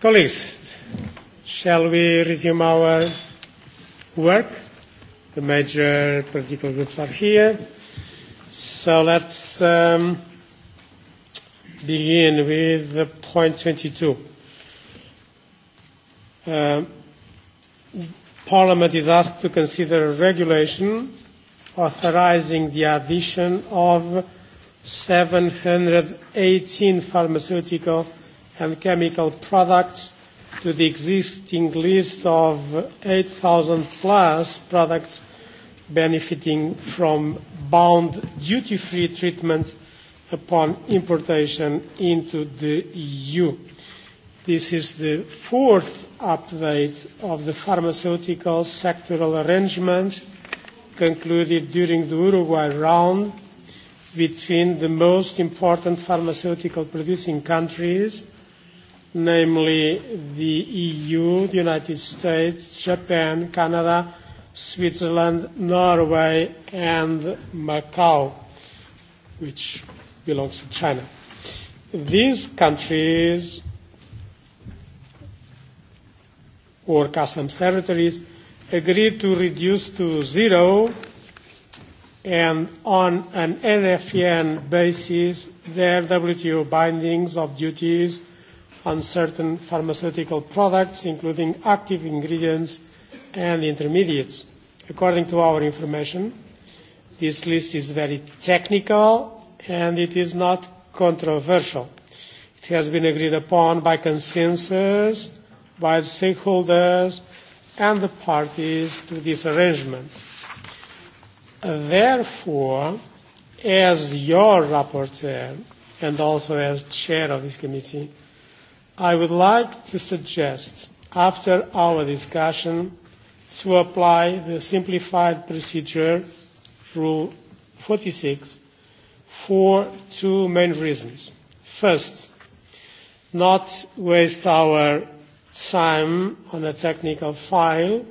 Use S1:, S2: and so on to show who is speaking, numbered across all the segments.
S1: Colleagues, shall we resume our work? The major political groups are here. So let's um, begin with point 22. Uh, Parliament is asked to consider a regulation authorizing the addition of 718 pharmaceutical and chemical products to the existing list of 8,000 plus products benefiting from bound duty-free treatment upon importation into the EU. This is the fourth update of the pharmaceutical sectoral arrangement concluded during the Uruguay round between the most important pharmaceutical producing countries – namely the EU, the United States, Japan, Canada, Switzerland, Norway, and Macau, which belongs to China. These countries or customs territories agreed to reduce to zero and on an NFN basis their WTO bindings of duties on certain pharmaceutical products, including active ingredients and intermediates. According to our information, this list is very technical and it is not controversial. It has been agreed upon by consensus, by the stakeholders and the parties to this arrangement. Therefore, as your rapporteur and also as chair of this committee, I would like to suggest, after our discussion, to apply the simplified procedure rule 46 for two main reasons. First, not waste our time on a technical file,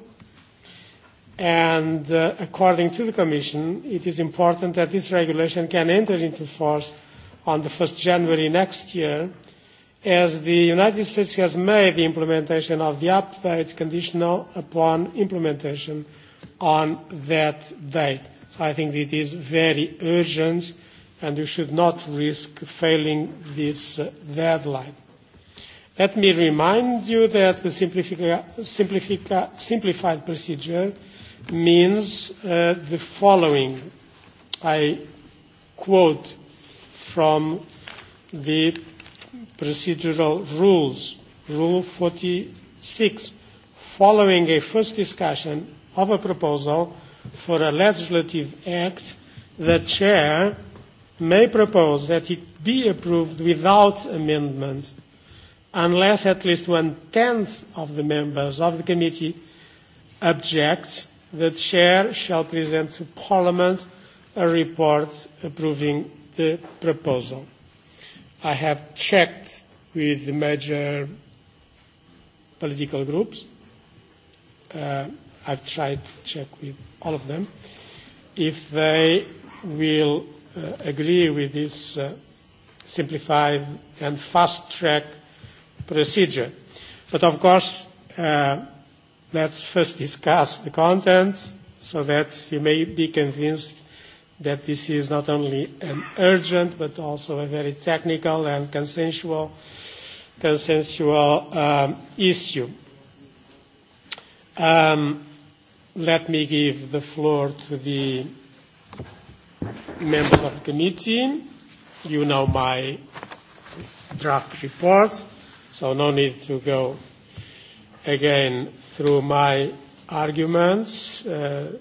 S1: and uh, according to the Commission, it is important that this regulation can enter into force on the 1st January next year as the United States has made the implementation of the update conditional upon implementation on that date. So I think it is very urgent and we should not risk failing this deadline. Let me remind you that the simplified procedure means the following. I quote from the procedural rules, Rule 46, following a first discussion of a proposal for a legislative act, the Chair may propose that it be approved without amendment unless at least one-tenth of the members of the committee object, the Chair shall present to Parliament a report approving the proposal. I have checked with the major political groups. Uh, I've tried to check with all of them if they will uh, agree with this uh, simplified and fast track procedure. But of course, uh, let's first discuss the contents so that you may be convinced that this is not only an urgent but also a very technical and consensual, consensual um, issue. Um, let me give the floor to the members of the committee. You know my draft reports, so no need to go again through my arguments. Uh,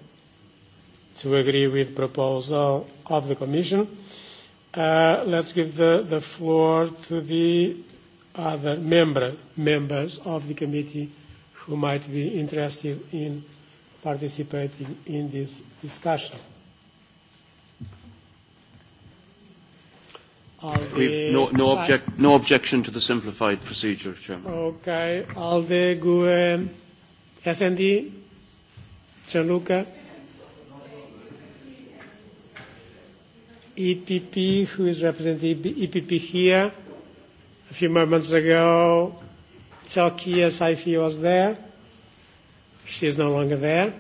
S1: to agree with proposal of the Commission. Uh, let's give the, the floor to the other member, members of the committee who might be interested in participating in this discussion. We've no, no, object,
S2: no objection to the simplified procedure, Chairman.
S1: Okay. Alde, GUE, SND, Gianluca. EPP, who is representing EPP here. A few moments ago, Chalkia Saifi was there. She is no longer there.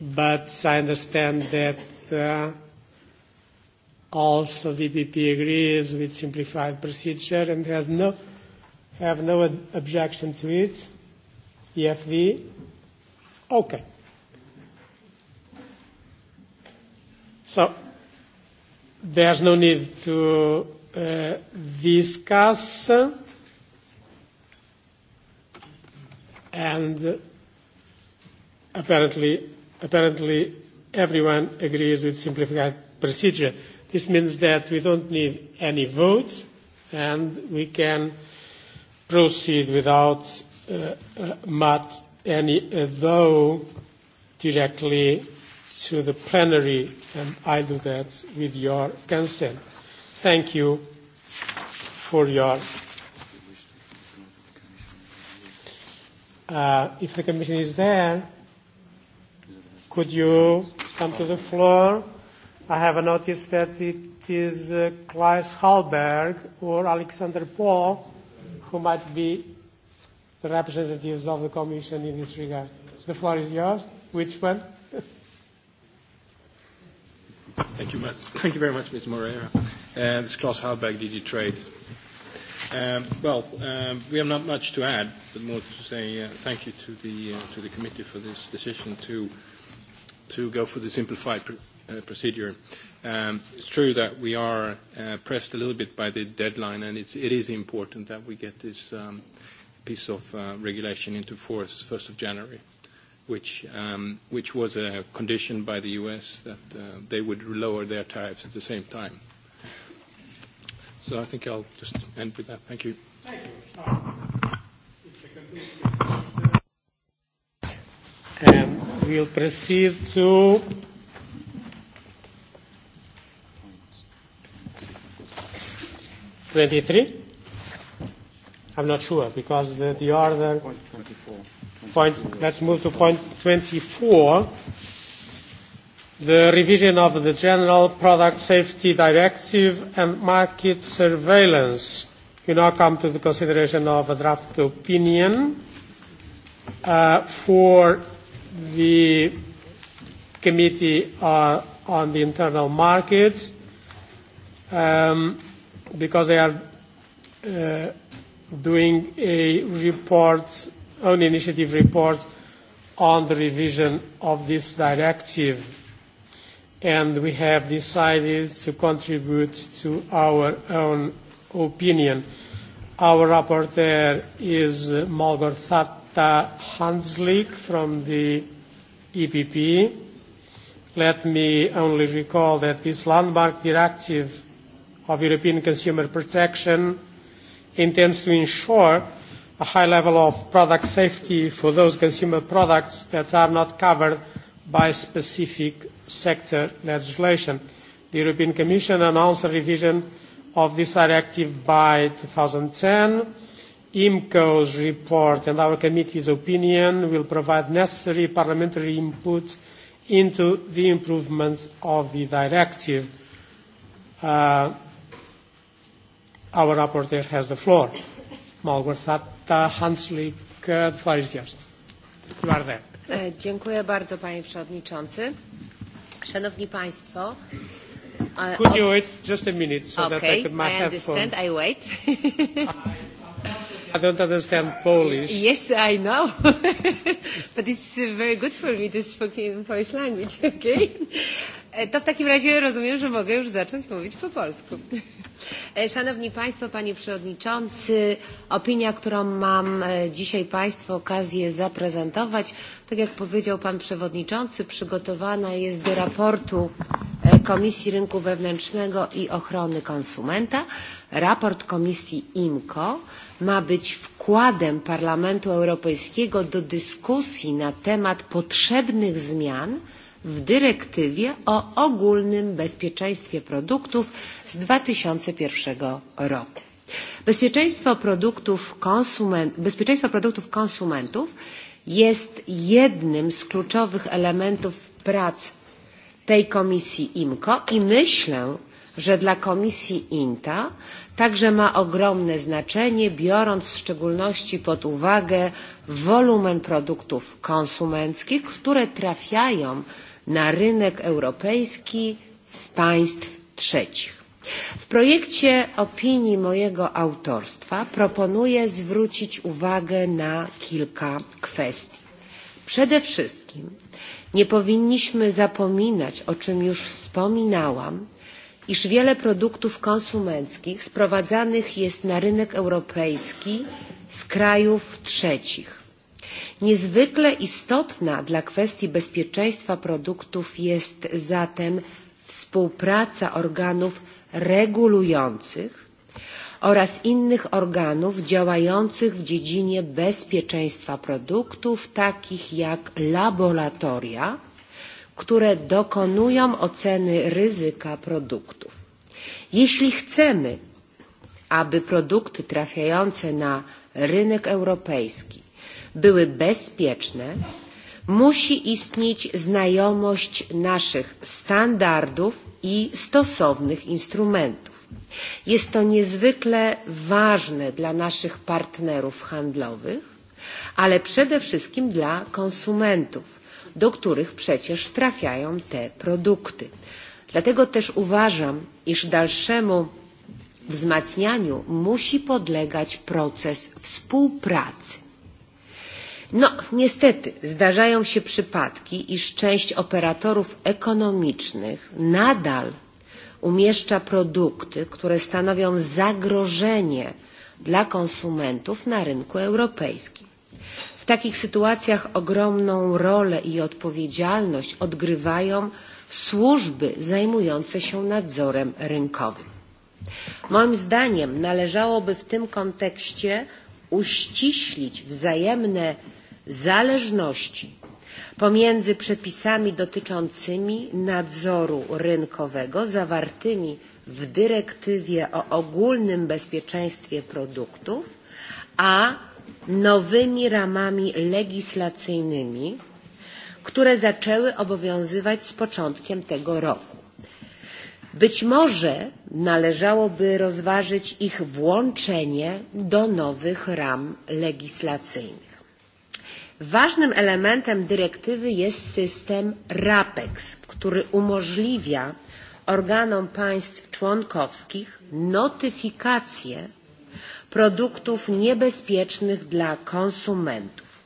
S1: But I understand that uh, also the EPP agrees with simplified procedure and has no, have no objection to it. EFV? Okay. So There's no need to uh, discuss. And apparently, apparently everyone agrees with simplified procedure. This means that we don't need any votes and we can proceed without uh, uh, much any uh, though directly to the plenary, and I do that with your consent. Thank you for your. Uh, if the commission is there, could you come to the floor? I have noticed that it is uh, Klaus Hallberg or Alexander Paul who might be the representatives of the Commission in this regard. The floor is yours. Which one?
S3: Thank you, thank you very much, Ms. Moreira. Uh, this is Klaus Halberg, DG Trade. Um, well, um, we have not much to add, but more to say uh, thank you to the uh, to the committee for this decision to to go for the simplified pr- uh, procedure. Um, it's true that we are uh, pressed a little bit by the deadline, and it's, it is important that we get this um, piece of uh, regulation into force 1st of January which, um, which was a condition by the U.S. that uh, they would lower their tariffs at the same time. So I think I'll just end with that. Thank you. Thank you.
S1: And we'll proceed to Twenty-three. I'm not sure because the, the order. Point twenty-four. Point, let's move to point 24. The revision of the General Product Safety Directive and Market Surveillance. You now come to the consideration of a draft opinion uh, for the Committee uh, on the Internal Markets um, because they are uh, doing a report own initiative reports on the revision of this directive. And we have decided to contribute to our own opinion. Our rapporteur is Malgorzata Hanslik from the EPP. Let me only recall that this landmark directive of European consumer protection intends to ensure a high level of product safety for those consumer products that are not covered by specific sector legislation. The European Commission announced a revision of this directive by 2010. IMCO's report and our committee's opinion will provide necessary parliamentary input into the improvements of the directive. Uh, our rapporteur has the floor. Malgorzata. Marta Hanslik,
S4: Dziękuję bardzo, panie przewodniczący. Szanowni państwo, Could you wait
S1: just a minute so that I could my I understand. I wait. I don't understand Polish.
S4: Yes, I know. but it's very good for me, this Polish language, okay? To w takim razie rozumiem, że mogę już zacząć mówić po polsku. Szanowni Państwo, Panie Przewodniczący, opinia, którą mam dzisiaj Państwu okazję zaprezentować, tak jak powiedział Pan Przewodniczący, przygotowana jest do raportu Komisji Rynku Wewnętrznego i Ochrony Konsumenta. Raport Komisji IMCO ma być wkładem Parlamentu Europejskiego do dyskusji na temat potrzebnych zmian, w dyrektywie o ogólnym bezpieczeństwie produktów z 2001 roku. Bezpieczeństwo produktów, konsument, bezpieczeństwo produktów konsumentów jest jednym z kluczowych elementów prac tej komisji IMCO i myślę, że dla komisji INTA także ma ogromne znaczenie, biorąc w szczególności pod uwagę wolumen produktów konsumenckich, które trafiają na rynek europejski z państw trzecich. W projekcie opinii mojego autorstwa proponuję zwrócić uwagę na kilka kwestii. Przede wszystkim nie powinniśmy zapominać, o czym już wspominałam, iż wiele produktów konsumenckich sprowadzanych jest na rynek europejski z krajów trzecich Niezwykle istotna dla kwestii bezpieczeństwa produktów jest zatem współpraca organów regulujących oraz innych organów działających w dziedzinie bezpieczeństwa produktów, takich jak laboratoria, które dokonują oceny ryzyka produktów. Jeśli chcemy, aby produkty trafiające na rynek europejski były bezpieczne, musi istnieć znajomość naszych standardów i stosownych instrumentów. Jest to niezwykle ważne dla naszych partnerów handlowych, ale przede wszystkim dla konsumentów, do których przecież trafiają te produkty. Dlatego też uważam, iż dalszemu wzmacnianiu musi podlegać proces współpracy No, niestety zdarzają się przypadki, iż część operatorów ekonomicznych nadal umieszcza produkty, które stanowią zagrożenie dla konsumentów na rynku europejskim. W takich sytuacjach ogromną rolę i odpowiedzialność odgrywają służby zajmujące się nadzorem rynkowym. Moim zdaniem należałoby w tym kontekście uściślić wzajemne zależności pomiędzy przepisami dotyczącymi nadzoru rynkowego zawartymi w dyrektywie o ogólnym bezpieczeństwie produktów, a nowymi ramami legislacyjnymi, które zaczęły obowiązywać z początkiem tego roku. Być może należałoby rozważyć ich włączenie do nowych ram legislacyjnych. Ważnym elementem dyrektywy jest system RAPEX, który umożliwia organom państw członkowskich notyfikację produktów niebezpiecznych dla konsumentów.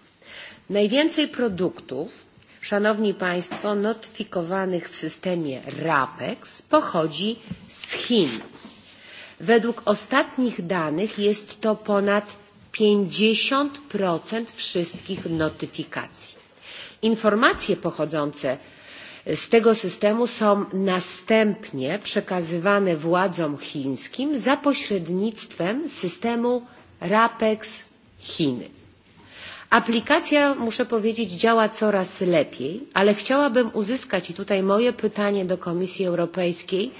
S4: Najwięcej produktów, szanowni państwo, notyfikowanych w systemie RAPEX pochodzi z Chin. Według ostatnich danych jest to ponad 50% wszystkich notyfikacji. Informacje pochodzące z tego systemu są następnie przekazywane władzom chińskim za pośrednictwem systemu RAPEX Chiny. Aplikacja, muszę powiedzieć, działa coraz lepiej, ale chciałabym uzyskać, i tutaj moje pytanie do Komisji Europejskiej,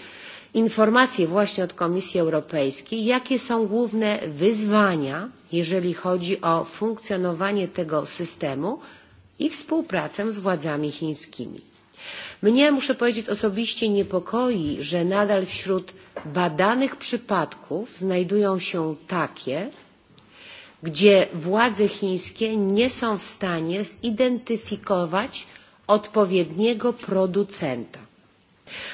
S4: informacje właśnie od Komisji Europejskiej, jakie są główne wyzwania, jeżeli chodzi o funkcjonowanie tego systemu i współpracę z władzami chińskimi. Mnie, muszę powiedzieć, osobiście niepokoi, że nadal wśród badanych przypadków znajdują się takie, gdzie władze chińskie nie są w stanie zidentyfikować odpowiedniego producenta.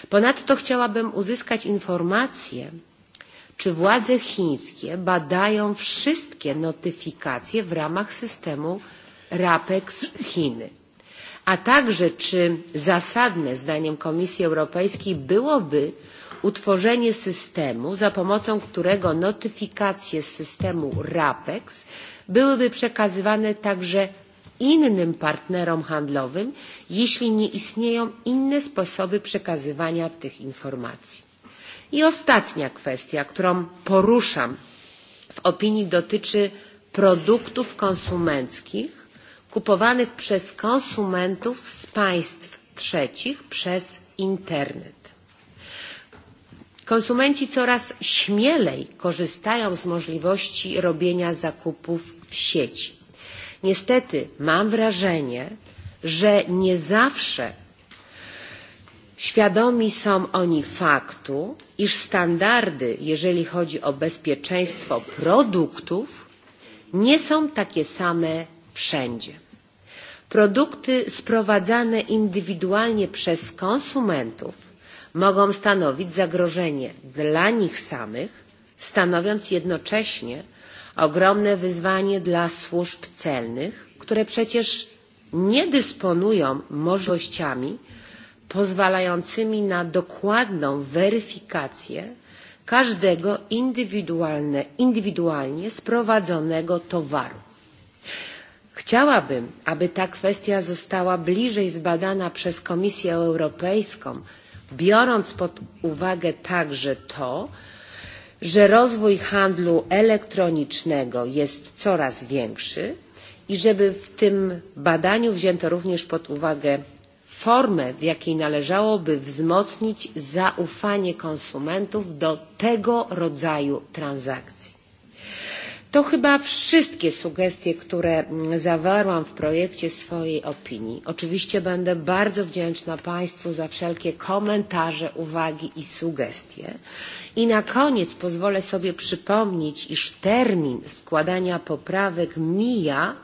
S4: Ponadto chciałabym uzyskać informację, czy władze chińskie badają wszystkie notyfikacje w ramach systemu RAPEX Chiny, a także czy zasadne zdaniem Komisji Europejskiej byłoby utworzenie systemu, za pomocą którego notyfikacje z systemu RAPEX byłyby przekazywane także innym partnerom handlowym, jeśli nie istnieją inne sposoby przekazywania tych informacji. I ostatnia kwestia, którą poruszam w opinii, dotyczy produktów konsumenckich kupowanych przez konsumentów z państw trzecich przez internet. Konsumenci coraz śmielej korzystają z możliwości robienia zakupów w sieci. Niestety mam wrażenie, że nie zawsze świadomi są oni faktu, iż standardy, jeżeli chodzi o bezpieczeństwo produktów, nie są takie same wszędzie. Produkty sprowadzane indywidualnie przez konsumentów mogą stanowić zagrożenie dla nich samych, stanowiąc jednocześnie ogromne wyzwanie dla służb celnych, które przecież nie dysponują możliwościami pozwalającymi na dokładną weryfikację każdego indywidualnie sprowadzonego towaru. Chciałabym, aby ta kwestia została bliżej zbadana przez Komisję Europejską biorąc pod uwagę także to, że rozwój handlu elektronicznego jest coraz większy i żeby w tym badaniu wzięto również pod uwagę formę, w jakiej należałoby wzmocnić zaufanie konsumentów do tego rodzaju transakcji. To chyba wszystkie sugestie, które zawarłam w projekcie swojej opinii. Oczywiście będę bardzo wdzięczna Państwu za wszelkie komentarze, uwagi i sugestie. I na koniec pozwolę sobie przypomnieć, iż termin składania poprawek mija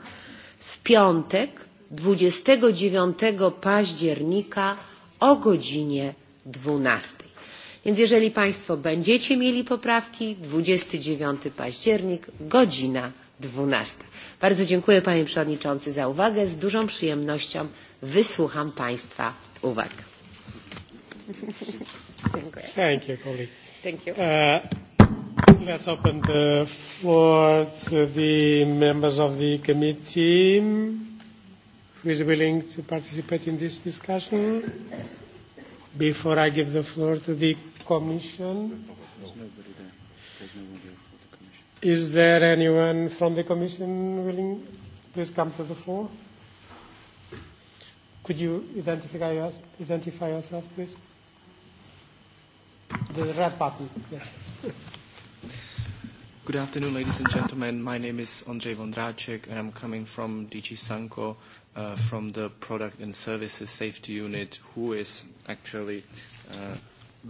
S4: w piątek 29 października o godzinie 12. Więc jeżeli Państwo będziecie mieli poprawki, 29 październik, godzina 12. Bardzo dziękuję Panie Przewodniczący za uwagę. Z dużą przyjemnością wysłucham Państwa uwag. Thank you, colleague.
S5: Thank you.
S1: Uh, let's open the floor to the members of the committee who is willing to participate in this discussion. Before I give the floor to the Commission? Is there anyone from the Commission willing? Please come to the floor. Could you identify, us, identify yourself, please? The red button, yes.
S6: Good afternoon, ladies and gentlemen. My name is Andrzej Vondracek, and I'm coming from DG Sanko, uh, from the Product and Services Safety Unit, who is actually uh,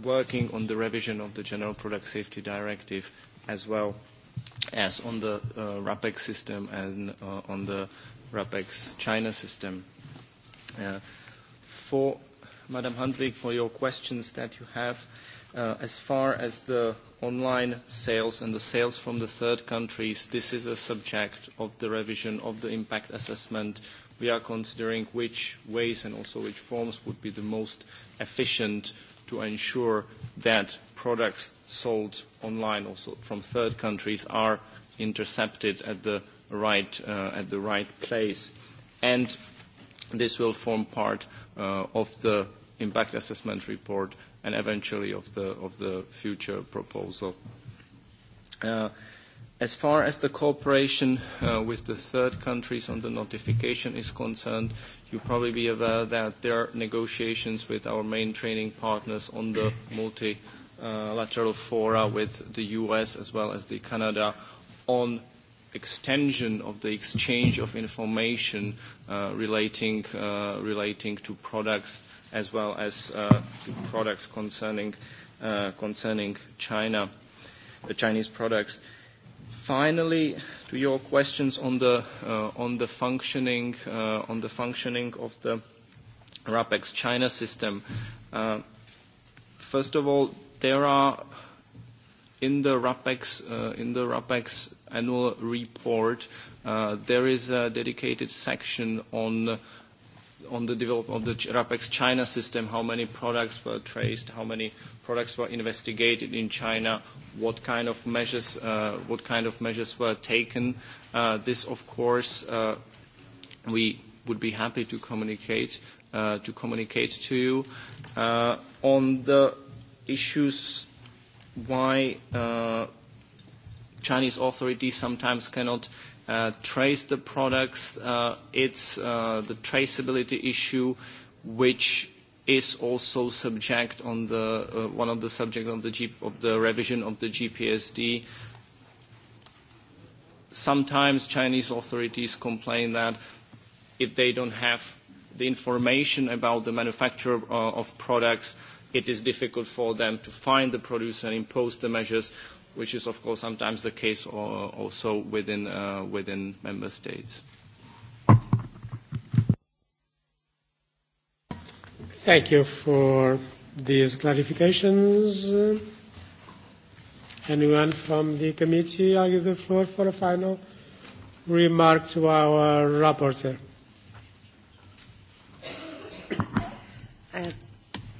S6: working on the revision of the General Product Safety Directive as well as on the uh, RAPEX system and uh, on the RAPEX China system. Uh, for Madam Handlik, for your questions that you have, uh, as far as the online sales and the sales from the third countries, this is a subject of the revision of the impact assessment. We are considering which ways and also which forms would be the most efficient uh, to ensure that products sold online also from third countries are intercepted at the right, uh, at the right place. And this will form part uh, of the impact assessment report and eventually of the, of the future proposal. Uh, As far as the cooperation with the third countries on the notification is concerned, you'll probably be aware that there are negotiations with our main training partners on the multilateral fora with the U.S. as well as the Canada on extension of the exchange of information relating to products as well as products concerning China, Chinese products. Finally, to your questions on the uh on the functioning uh on the functioning of the RAPEX China system. Uh First of all, there are in the RAPEX uh in the RAPEX annual report, uh there is a dedicated section on on the development of the RAPEX China system, how many products were traced, how many products were investigated in China, what kind of measures, uh, what kind of measures were taken. Uh, this, of course, uh, we would be happy to communicate uh, to communicate to you uh, on the issues why uh, Chinese authorities sometimes cannot uh, trace the products. Uh, it's uh, the traceability issue, which is also subject on the uh, one of the subject of the G, of the revision of the GPSD. Sometimes Chinese authorities complain that if they don't have the information about the manufacturer uh, of products, it is difficult for them to find the producer and impose the measures, which is of course sometimes the case also within uh, within member states.
S1: Thank you for these clarifications. Anyone from the committee? I give the floor for a final remark to our rapporteur.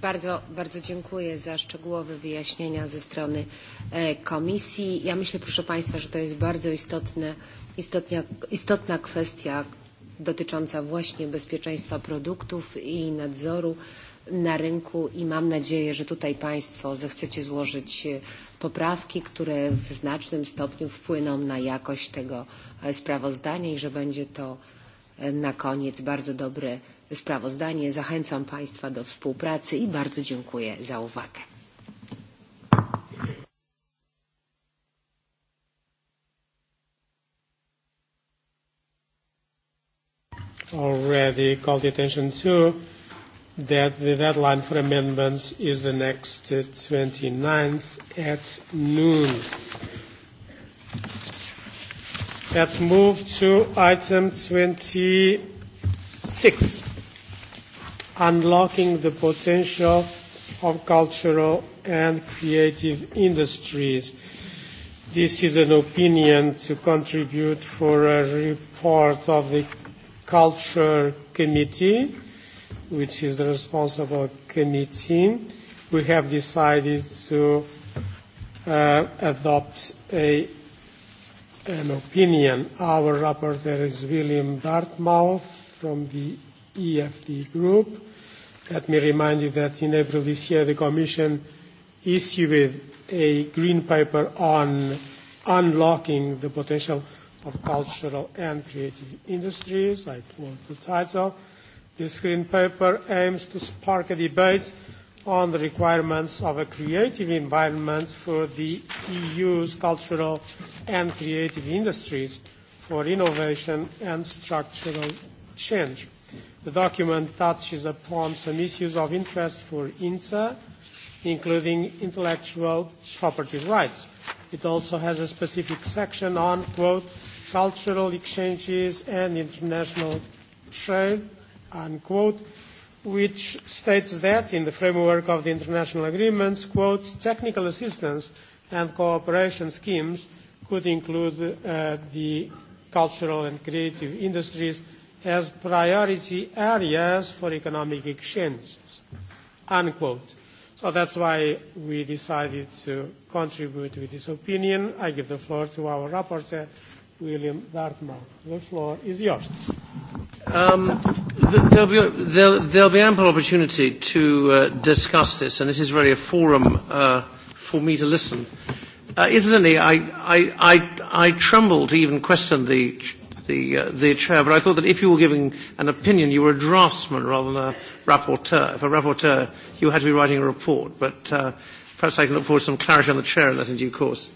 S4: Bardzo, bardzo dziękuję za szczegółowe wyjaśnienia ze strony Komisji. Ja myślę, proszę Państwa, że to jest bardzo istotne, istotnia, istotna kwestia, dotycząca właśnie bezpieczeństwa produktów i nadzoru na rynku i mam nadzieję, że tutaj Państwo zechcecie złożyć poprawki, które w znacznym stopniu wpłyną na jakość tego sprawozdania i że będzie to na koniec bardzo dobre sprawozdanie. Zachęcam Państwa do współpracy i bardzo dziękuję za uwagę.
S1: already called the attention to, that the deadline for amendments is the next 29th at noon. Let's move to item 26, unlocking the potential of cultural and creative industries. This is an opinion to contribute for a report of the Culture Committee, which is the responsible committee, we have decided to uh, adopt a, an opinion. Our rapporteur is William Dartmouth from the EFD group. Let me remind you that in April this year the Commission issued a green paper on unlocking the potential of Cultural and Creative Industries. I quote the title. This green paper aims to spark a debate on the requirements of a creative environment for the EU's cultural and creative industries for innovation and structural change. The document touches upon some issues of interest for INSA, including intellectual property rights, It also has a specific section on, quote, cultural exchanges and international trade, unquote, which states that in the framework of the international agreements, quote, technical assistance and cooperation schemes could include uh, the cultural and creative industries as priority areas for economic exchanges, unquote. So that's why we decided to contribute with this opinion. I give the floor to our rapporteur, William Dartmouth. The floor is yours.
S5: Um, there'll, be, there'll, there'll be ample opportunity to uh, discuss this, and this is really a forum uh, for me to listen. Uh, incidentally, I, I, I, I tremble to even question the the, uh, the chair, but I thought that if you were giving an opinion, you were a draftsman rather than a rapporteur. If a rapporteur, you had to be writing a report, but uh, perhaps I can look forward to some clarity on the chair on that in due course.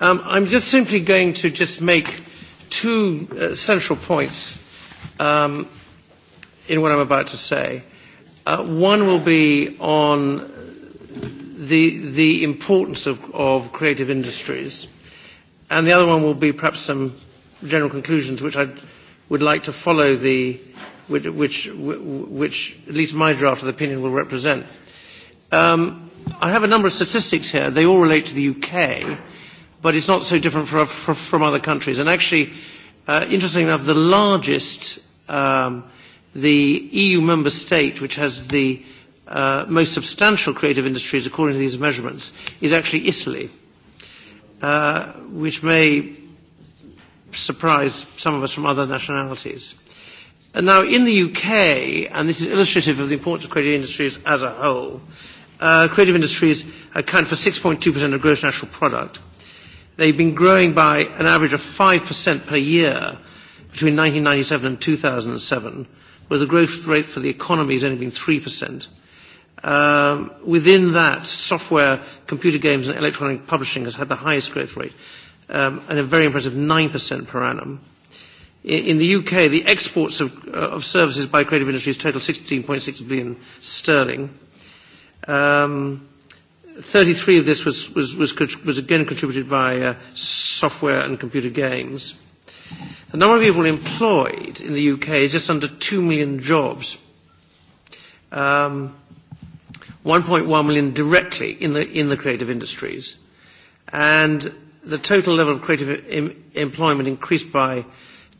S5: Um, I'm just simply going to just make two uh, central points um, in what I'm about to say. Uh, one will be on the, the importance of, of creative industries, and the other one will be perhaps some general conclusions, which I would like to follow the, which, which, which at least my draft of the opinion will represent. Um, I have a number of statistics here. They all relate to the UK, but it's not so different for, for, from other countries. And actually, uh, interestingly enough, the largest, um, the EU member state, which has the uh, most substantial creative industries according to these measurements, is actually Italy, uh, which may surprise some of us from other nationalities. And now, in the UK, and this is illustrative of the importance of creative industries as a whole, uh, creative industries account for 6.2% of gross national product. They've been growing by an average of 5% per year between 1997 and 2007, where the growth rate for the economy has only been 3%. Um, within that, software, computer games, and electronic publishing has had the highest growth rate um, and a very impressive 9% per annum. In the UK, the exports of, uh, of services by creative industries total 16.6 billion sterling. Um, 33 of this was, was, was, was again contributed by uh, software and computer games. The number of people employed in the UK is just under 2 million jobs. Um, 1.1 million directly in the, in the creative industries. And the total level of creative em- employment increased by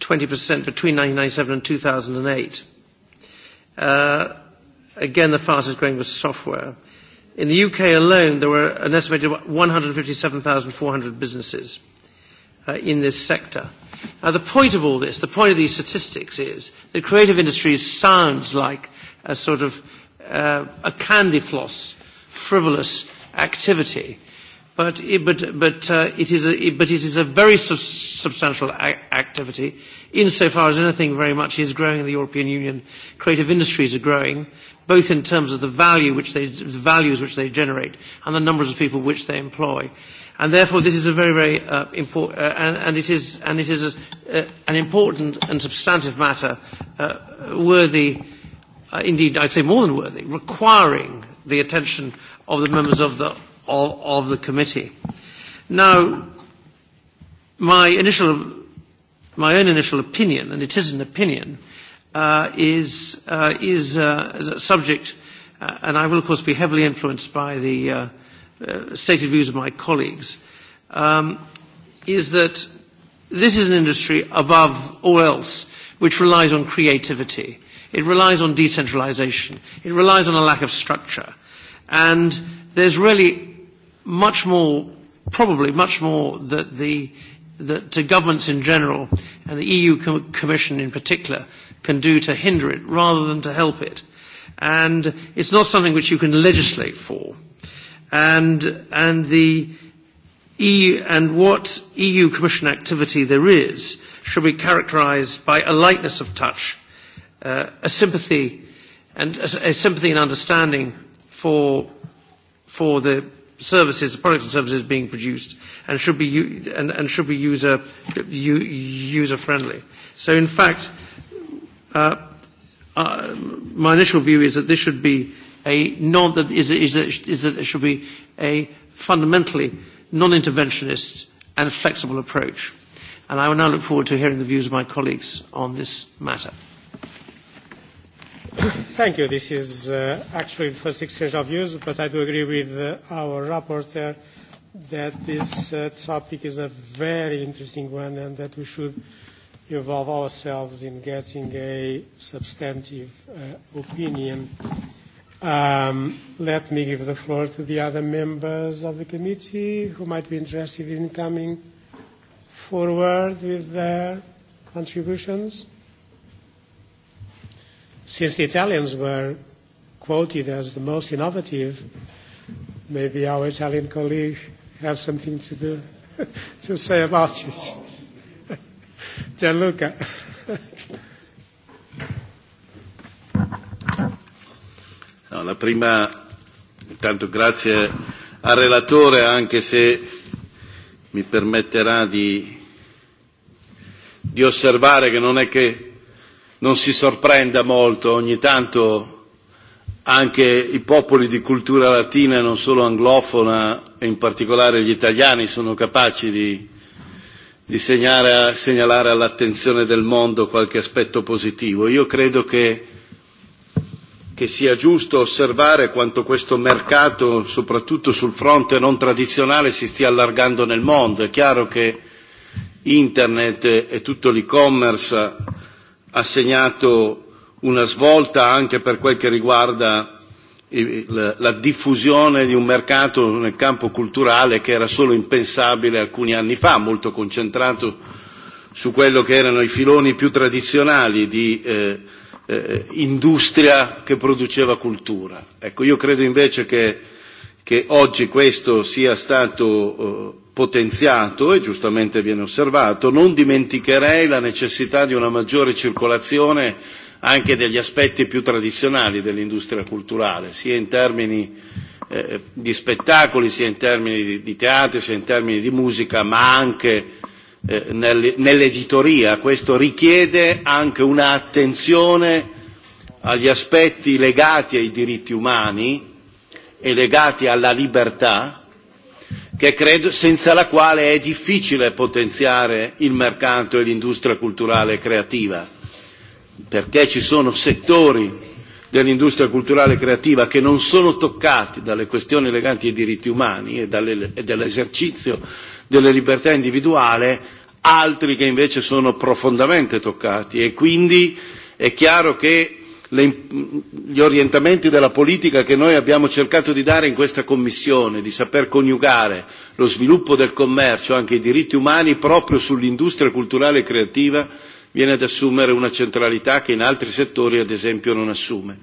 S5: 20% between 1997 and 2008. Uh, again, the fastest growing was software. In the UK alone, there were an estimated 157,400 businesses uh, in this sector. Now, the point of all this, the point of these statistics is that creative industries sounds like a sort of uh, a candy floss, frivolous activity but it is a very substantial activity insofar as anything very much is growing in the European Union. Creative industries are growing, both in terms of the value which they, the values which they generate and the numbers of people which they employ. And therefore, this is a very, very uh, important, uh, and, and it is, and it is a, uh, an important and substantive matter, uh, worthy, uh, indeed, I'd say more than worthy, requiring the attention of the members of the of, of the committee. Now, my initial, my own initial opinion, and it is an opinion, uh, is uh, is, uh, is a subject, uh, and I will of course be heavily influenced by the uh, uh, stated views of my colleagues. Um, is that this is an industry above all else which relies on creativity. It relies on decentralization. It relies on a lack of structure. And there's really much more, probably much more that the that to governments in general and the EU com- Commission in particular can do to hinder it rather than to help it. And it's not something which you can legislate for. And, and the EU, and what EU Commission activity there is should be characterized by a lightness of touch, uh, a sympathy, and a, a sympathy and understanding for, for the services, products and services being produced, and should be and, and should be user u, user friendly. So, in fact, uh, uh, my initial view is that this should be a non that is is that, is that it should be a fundamentally non-interventionist and flexible approach. And I will now look forward to hearing the views of my colleagues on this matter.
S1: Thank you. This is uh, actually the first exchange of views, but I do agree with uh, our rapporteur that this uh, topic is a very interesting one and that we should involve ourselves in getting a substantive uh, opinion. Um, let me give the floor to the other members of the committee who might be interested in coming forward with their contributions. Since the Italians were quoted as the most innovative, maybe our Italian colleague have something to do to say about it. Gianluca.
S7: No, la prima, intanto grazie al relatore, anche se mi permetterà di, di osservare che non è che non si sorprenda molto, ogni tanto anche i popoli di cultura latina, non solo anglofona, e in particolare gli italiani, sono capaci di, di segnare, segnalare all'attenzione del mondo qualche aspetto positivo. Io credo che, che sia giusto osservare quanto questo mercato, soprattutto sul fronte non tradizionale, si stia allargando nel mondo. È chiaro che Internet e tutto l'e-commerce ha segnato una svolta anche per quel che riguarda la diffusione di un mercato nel campo culturale che era solo impensabile alcuni anni fa, molto concentrato su quello che erano i filoni più tradizionali di eh, eh, industria che produceva cultura. Ecco, io credo invece che, che oggi questo sia stato eh, potenziato e giustamente viene osservato. Non dimenticherei la necessità di una maggiore circolazione anche degli aspetti più tradizionali dell'industria culturale, sia in termini eh, di spettacoli, sia in termini di, di teatri, sia in termini di musica, ma anche eh, nell'editoria. Questo richiede anche un'attenzione agli aspetti legati ai diritti umani e legati alla libertà, che credo, senza la quale è difficile potenziare il mercato e l'industria culturale e creativa, perché ci sono settori dell'industria culturale e creativa che non sono toccati dalle questioni legate ai diritti umani e, dalle, e dall'esercizio delle libertà individuali, altri che invece sono profondamente toccati e quindi è chiaro che le, gli orientamenti della politica che noi abbiamo cercato di dare in questa Commissione, di saper coniugare lo sviluppo del commercio, anche i diritti umani, proprio sull'industria culturale e creativa, viene ad assumere una centralità che in altri settori, ad esempio, non assume.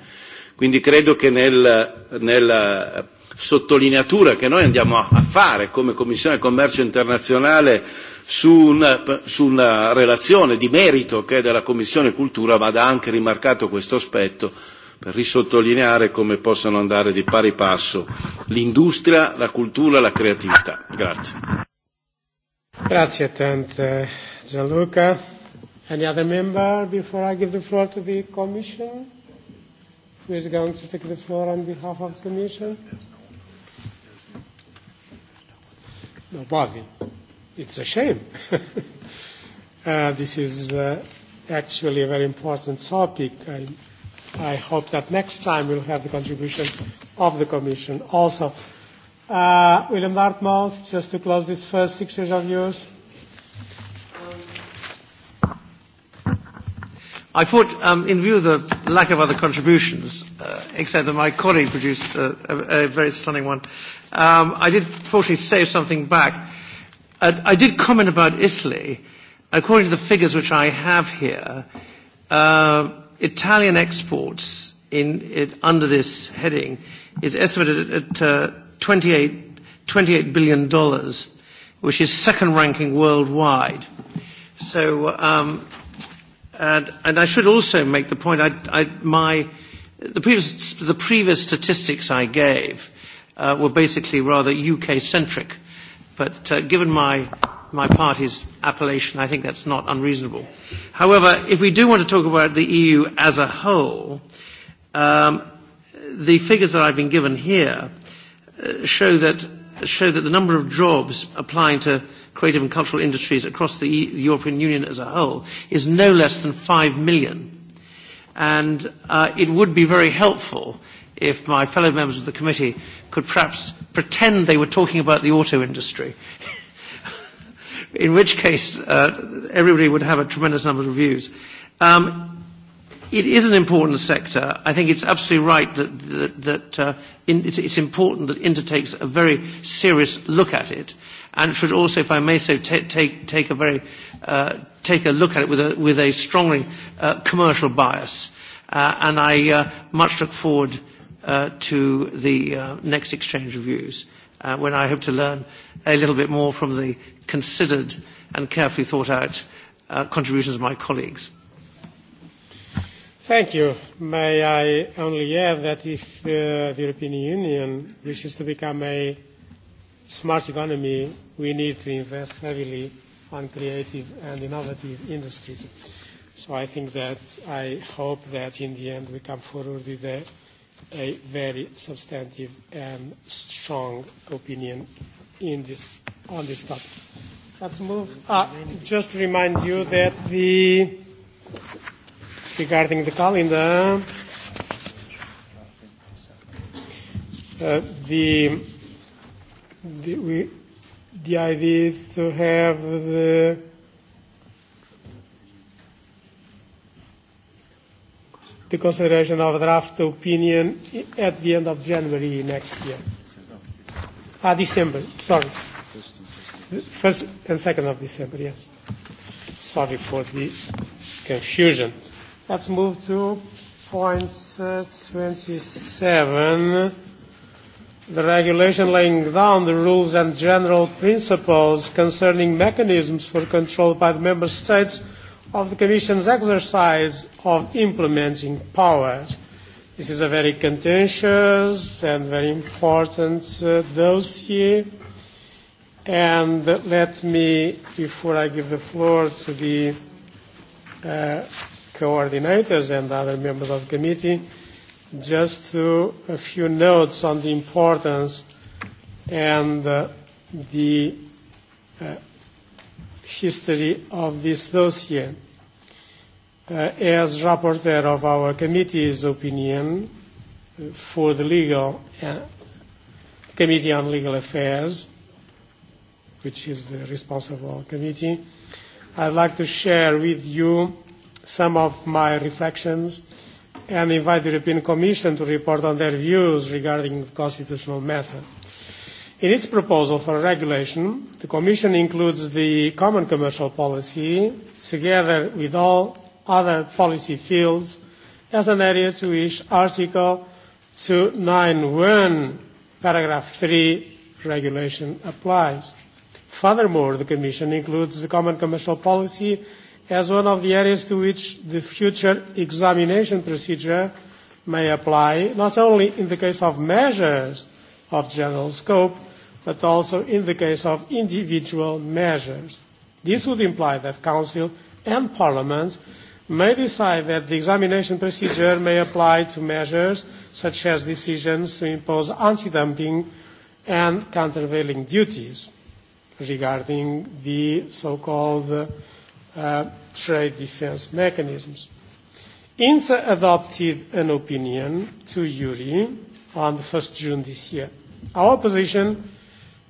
S7: Quindi credo che nel, nella sottolineatura che noi andiamo a fare come Commissione Commercio Internazionale su una, su una relazione di merito che è della Commissione Cultura vada anche rimarcato questo aspetto per risottolineare come possano andare di pari passo l'industria, la cultura, e la creatività. Grazie.
S1: Grazie tante Gianluca. Any other member before I give the floor to the Commission? Who is going to take the floor on behalf of the Commission? Nobody. It's a shame. uh, this is uh, actually a very important topic. I, I hope that next time we'll have the contribution of the Commission also. Uh, William Dartmouth, just to close this first years of yours.
S5: I thought, um, in view of the lack of other contributions, uh, except that my colleague produced a, a, a very stunning one, um, I did fortunately save something back I did comment about Italy. According to the figures which I have here, uh, Italian exports in, it, under this heading is estimated at uh, 28, $28 billion, which is second ranking worldwide. So, um, and, and I should also make the point, I, I, my, the, previous, the previous statistics I gave uh, were basically rather UK-centric but uh, given my, my party's appellation, I think that's not unreasonable. However, if we do want to talk about the EU as a whole, um, the figures that I've been given here show, that, show that the number of jobs applying to creative and cultural industries across the European Union as a whole is no less than 5 million. And uh, it would be very helpful if my fellow members of the committee could perhaps pretend they were talking about the auto industry, in which case uh, everybody would have a tremendous number of views. Um, it is an important sector. I think it's absolutely right that, that, that uh, in, it's, it's important that Inter takes a very serious look at it and should also, if I may so, take, take, take, a, very, uh, take a look at it with a, with a strongly uh, commercial bias. Uh, and I uh, much look forward uh, to the uh, next exchange of views, uh, when I hope to learn a little bit more from the considered and carefully thought out uh, contributions of my colleagues.
S1: Thank you. May I only add that if uh, the European Union wishes to become a smart economy, we need to invest heavily on creative and innovative industries. So I think that I hope that in the end we come forward with a a very substantive and strong opinion in this, on this topic. Let's move. Uh, just to remind you that the regarding the calendar, uh, the, the we the idea is to have the the consideration of a draft opinion at the end of January next year. Ah, December, sorry. First and second of December, yes. Sorry for the confusion. Let's move to point uh, 27. The regulation laying down the rules and general principles concerning mechanisms for control by the member states of the Commission's exercise of implementing power. This is a very contentious and very important uh, dossier. And let me, before I give the floor to the uh, coordinators and other members of the committee, just to a few notes on the importance and uh, the uh, history of this dossier as rapporteur of our committee's opinion for the legal uh, committee on legal affairs, which is the responsible committee, I'd like to share with you some of my reflections and invite the European Commission to report on their views regarding the constitutional matter. In its proposal for regulation, the Commission includes the common commercial policy together with all other policy fields as an area to which Article 291, paragraph 3 regulation applies. Furthermore, the Commission includes the common commercial policy as one of the areas to which the future examination procedure may apply, not only in the case of measures of general scope, but also in the case of individual measures. This would imply that Council and Parliament may decide that the examination procedure may apply to measures such as decisions to impose anti-dumping and countervailing duties regarding the so-called uh, trade defense mechanisms. INSA adopted an opinion to URI on the 1st June this year. Our position,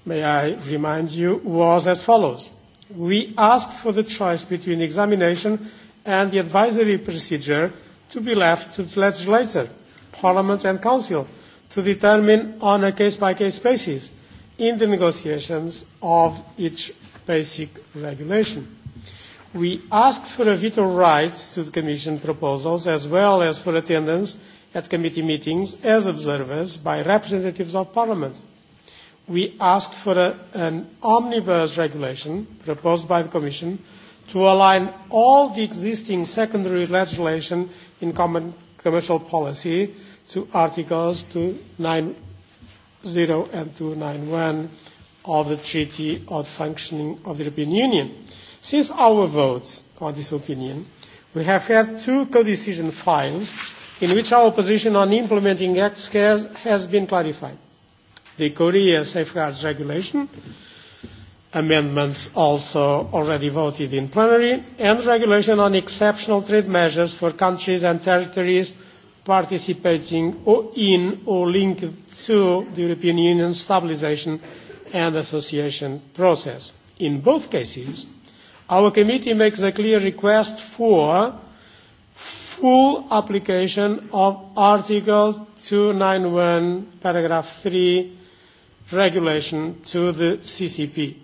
S1: may I remind you, was as follows. We asked for the choice between examination and the advisory procedure to be left to the legislature, parliament and council to determine on a case-by-case basis in the negotiations of each basic regulation. We asked for a veto right to the Commission proposals as well as for attendance at committee meetings as observers by representatives of Parliament. We asked for a, an omnibus regulation proposed by the Commission to align all the existing secondary legislation in common commercial policy to Articles 290 and 291 of the Treaty on Functioning of the European Union. Since our votes on this opinion, we have had two co-decision files in which our position on implementing acts has been clarified. The Korea Safeguards Regulation amendments also already voted in plenary, and regulation on exceptional trade measures for countries and territories participating in or linked to the European Union stabilisation and association process. In both cases, our committee makes a clear request for full application of Article 291, paragraph 3, regulation to the CCP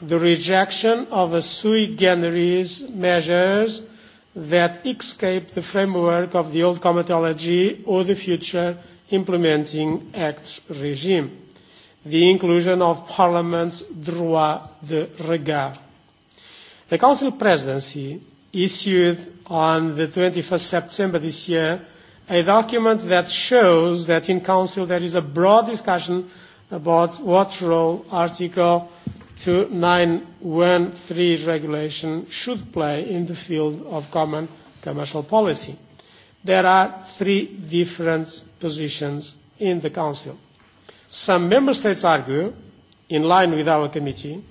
S1: the rejection of a sui generis measures that escape the framework of the old comitology or the future implementing acts regime, the inclusion of Parliament's droit de regard. The Council Presidency issued on the 21st September this year a document that shows that in Council there is a broad discussion about what role Article to 913 regulation should play in the field of common commercial policy. There are three different positions in the Council. Some member states argue, in line with our committee,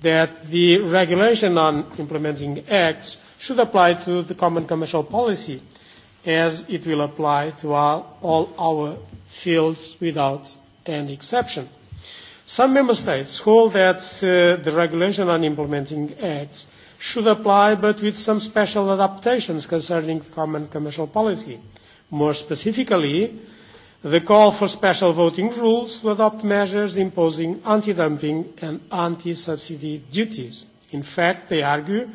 S1: that the regulation on implementing acts should apply to the common commercial policy, as it will apply to all, all our fields without any exception. Some member states hold that uh, the regulation on implementing acts should apply but with some special adaptations concerning common commercial policy. More specifically, the call for special voting rules to adopt measures imposing anti-dumping and anti-subsidy duties. In fact, they argue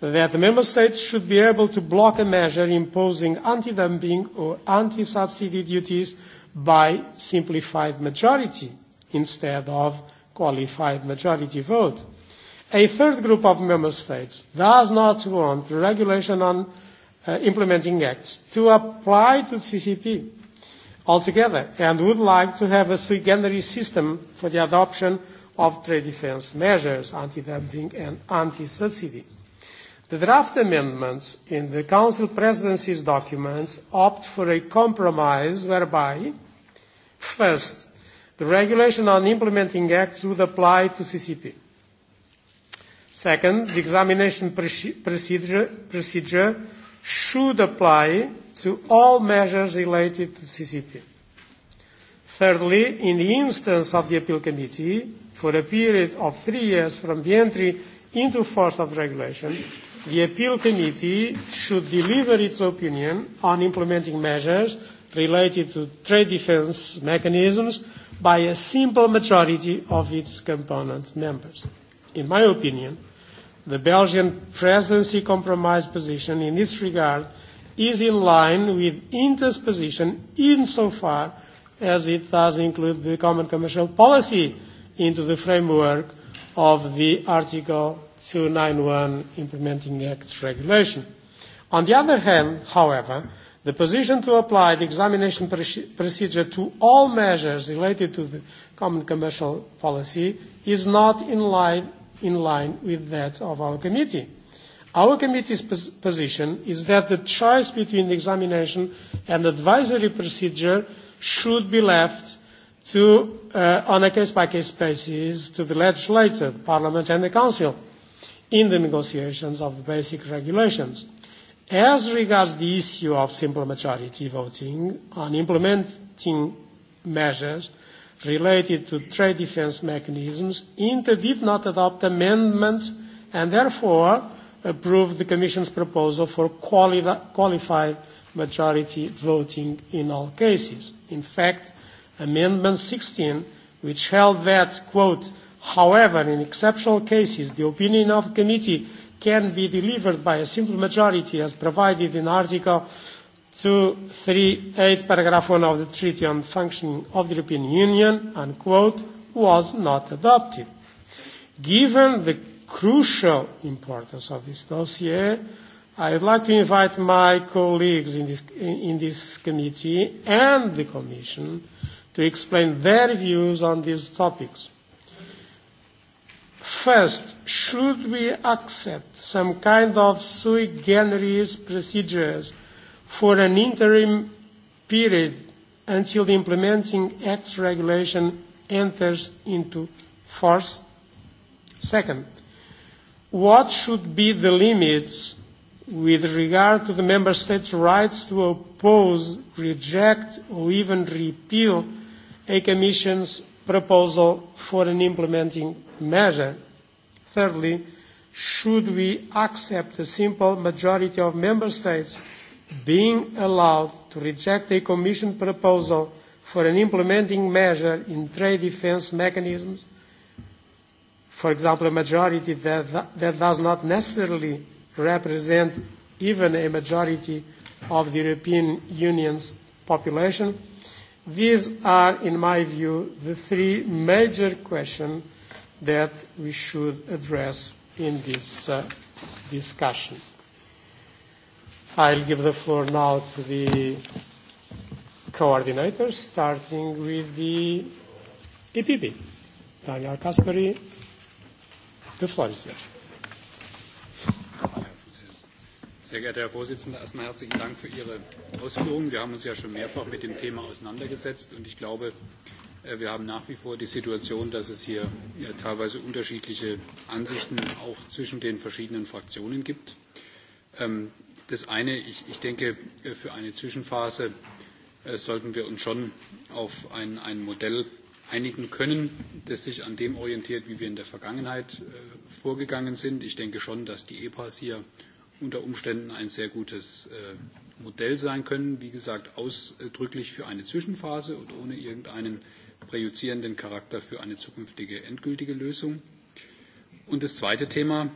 S1: that the member states should be able to block a measure imposing anti-dumping or anti-subsidy duties by simplified majority – instead of qualified majority vote. A third group of member states does not want the regulation on uh, implementing acts to apply to CCP altogether and would like to have a secondary system for the adoption of trade defense measures, anti-dumping and anti-subsidy. The draft amendments in the Council Presidency's documents opt for a compromise whereby, first, The regulation on implementing acts would apply to CCP. Second, the examination procedure, procedure should apply to all measures related to CCP. Thirdly, in the instance of the appeal committee, for a period of three years from the entry into force of the regulation, the appeal committee should deliver its opinion on implementing measures related to trade defense mechanisms by a simple majority of its component members. In my opinion, the Belgian presidency compromise position in this regard is in line with Inter's position insofar as it does include the common commercial policy into the framework of the Article 291 Implementing Acts regulation. On the other hand, however, The position to apply the examination procedure to all measures related to the common commercial policy is not in line, in line with that of our committee. Our committee's position is that the choice between the examination and advisory procedure should be left to, uh, on a case-by-case basis to the legislature, the Parliament and the Council in the negotiations of the basic regulations. As regards the issue of simple majority voting on implementing measures related to trade defense mechanisms, INTA did not adopt amendments and therefore approved the Commission's proposal for qualified majority voting in all cases. In fact, Amendment 16, which held that, quote, however, in exceptional cases, the opinion of the committee can be delivered by a simple majority as provided in Article 238, paragraph 1 of the Treaty on Functioning of the European Union, unquote, was not adopted. Given the crucial importance of this dossier, I would like to invite my colleagues in this, in this committee and the Commission to explain their views on these topics. First, should we accept some kind of sui generis procedures for an interim period until the implementing acts regulation enters into force? Second, what should be the limits with regard to the member states' rights to oppose, reject, or even repeal a commission's proposal for an implementing measure. Thirdly, should we accept the simple majority of member states being allowed to reject a commission proposal for an implementing measure in trade defense mechanisms? For example, a majority that, that does not necessarily represent even a majority of the European Union's population? These are, in my view, the three major questions that we should address in this uh, discussion. I'll give the floor now to the coordinators, starting with the EPP. Daniel Kasperi, the floor is yours.
S8: Sehr geehrter Herr Vorsitzender, erstmal herzlichen Dank für Ihre Ausführungen. Wir haben uns ja schon mehrfach mit dem Thema auseinandergesetzt und ich glaube, Wir haben nach wie vor die Situation, dass es hier teilweise unterschiedliche Ansichten auch zwischen den verschiedenen Fraktionen gibt. Das eine, ich denke, für eine Zwischenphase sollten wir uns schon auf ein Modell einigen können, das sich an dem orientiert, wie wir in der Vergangenheit vorgegangen sind. Ich denke schon, dass die EPAs hier unter Umständen ein sehr gutes Modell sein können, wie gesagt, ausdrücklich für eine Zwischenphase und ohne irgendeinen präjudizierenden Charakter für eine zukünftige endgültige Lösung. Und das zweite Thema,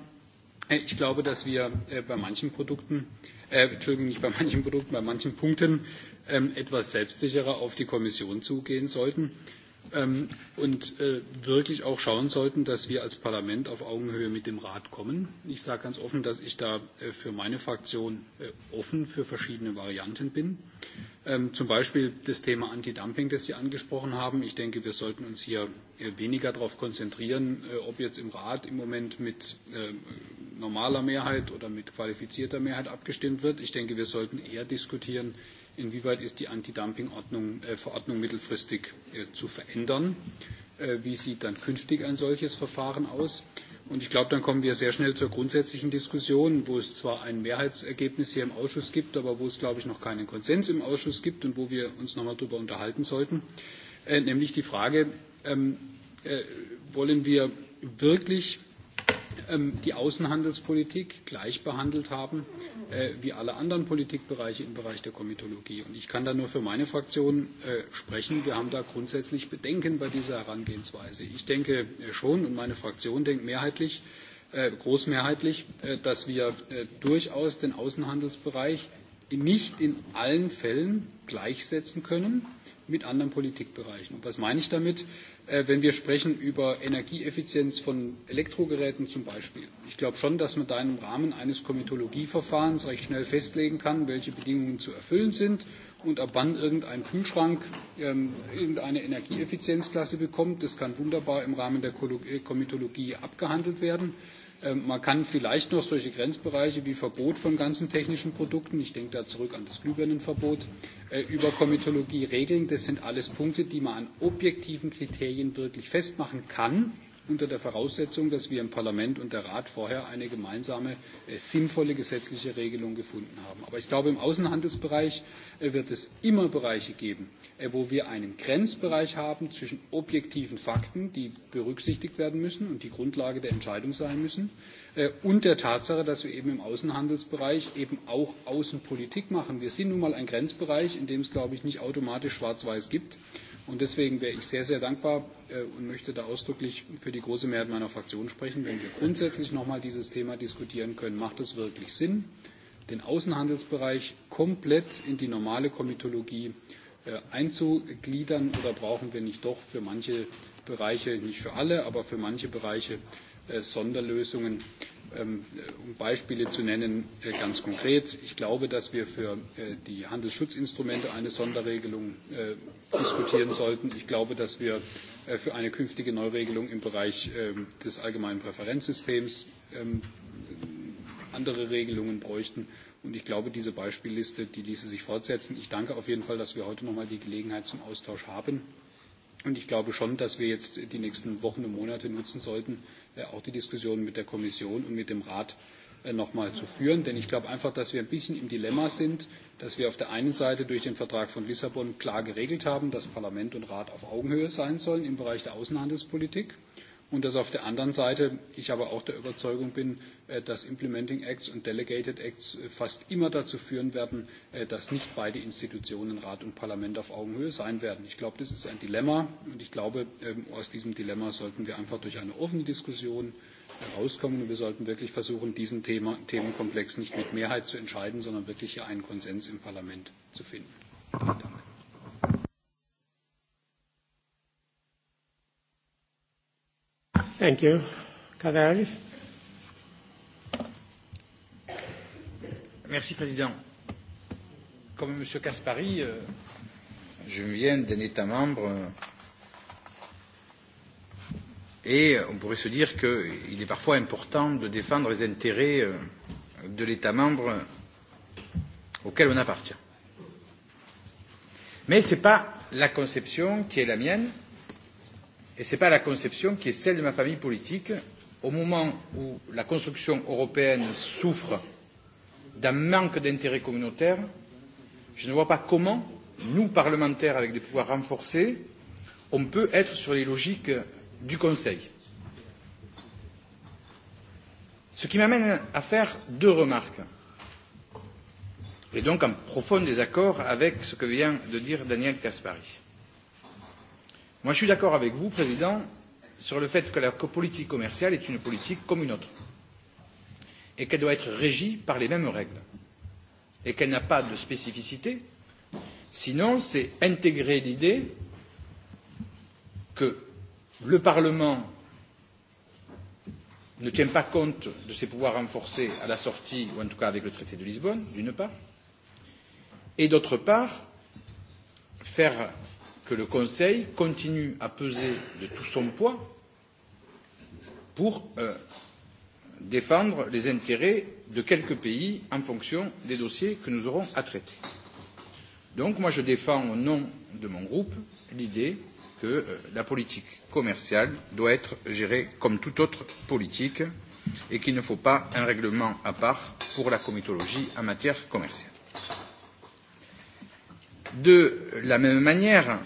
S8: ich glaube, dass wir bei manchen Produkten, äh, Entschuldigung, nicht bei manchen Produkten, bei manchen Punkten etwas selbstsicherer auf die Kommission zugehen sollten und wirklich auch schauen sollten, dass wir als Parlament auf Augenhöhe mit dem Rat kommen. Ich sage ganz offen, dass ich da für meine Fraktion offen für verschiedene Varianten bin. zum Beispiel das Thema Antidumping, das Sie angesprochen haben. Ich denke, wir sollten uns hier weniger darauf konzentrieren, ob jetzt im Rat im Moment mit normaler Mehrheit oder mit qualifizierter Mehrheit abgestimmt wird. Ich denke, wir sollten eher diskutieren, inwieweit ist die Antidumping-Verordnung mittelfristig zu verändern? wie sieht dann künftig ein solches Verfahren aus? Und ich glaube, dann kommen wir sehr schnell zur grundsätzlichen Diskussion, wo es zwar ein Mehrheitsergebnis hier im Ausschuss gibt, aber wo es, glaube ich, noch keinen Konsens im Ausschuss gibt und wo wir uns noch nochmal darüber unterhalten sollten, nämlich die Frage, wollen wir wirklich die Außenhandelspolitik gleich behandelt haben wie alle anderen Politikbereiche im Bereich der Komitologie. Und ich kann da nur für meine Fraktion sprechen. Wir haben da grundsätzlich Bedenken bei dieser Herangehensweise. Ich denke schon und meine Fraktion denkt mehrheitlich, großmehrheitlich, dass wir durchaus den Außenhandelsbereich nicht in allen Fällen gleichsetzen können mit anderen Politikbereichen. Und was meine ich damit? wenn wir sprechen über Energieeffizienz von Elektrogeräten zum Beispiel. Ich glaube schon, dass man da im Rahmen eines Komitologieverfahrens recht schnell festlegen kann, welche Bedingungen zu erfüllen sind und ab wann irgendein Kühlschrank irgendeine Energieeffizienzklasse bekommt. Das kann wunderbar im Rahmen der Komitologie abgehandelt werden. Man kann vielleicht noch solche Grenzbereiche wie Verbot von ganzen technischen Produkten, ich denke da zurück an das Glühbirnenverbot, über Komitologie regeln. Das sind alles Punkte, die man an objektiven Kriterien wirklich festmachen kann unter der Voraussetzung, dass wir im Parlament und der Rat vorher eine gemeinsame, sinnvolle gesetzliche Regelung gefunden haben. Aber ich glaube, im Außenhandelsbereich wird es immer Bereiche geben, wo wir einen Grenzbereich haben zwischen objektiven Fakten, die berücksichtigt werden müssen und die Grundlage der Entscheidung sein müssen, und der Tatsache, dass wir eben im Außenhandelsbereich eben auch Außenpolitik machen. Wir sind nun mal ein Grenzbereich, in dem es, glaube ich, nicht automatisch Schwarz-Weiß gibt. Und deswegen wäre ich sehr, sehr dankbar und möchte da ausdrücklich für die große Mehrheit meiner Fraktion sprechen, wenn wir grundsätzlich nochmal dieses Thema diskutieren können. Macht es wirklich Sinn, den Außenhandelsbereich komplett in die normale Komitologie einzugliedern oder brauchen wir nicht doch für manche Bereiche, nicht für alle, aber für manche Bereiche Sonderlösungen, um Beispiele zu nennen, ganz konkret. Ich glaube, dass wir für die Handelsschutzinstrumente eine Sonderregelung diskutieren sollten. Ich glaube, dass wir für eine künftige Neuregelung im Bereich des allgemeinen Präferenzsystems andere Regelungen bräuchten. Und ich glaube, diese Beispielliste, die ließe sich fortsetzen. Ich danke auf jeden Fall, dass wir heute noch einmal die Gelegenheit zum Austausch haben Und ich glaube schon, dass wir jetzt die nächsten Wochen und Monate nutzen sollten, auch die Diskussion mit der Kommission und mit dem Rat nochmal zu führen. Denn ich glaube einfach, dass wir ein bisschen im Dilemma sind, dass wir auf der einen Seite durch den Vertrag von Lissabon klar geregelt haben, dass Parlament und Rat auf Augenhöhe sein sollen im Bereich der Außenhandelspolitik und dass auf der anderen Seite ich aber auch der Überzeugung bin, dass Implementing Acts und Delegated Acts fast immer dazu führen werden, dass nicht beide Institutionen Rat und Parlament auf Augenhöhe sein werden. Ich glaube, das ist ein Dilemma und ich glaube, aus diesem Dilemma sollten wir einfach durch eine offene Diskussion herauskommen und wir sollten wirklich versuchen, diesen Themenkomplex nicht mit Mehrheit zu entscheiden, sondern wirklich hier einen Konsens im Parlament zu finden. Vielen Dank.
S1: Thank you.
S9: Kader Merci, Président. Comme M. Caspari, je viens d'un État membre et on pourrait se dire qu'il est parfois important de défendre les intérêts de l'État membre auquel on appartient. Mais ce n'est pas la conception qui est la mienne, Et ce n'est pas la conception qui est celle de ma famille politique. Au moment où la construction européenne souffre d'un manque d'intérêt communautaire, je ne vois pas comment nous, parlementaires, avec des pouvoirs renforcés, on peut être sur les logiques du Conseil. Ce qui m'amène à faire deux remarques, et donc en profond désaccord avec ce que vient de dire Daniel Caspary. Moi, je suis d'accord avec vous, Président, sur le fait que la politique commerciale est une politique comme une autre et qu'elle doit être régie par les mêmes règles et qu'elle n'a pas de spécificité. Sinon, c'est intégrer l'idée que le Parlement ne tient pas compte de ses pouvoirs renforcés à la sortie, ou en tout cas avec le traité de Lisbonne, d'une part, et d'autre part, faire que le Conseil continue à peser de tout son poids pour défendre les intérêts de quelques pays en fonction des dossiers que nous aurons à traiter. Donc moi je défends au nom de mon groupe l'idée que la politique commerciale doit être gérée comme toute autre politique et qu'il ne faut pas un règlement à part pour la comitologie en matière commerciale. De la même manière,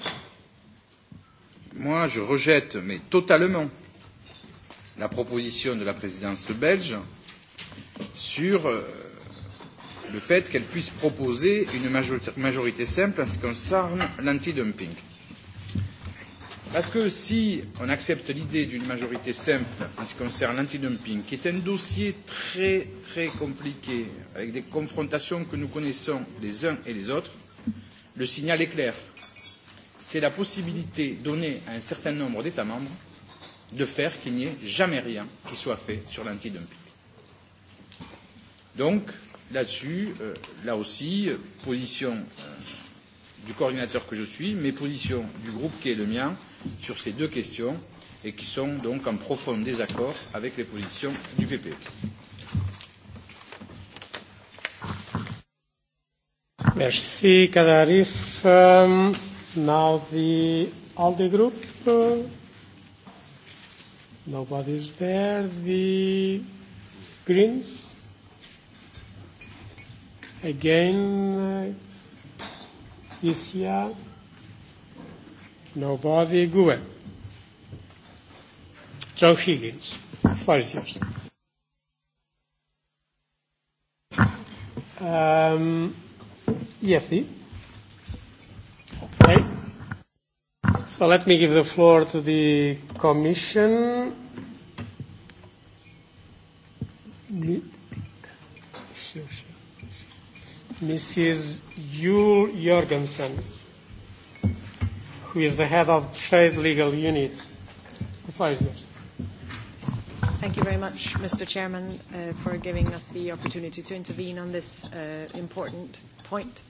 S9: moi je rejette, mais totalement, la proposition de la présidence belge sur le fait qu'elle puisse proposer une majorité simple en ce qui concerne l'antidumping. Parce que si on accepte l'idée d'une majorité simple en ce qui concerne l'antidumping, qui est un dossier très très compliqué, avec des confrontations que nous connaissons les uns et les autres, Le signal est clair. C'est la possibilité donnée à un certain nombre d'États membres de faire qu'il n'y ait jamais rien qui soit fait sur l'antidumping. Donc, là-dessus, euh, là aussi, position euh, du coordinateur que je suis, mais position du groupe qui est le mien sur ces deux questions et qui sont donc en profond désaccord avec les positions du PPE.
S1: Merci, Kadarif. Um, now the ALDE group. Uh, nobody's there. The Greens. Again, uh, Isia. Nobody. Gue. Joe Higgins. Floor is yours. Um, EFE. Okay. So let me give the floor to the Commission. Mrs. Jule Jorgensen, who is the head of Trade Legal Unit. The floor is yours.
S10: Thank you very much, Mr. Chairman, uh, for giving us the opportunity to intervene on this uh, important point.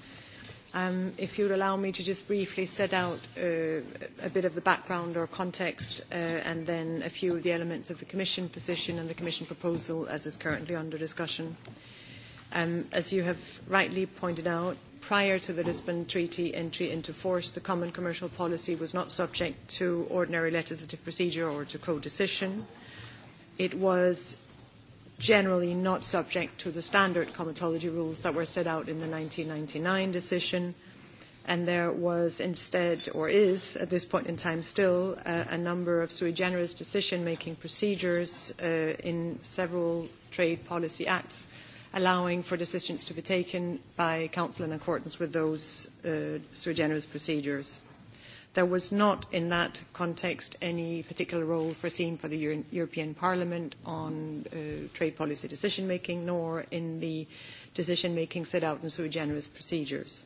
S10: Um, if you'd allow me to just briefly set out uh, a bit of the background or context uh, and then a few of the elements of the Commission position and the Commission proposal as is currently under discussion. Um, as you have rightly pointed out, prior to the Lisbon Treaty entry into force, the Common Commercial Policy was not subject to ordinary legislative procedure or to co-decision it was generally not subject to the standard comitology rules that were set out in the 1999 decision. And there was instead, or is at this point in time still, a, a number of sui generis decision making procedures uh, in several trade policy acts allowing for decisions to be taken by Council in accordance with those uh, sui generis procedures. There was not, in that context, any particular role foreseen for the European Parliament on trade policy decision-making, nor in the decision-making set out in sui generis procedures.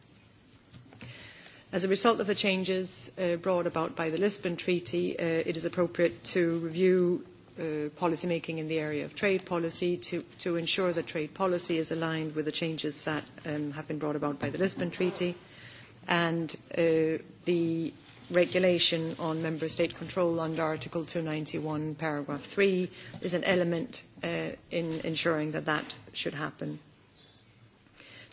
S10: As a result of the changes brought about by the Lisbon Treaty, it is appropriate to review policy making in the area of trade policy to, ensure that trade policy is aligned with the changes that have been brought about by the Lisbon Treaty and the regulation on member state control under Article 291, paragraph 3, is an element uh, in ensuring that that should happen.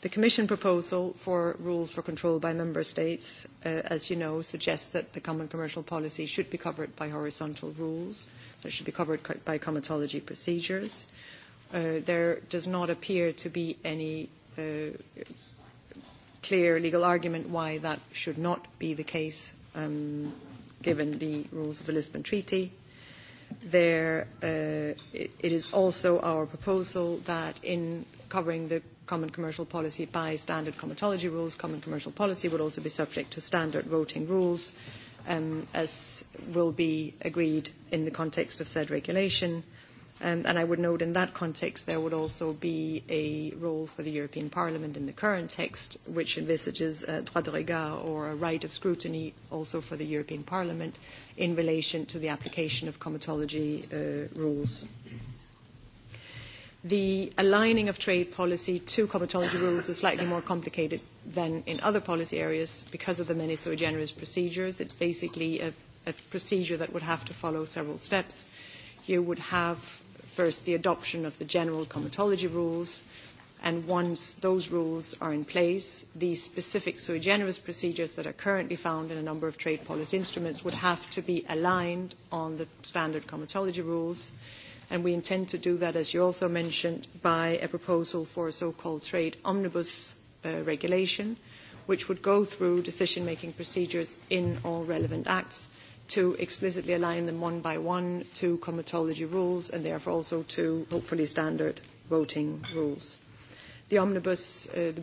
S10: The Commission proposal for rules for control by member states, uh, as you know, suggests that the common commercial policy should be covered by horizontal rules, that it should be covered by comitology procedures. Uh, there does not appear to be any uh, clear legal argument why that should not be the case um, given the rules of the Lisbon Treaty. There, uh, it, it is also our proposal that in covering the common commercial policy by standard comitology rules, common commercial policy would also be subject to standard voting rules, um, as will be agreed in the context of said regulation and I would note in that context there would also be a role for the European Parliament in the current text, which envisages a droit de regard or a right of scrutiny also for the European Parliament in relation to the application of comitology rules. The aligning of trade policy to comitology rules is slightly more complicated than in other policy areas because of the many sui generis procedures. It's basically a, a procedure that would have to follow several steps. You would have First, the adoption of the general comitology rules, and once those rules are in place, the specific sui generis procedures that are currently found in a number of trade policy instruments would have to be aligned on the standard comitology rules. And we intend to do that, as you also mentioned, by a proposal for a so-called trade omnibus regulation, which would go through decision-making procedures in all relevant acts to explicitly align them one by one to comitology rules and therefore also to hopefully standard voting rules. The omnibus, the,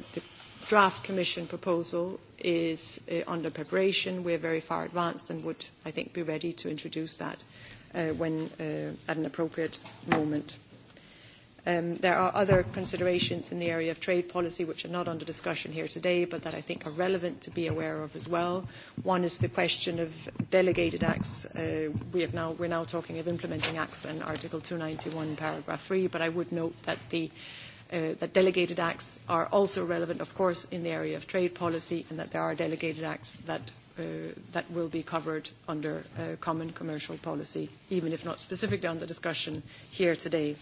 S10: draft commission proposal is under preparation. We are very far advanced and would, I think, be ready to introduce that when at an appropriate moment there are other considerations in the area of trade policy which are not under discussion here today, but that I think are relevant to be aware of as well. One is the question of delegated acts. we have now, we're now talking of implementing acts in Article two hundred and ninety one, paragraph three, but I would note that the that delegated acts are also relevant, of course, in the area of trade policy, and that there are delegated acts that that will be covered under common commercial policy, even if not specifically under discussion here today.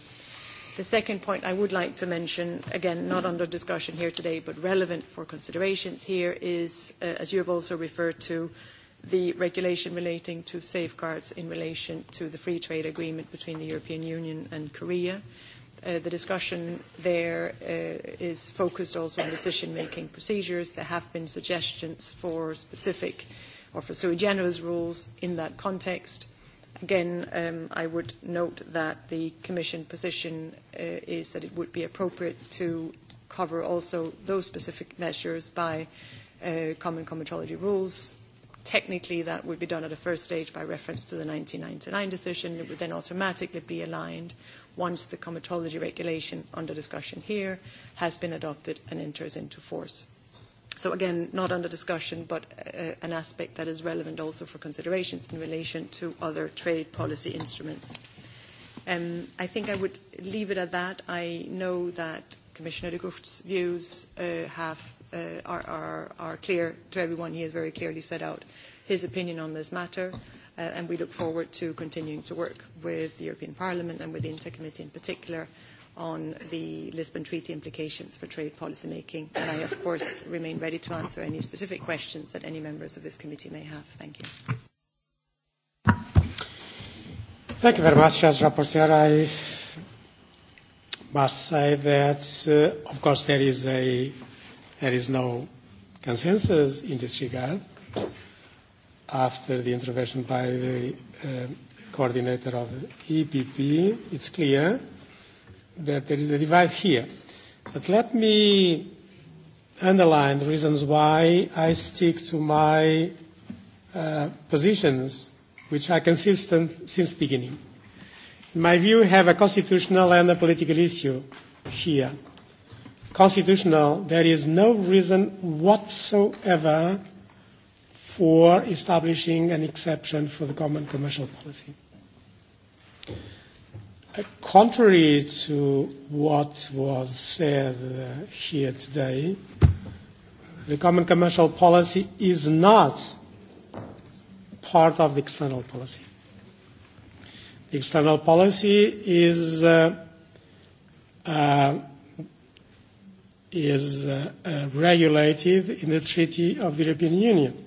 S10: The second point I would like to mention, again, not under discussion here today, but relevant for considerations here is, as you have also referred to, the regulation relating to safeguards in relation to the free trade agreement between the European Union and Korea. the discussion there is focused also on decision-making procedures. There have been suggestions for specific or for sui generis rules in that context Again, I would note that the Commission position is that it would be appropriate to cover also those specific measures by common comitology rules. Technically, that would be done at a first stage by reference to the ninety nine decision. It would then automatically be aligned once the comitology regulation under discussion here has been adopted and enters into force So again, not under discussion, but an aspect that is relevant also for considerations in relation to other trade policy instruments. I think I would leave it at that. I know that Commissioner de Gucht's views are clear to everyone. He has very clearly set out his opinion on this matter, and we look forward to continuing to work with the European Parliament and with the Inter Committee in particular on the Lisbon Treaty implications for trade policy making. And I, of course, remain ready to answer any specific questions that any members of this committee may have. Thank you.
S1: Thank you very much, as Rapporteur. I must say that, uh, of course, there is, a, there is no consensus in this regard after the intervention by the uh, coordinator of the EPP. It's clear that there is a divide here. But let me underline the reasons why I stick to my uh, positions, which are consistent since the beginning. In my view, we have a constitutional and a political issue here. Constitutional, there is no reason whatsoever for establishing an exception for the common commercial policy. Contrary to what was said here today, the common commercial policy is not part of the external policy. The external policy is uh, uh, is uh, uh, regulated in the Treaty of the European Union.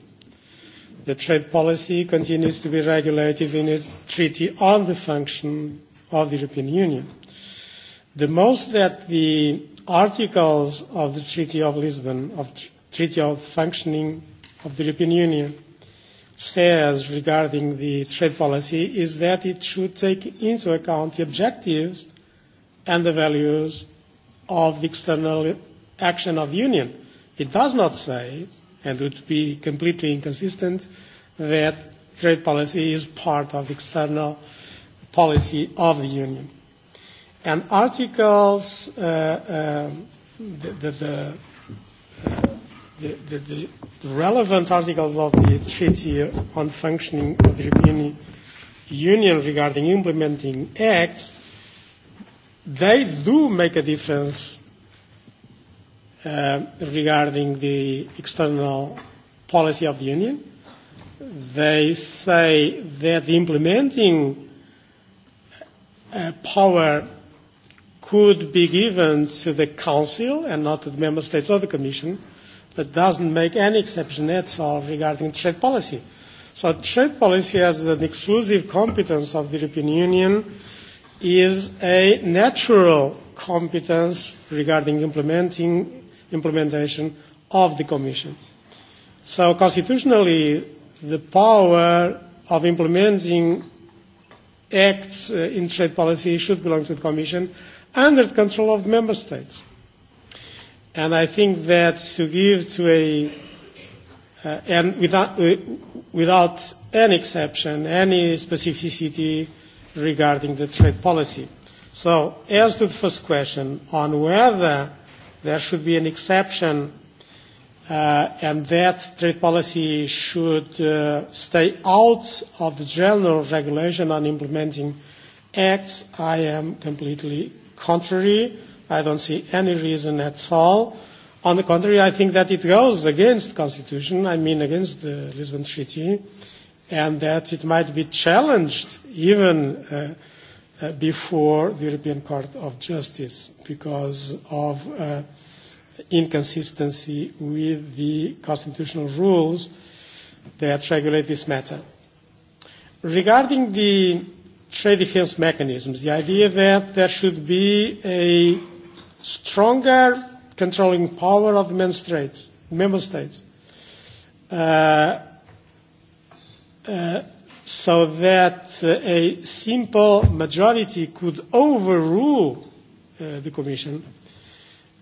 S1: The trade policy continues to be regulated in the Treaty on the Function of the European Union. The most that the articles of the Treaty of Lisbon, of Treaty of Functioning of the European Union, says regarding the trade policy is that it should take into account the objectives and the values of the external action of the Union. It does not say, and would be completely inconsistent, that trade policy is part of the external uh, policy of the Union. And articles, uh, uh, the, the, the, the, the, relevant articles of the Treaty on Functioning of the European Union regarding implementing acts, they do make a difference uh, regarding the external policy of the Union. They say that the implementing power could be given to the Council and not to the Member States or the Commission, but doesn't make any exception at all regarding trade policy. So trade policy as an exclusive competence of the European Union is a natural competence regarding implementing, implementation of the Commission. So constitutionally, the power of implementing acts in trade policy should belong to the Commission under the control of member states. And I think that to give to a, uh, and without, uh, without any exception, any specificity regarding the trade policy. So as to the first question on whether there should be an exception and that trade policy should stay out of the general regulation on implementing acts, I am completely contrary. I don't see any reason at all. On the contrary, I think that it goes against the Constitution, I mean against the Lisbon Treaty, and that it might be challenged even before the European Court of Justice because of uh, inconsistency with the constitutional rules that regulate this matter. Regarding the trade defense mechanisms, the idea that there should be a stronger controlling power of member states, member states uh, uh, so that uh, a simple majority could overrule uh, the Commission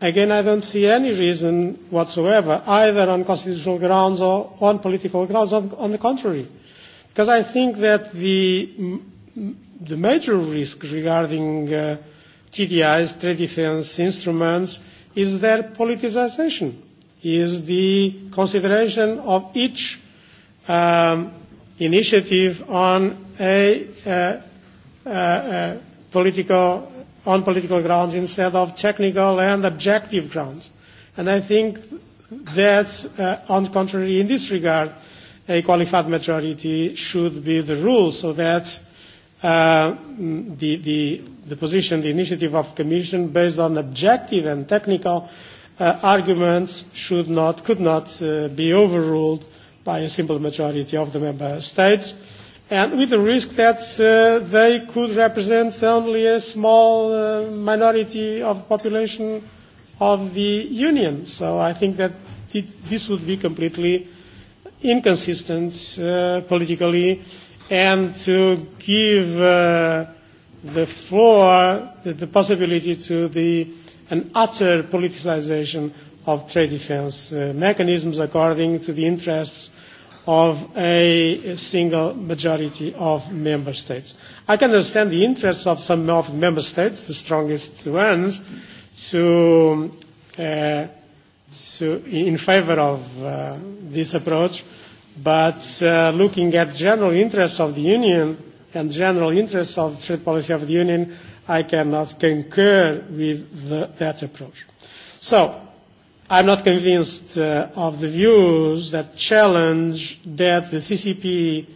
S1: Again, I don't see any reason whatsoever, either on constitutional grounds or on political grounds, on, the contrary. Because I think that the, the major risk regarding uh, TDIs, trade defense instruments, is their politicization, is the consideration of each um, initiative on a uh, uh, uh, political on political grounds instead of technical and objective grounds. And I think that, uh, on the contrary, in this regard, a qualified majority should be the rule so that uh, the, the, the position, the initiative of the Commission based on objective and technical uh, arguments should not, could not uh, be overruled by a simple majority of the member states and with the risk that uh, they could represent only a small uh, minority of the population of the Union. So I think that this would be completely inconsistent uh, politically and to give uh, the floor, the, the possibility to the, an utter politicization of trade defense uh, mechanisms according to the interests of a single majority of member states. I can understand the interests of some of the member states, the strongest ones, to, uh, to in favor of uh, this approach, but uh, looking at general interests of the union and general interests of trade policy of the union, I cannot concur with the, that approach. So I'm not convinced uh, of the views that challenge that the CCP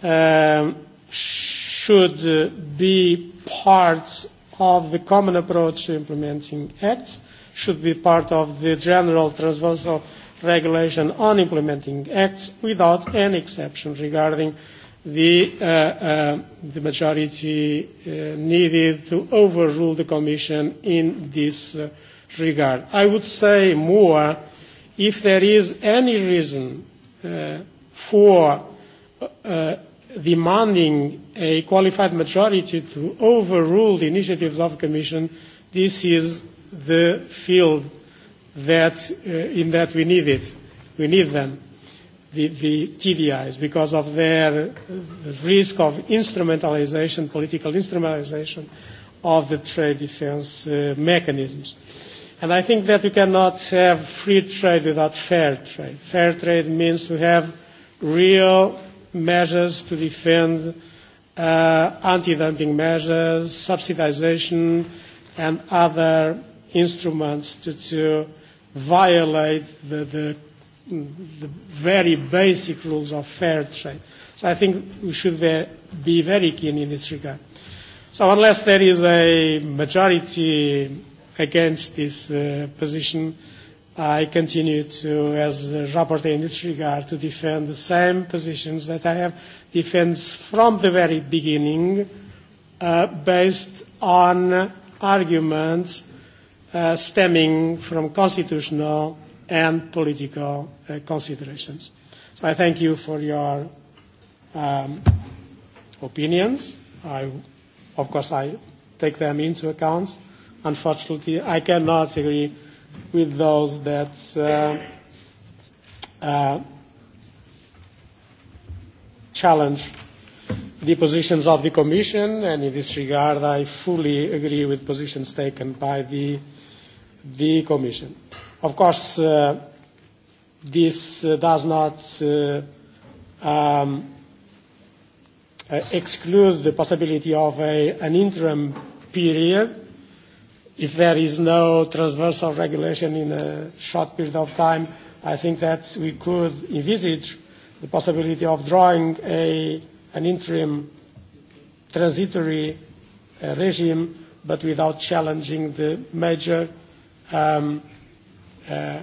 S1: um, should uh, be part of the common approach to implementing acts, should be part of the general transversal regulation on implementing acts without any exception regarding the, uh, uh, the majority uh, needed to overrule the Commission in this uh, regard. I would say more if there is any reason uh, for uh, demanding a qualified majority to overrule the initiatives of the Commission, this is the field that, uh, in that we need it. We need them, the, the TDIs, because of their risk of instrumentalization, political instrumentalization of the trade defense uh, mechanisms. And I think that you cannot have free trade without fair trade. Fair trade means to have real measures to defend uh, anti-dumping measures, subsidization, and other instruments to, to violate the, the, the very basic rules of fair trade. So I think we should be very keen in this regard. So unless there is a majority against this uh, position. I continue to, as a rapporteur in this regard, to defend the same positions that I have defended from the very beginning, uh, based on arguments uh, stemming from constitutional and political uh, considerations. So I thank you for your um, opinions. I, of course, I take them into account unfortunately, I cannot agree with those that uh, uh, challenge the positions of the Commission, and in this regard, I fully agree with positions taken by the, the Commission. Of course, uh, this uh, does not uh, um, uh, exclude the possibility of a, an interim period if there is no transversal regulation in a short period of time, I think that we could envisage the possibility of drawing a, an interim transitory uh, regime, but without challenging the major um, uh,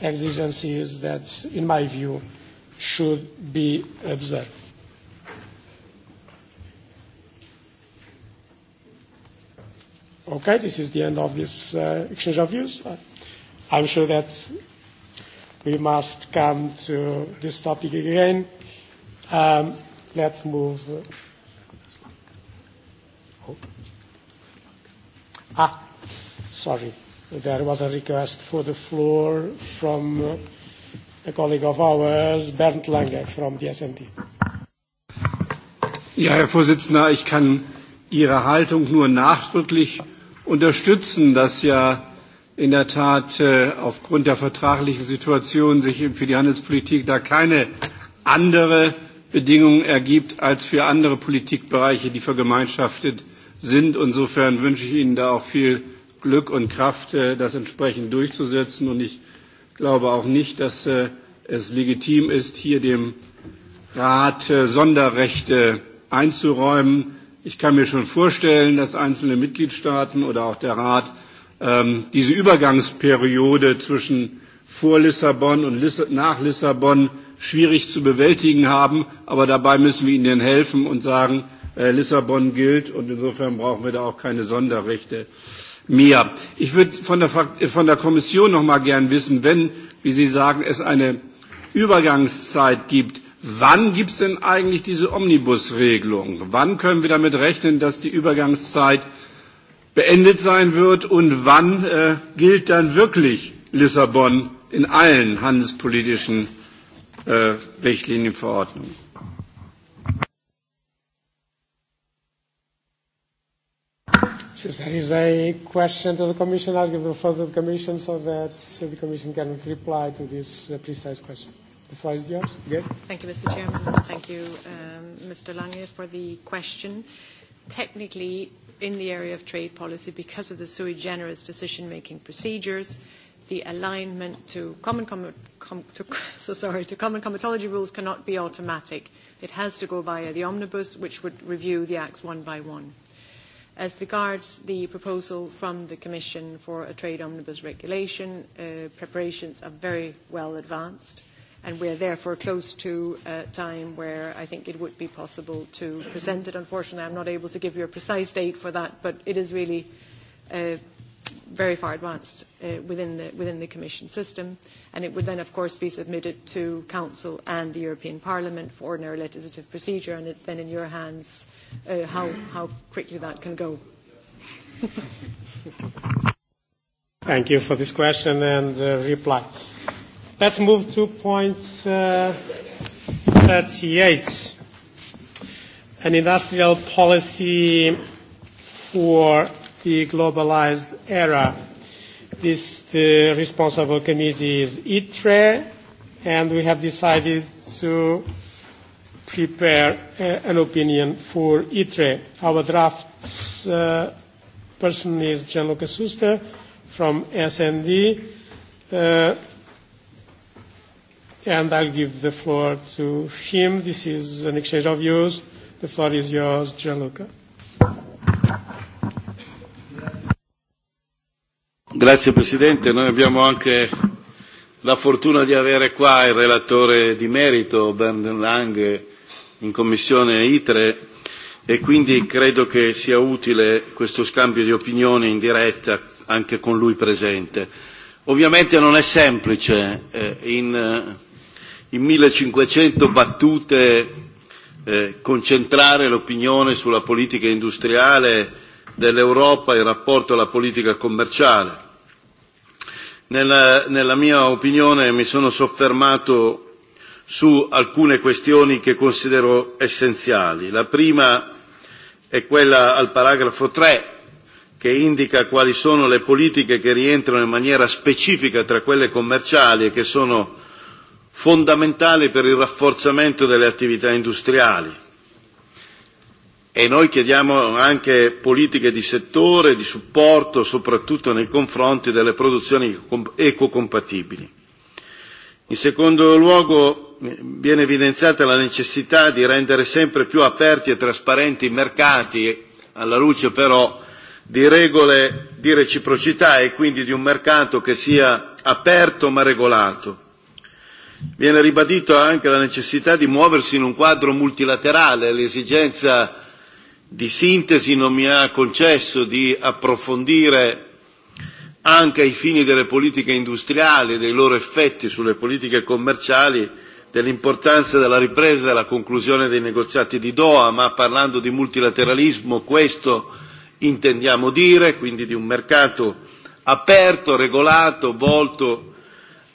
S1: exigencies that, in my view, should be observed. Okay, this is the end of this uh, exchange of views. I'm sure that we must come to this topic again. Um, let's move. Oh. Ah, sorry. There was a request for the floor from a colleague of ours, Bernd Lange from the SND.
S11: Ja, Herr Vorsitzender, ich kann Ihre Haltung nur nachdrücklich unterstützen, dass ja in der Tat aufgrund der vertraglichen Situation sich für die Handelspolitik da keine andere Bedingung ergibt als für andere Politikbereiche, die vergemeinschaftet sind. Insofern wünsche ich Ihnen da auch viel Glück und Kraft, das entsprechend durchzusetzen. Und ich glaube auch nicht, dass es legitim ist, hier dem Rat Sonderrechte einzuräumen. Ich kann mir schon vorstellen, dass einzelne Mitgliedstaaten oder auch der Rat diese Übergangsperiode zwischen vor Lissabon und nach Lissabon schwierig zu bewältigen haben. Aber dabei müssen wir ihnen helfen und sagen, Lissabon gilt und insofern brauchen wir da auch keine Sonderrechte mehr. Ich würde von der, Kommission noch mal gern wissen, wenn, wie Sie sagen, es eine Übergangszeit gibt, Wann gibt es denn eigentlich diese Omnibusregelung? Wann können wir damit rechnen, dass die Übergangszeit beendet sein wird und wann äh, gilt dann wirklich Lissabon in allen handelspolitischen äh, Richtlinienverordnungen? Verordnungen?
S1: Since there is a question to the Commission, I'll give the floor to the Commission so that the Commission can reply to this precise question. The floor is yours. Good.
S10: Thank you, Mr. Chairman. Thank you, Mr. Lange, for the question. Technically, in the area of trade policy, because of the sui generis decision-making procedures, the alignment to common, com, com, to, so sorry, to common comitology rules cannot be automatic. It has to go via the omnibus, which would review the acts one by one. As regards the proposal from the Commission for a trade omnibus regulation, preparations are very well advanced and we are therefore close to a time where I think it would be possible to present it. Unfortunately, I'm not able to give you a precise date for that, but it is really very far advanced within the within the Commission system, and it would then, of course, be submitted to Council and the European Parliament for ordinary legislative procedure, and it's then in your hands how how quickly that can go.
S1: Thank you for this question and uh, reply. Let's move to point uh, 38, an industrial policy for the globalized era. This the responsible committee is ITRE, and we have decided to prepare uh, an opinion for ITRE. Our draft uh, person is Gianluca Suster from SND. Uh, and I'll give the floor to him. This is an exchange of views. The floor is yours, Gianluca.
S7: Grazie Presidente, noi abbiamo anche la fortuna di avere qua il relatore di merito, Bernd Lang, in Commissione ITRE e quindi credo che sia utile questo scambio di opinioni in diretta anche con lui presente. Ovviamente non è semplice in in 1500 battute eh, concentrare l'opinione sulla politica industriale dell'Europa in rapporto alla politica commerciale. Nella, nella mia opinione mi sono soffermato su alcune questioni che considero essenziali. La prima è quella al paragrafo 3 che indica quali sono le politiche che rientrano in maniera specifica tra quelle commerciali e che sono fondamentale per il rafforzamento delle attività industriali e noi chiediamo anche politiche di settore, di supporto, soprattutto nei confronti delle produzioni ecocompatibili. In secondo luogo viene evidenziata la necessità di rendere sempre più aperti e trasparenti i mercati, alla luce però di regole di reciprocità e quindi di un mercato che sia aperto ma regolato. Viene ribadito anche la necessità di muoversi in un quadro multilaterale, l'esigenza di sintesi non mi ha concesso di approfondire anche ai fini delle politiche industriali, dei loro effetti sulle politiche commerciali, dell'importanza della ripresa e della conclusione dei negoziati di Doha, ma parlando di multilateralismo questo intendiamo dire, quindi di un mercato aperto, regolato, volto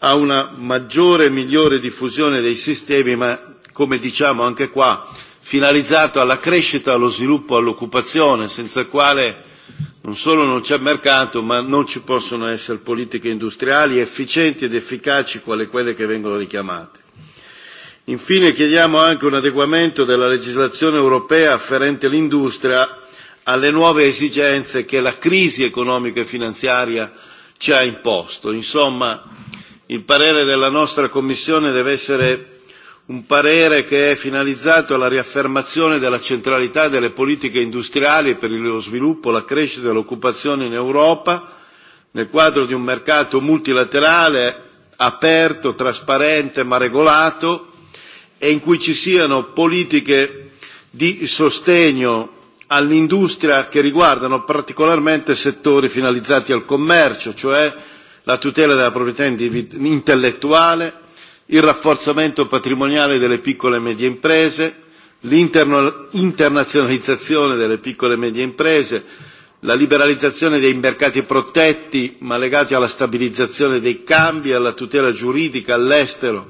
S7: a una maggiore e migliore diffusione dei sistemi, ma come diciamo anche qua, finalizzato alla crescita, allo sviluppo, all'occupazione, senza il quale non solo non c'è mercato, ma non ci possono essere politiche industriali efficienti ed efficaci quale quelle che vengono richiamate. Infine chiediamo anche un adeguamento della legislazione europea afferente all'industria alle nuove esigenze che la crisi economica e finanziaria ci ha imposto. Insomma, Il parere della nostra Commissione deve essere un parere che è finalizzato alla riaffermazione della centralità delle politiche industriali per lo sviluppo, la crescita e l'occupazione in Europa, nel quadro di un mercato multilaterale aperto, trasparente ma regolato e in cui ci siano politiche di sostegno all'industria che riguardano particolarmente settori finalizzati al commercio, cioè la tutela della proprietà intellettuale, il rafforzamento patrimoniale delle piccole e medie imprese, l'internazionalizzazione delle piccole e medie imprese, la liberalizzazione dei mercati protetti ma legati alla stabilizzazione dei cambi, alla tutela giuridica all'estero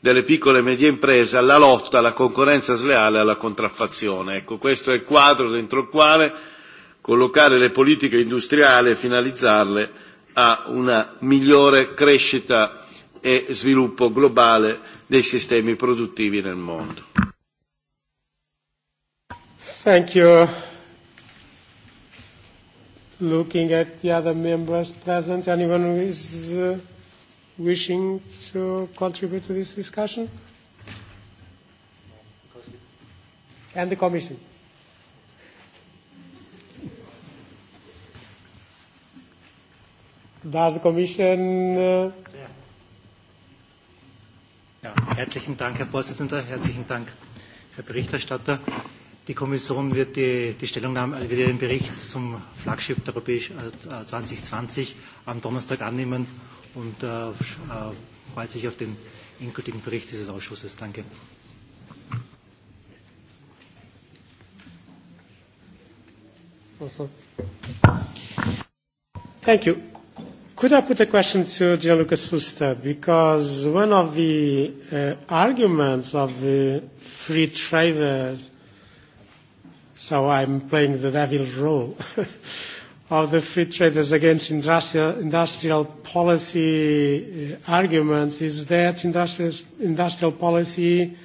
S7: delle piccole e medie imprese, alla lotta alla concorrenza sleale e alla contraffazione. Ecco, questo è il quadro dentro il quale collocare le politiche industriali e finalizzarle a una migliore crescita e sviluppo globale dei sistemi produttivi nel mondo.
S1: Thank you. Looking at the other members present, anyone who is uh, wishing to contribute to this discussion? And the Commission. Does the Commission?
S12: ja, herzlichen Dank, Herr Vorsitzender. Herzlichen Dank,
S13: Herr Berichterstatter. Die Kommission wird, die, die Stellungnahme, wird den Bericht zum
S12: Flaggschiff der Europäisch 2020 am Donnerstag annehmen und äh,
S14: freut sich auf den endgültigen Bericht dieses Ausschusses. Danke.
S1: Thank you. Could I put a question to Gianluca Susta? Because one of the uh, arguments of the free traders, so I'm playing the devil role, of the free traders against industrial, industrial policy uh, arguments is that industrial, industrial policy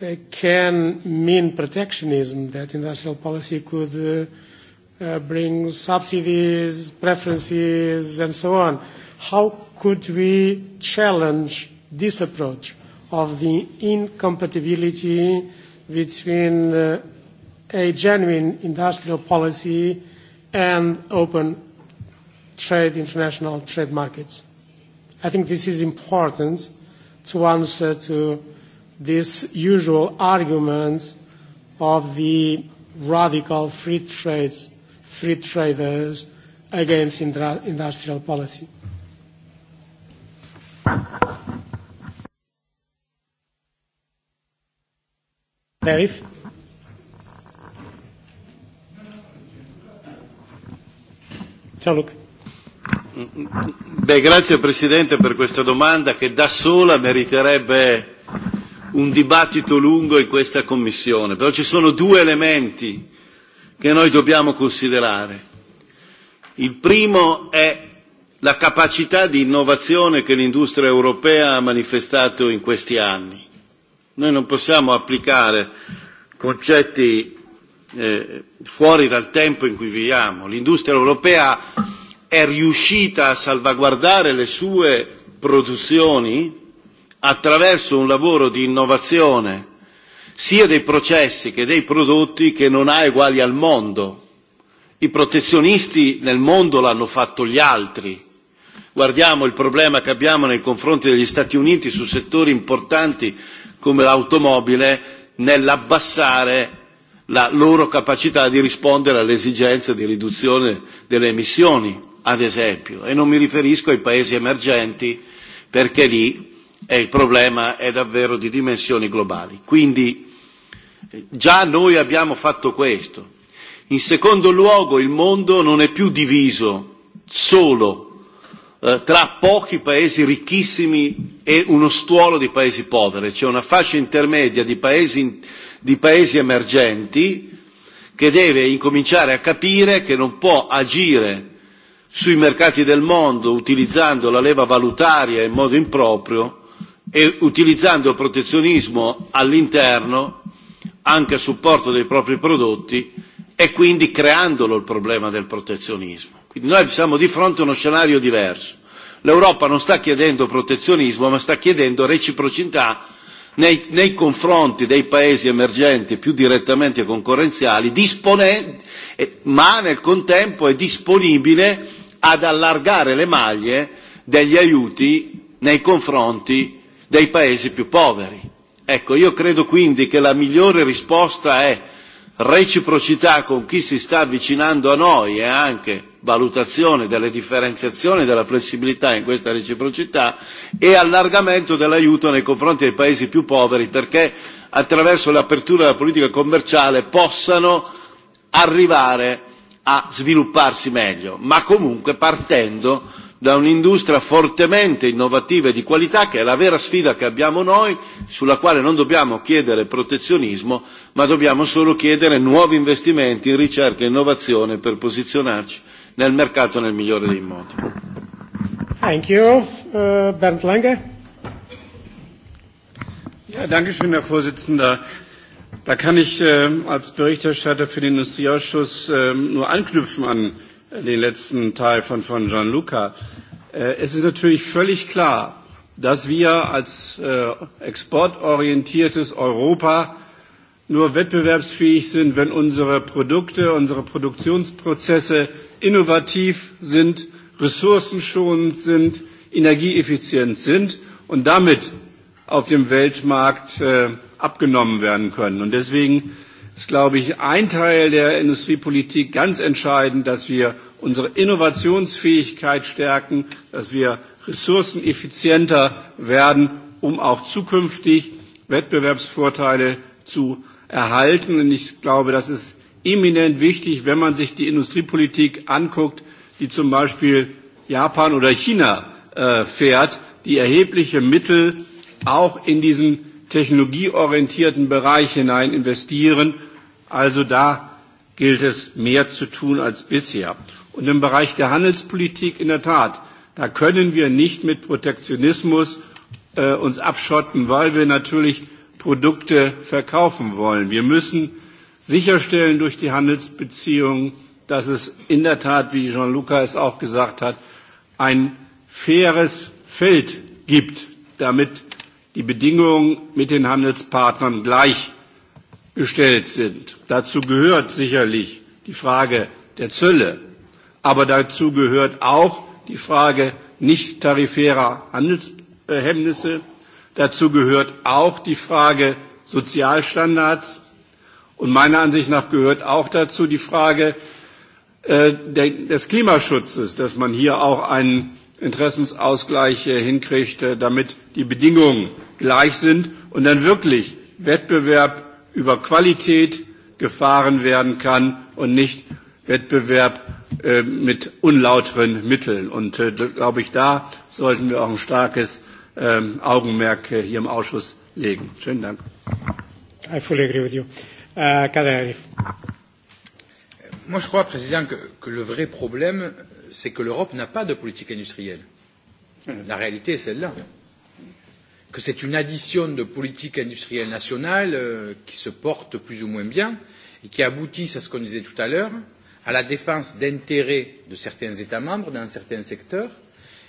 S1: uh, can mean protectionism, that industrial policy could uh, bring subsidies, preferences, and so on. How could we challenge this approach of the incompatibility between uh, a genuine industrial policy and open trade, international trade markets? I think this is important to answer to this usual argument of the radical free trade free traders against industrial policy. Tariff? Gianluca.
S7: Beh, grazie Presidente per questa domanda che da sola meriterebbe un dibattito lungo in questa Commissione, però ci sono due elementi che noi dobbiamo considerare. Il primo è la capacità di innovazione che l'industria europea ha manifestato in questi anni. Noi non possiamo applicare concetti eh, fuori dal tempo in cui viviamo. L'industria europea è riuscita a salvaguardare le sue produzioni attraverso un lavoro di innovazione sia dei processi che dei prodotti che non ha eguali al mondo. I protezionisti nel mondo l'hanno fatto gli altri. Guardiamo il problema che abbiamo nei confronti degli Stati Uniti su settori importanti come l'automobile nell'abbassare la loro capacità di rispondere alle esigenze di riduzione delle emissioni, ad esempio, e non mi riferisco ai paesi emergenti perché lì e il problema è davvero di dimensioni globali. Quindi già noi abbiamo fatto questo. In secondo luogo il mondo non è più diviso solo tra pochi paesi ricchissimi e uno stuolo di paesi poveri, c'è una fascia intermedia di paesi, di paesi emergenti che deve incominciare a capire che non può agire sui mercati del mondo utilizzando la leva valutaria in modo improprio e utilizzando il protezionismo all'interno anche a supporto dei propri prodotti e quindi creandolo il problema del protezionismo. Quindi noi siamo di fronte a uno scenario diverso. L'Europa non sta chiedendo protezionismo ma sta chiedendo reciprocità nei, nei confronti dei paesi emergenti più direttamente concorrenziali, ma nel contempo è disponibile ad allargare le maglie degli aiuti nei confronti dei paesi più poveri. Ecco, io credo quindi che la migliore risposta è reciprocità con chi si sta avvicinando a noi e anche valutazione delle differenziazioni e della flessibilità in questa reciprocità e allargamento dell'aiuto nei confronti dei paesi più poveri perché attraverso l'apertura della politica commerciale possano arrivare a svilupparsi meglio, ma comunque partendo da un'industria fortemente innovativa e di qualità, che è la vera sfida che abbiamo noi, sulla quale non dobbiamo chiedere protezionismo, ma dobbiamo solo chiedere nuovi investimenti in ricerca e innovazione per posizionarci nel mercato nel migliore dei modi.
S1: Thank you. Uh, Bernd Lange.
S7: Ja, danke schön, Herr Vorsitzender.
S11: Da kann ich äh, als Berichterstatter für den Industrieausschuss äh, nur anknüpfen an den letzten Teil von, von Gianluca. es ist natürlich völlig klar, dass wir als exportorientiertes Europa nur wettbewerbsfähig sind, wenn unsere Produkte, unsere Produktionsprozesse innovativ sind, ressourcenschonend sind, energieeffizient sind und damit auf dem Weltmarkt abgenommen werden können. Und deswegen ist, glaube ich, ein Teil der Industriepolitik ganz entscheidend, dass wir unsere Innovationsfähigkeit stärken, dass wir ressourceneffizienter werden, um auch zukünftig Wettbewerbsvorteile zu erhalten. Und ich glaube, das ist eminent wichtig, wenn man sich die Industriepolitik anguckt, die zum Beispiel Japan oder China fährt, die erhebliche Mittel auch in diesen technologieorientierten Bereich hinein investieren. Also da gilt es mehr zu tun als bisher. Und im Bereich der Handelspolitik in der Tat, da können wir nicht mit Protektionismus äh, uns abschotten, weil wir natürlich Produkte verkaufen wollen. Wir müssen sicherstellen durch die Handelsbeziehungen, dass es in der Tat, wie Jean-Luca es auch gesagt hat, ein faires Feld gibt, damit die Bedingungen mit den Handelspartnern gleichgestellt sind. Dazu gehört sicherlich die Frage der Zölle, aber dazu gehört auch die Frage nicht tarifärer Handelshemmnisse, dazu gehört auch die Frage Sozialstandards und meiner Ansicht nach gehört auch dazu die Frage des Klimaschutzes, dass man hier auch einen Interessensausgleich hinkriegt, damit die Bedingungen gleich sind und dann wirklich Wettbewerb über Qualität gefahren werden kann und nicht Wettbewerb mit unlauteren Mitteln. Und glaube ich, da sollten wir auch ein starkes Augenmerk hier im Ausschuss legen. Schönen Dank.
S1: I fully agree with you.
S9: Moi, je crois, Président, que, que le vrai problème, c'est que l'Europe n'a pas de politique industrielle. La réalité est celle-là. Que c'est une addition de politiques industrielles nationales qui se portent plus ou moins bien et qui aboutissent à ce qu'on disait tout à l'heure, à la défense d'intérêts de certains États membres dans certains secteurs.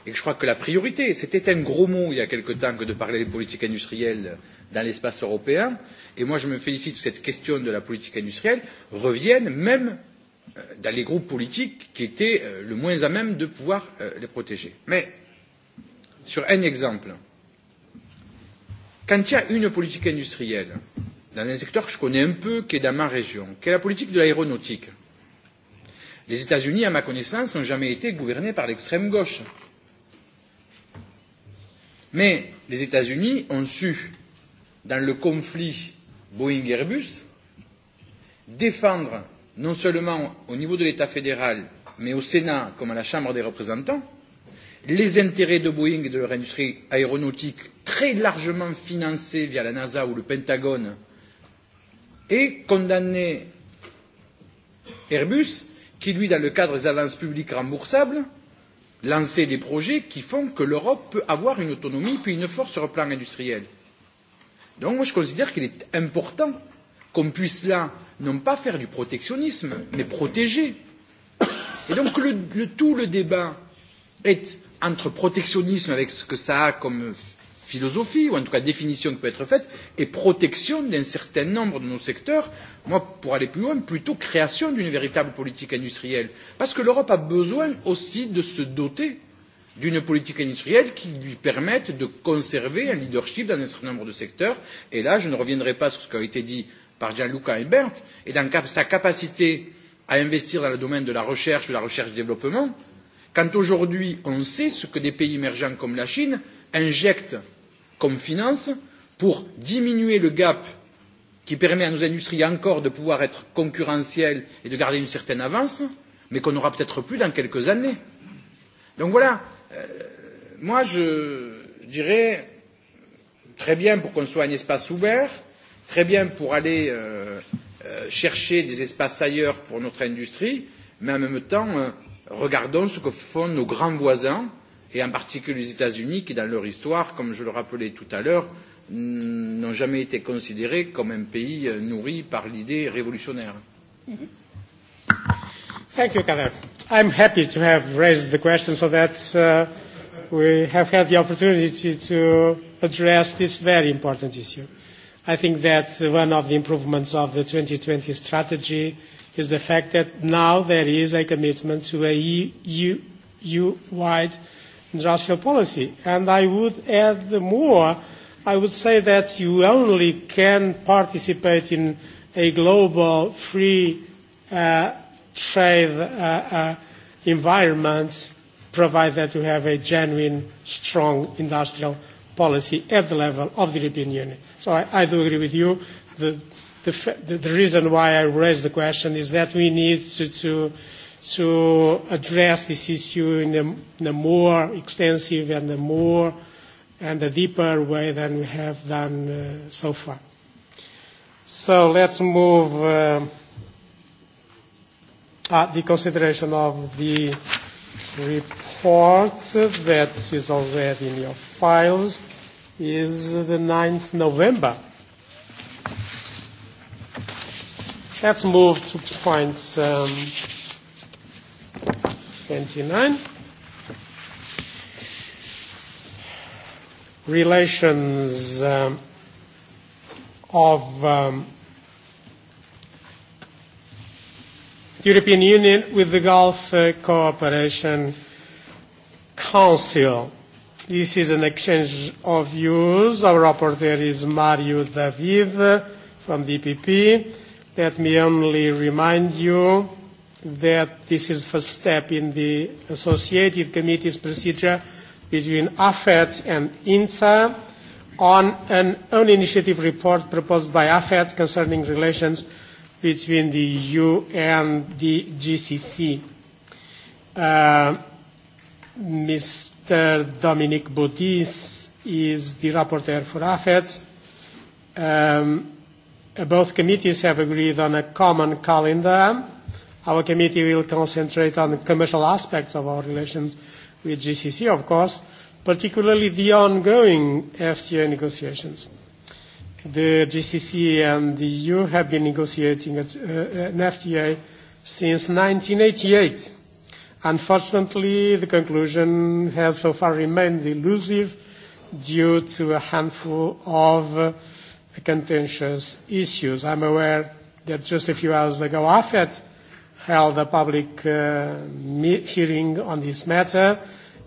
S9: Et je crois que la priorité, c'était un gros mot il y a quelque temps que de parler de politique industrielle dans l'espace européen. Et moi, je me félicite que cette question de la politique industrielle revienne même dans les groupes politiques qui étaient le moins à même de pouvoir les protéger. Mais sur un exemple, quand il y a une politique industrielle, dans un secteur que je connais un peu, qui est dans ma région, qui est la politique de l'aéronautique, les États-Unis, à ma connaissance, n'ont jamais été gouvernés par l'extrême gauche. Mais les États-Unis ont su, dans le conflit Boeing-Airbus, défendre non seulement au niveau de l'État fédéral, mais au Sénat comme à la Chambre des représentants, les intérêts de Boeing et de leur industrie aéronautique, très largement financés via la NASA ou le Pentagone, et condamner Airbus, qui, lui, dans le cadre des avances publiques remboursables, lançait des projets qui font que l'Europe peut avoir une autonomie puis une force sur le plan industriel. Donc moi je considère qu'il est important qu'on puisse là non pas faire du protectionnisme, mais protéger. Et donc le, le, tout le débat est entre protectionnisme avec ce que ça a comme philosophie, ou en tout cas définition qui peut être faite, et protection d'un certain nombre de nos secteurs, moi, pour aller plus loin, plutôt création d'une véritable politique industrielle. Parce que l'Europe a besoin aussi de se doter d'une politique industrielle qui lui permette de conserver un leadership dans un certain nombre de secteurs. Et là, je ne reviendrai pas sur ce qui a été dit euh, par Gianluca Ebert et dans sa capacité à investir dans le domaine de la recherche ou la recherche-développement, quand aujourd'hui on sait ce que des pays émergents comme la Chine injectent comme finances pour diminuer le gap qui permet à nos industries encore de pouvoir être concurrentielles et de garder une certaine avance, mais qu'on n'aura peut-être plus dans quelques années. Donc voilà, euh, moi je dirais très bien pour qu'on soit un espace ouvert, très bien pour aller euh, euh, chercher des espaces ailleurs pour notre industrie, mais en même temps, euh, regardons ce que font nos grands voisins, et en particulier les États-Unis, qui dans leur histoire, comme je le rappelais tout à l'heure, n'ont jamais été considérés comme un pays nourri par l'idée révolutionnaire. Thank you, Kader.
S1: I'm happy to have raised the question so that uh, we have had the opportunity to address this very important issue. I think that's one of the improvements of the 2020 strategy is the fact that now there is a commitment to a EU-wide industrial policy. And I would add more, I would say that you only can participate in a global free trade environment provided that you have a genuine, strong industrial policy at the level of the European Union. So I, I do agree with you. The, the, the reason why I raised the question is that we need to, to, to address this issue in a, in a more extensive and a more and a deeper way than we have done uh, so far. So let's move uh, at the consideration of the report that is already in your files is the 9th November. Let's move to point um, 29. Relations um, of um, European Union with the Gulf uh, Cooperation Council. This is an exchange of views. Our rapporteur is Mario David from the EPP. Let me only remind you that this is first step in the associated committee's procedure between AFET and INSA on an own initiative report proposed by AFET concerning relations between the EU and the GCC. Uh, Ms. Mr. Dominic Baudis is the rapporteur for AFET. Um, both committees have agreed on a common calendar. Our committee will concentrate on the commercial aspects of our relations with GCC, of course, particularly the ongoing FCA negotiations. The GCC and the EU have been negotiating an FTA since 1988 Unfortunately, the conclusion has so far remained elusive due to a handful of contentious issues. I'm aware that just a few hours ago, AFET held a public uh, hearing on this matter,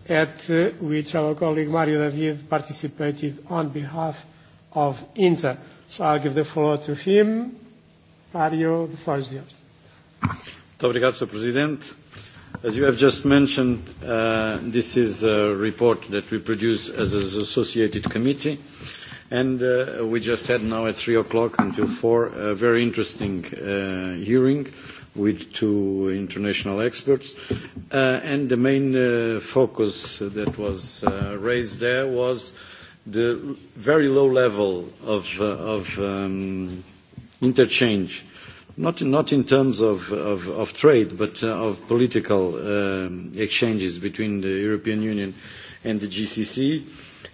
S1: at which our colleague Mario David participated on behalf of INTA. So I'll give the floor to him. Mario, the floor is yours.
S15: Muito obrigado, Sr. Presidente. As you have just mentioned, uh, this is a report that we produce as an associated committee. And uh, we just had now at 3 o'clock until 4 a very interesting uh, hearing with two international experts. Uh, and the main uh, focus that was uh, raised there was the very low level of, uh, of um, interchange not not in terms of of, of trade, but uh, of political um, exchanges between the European Union and the GCC,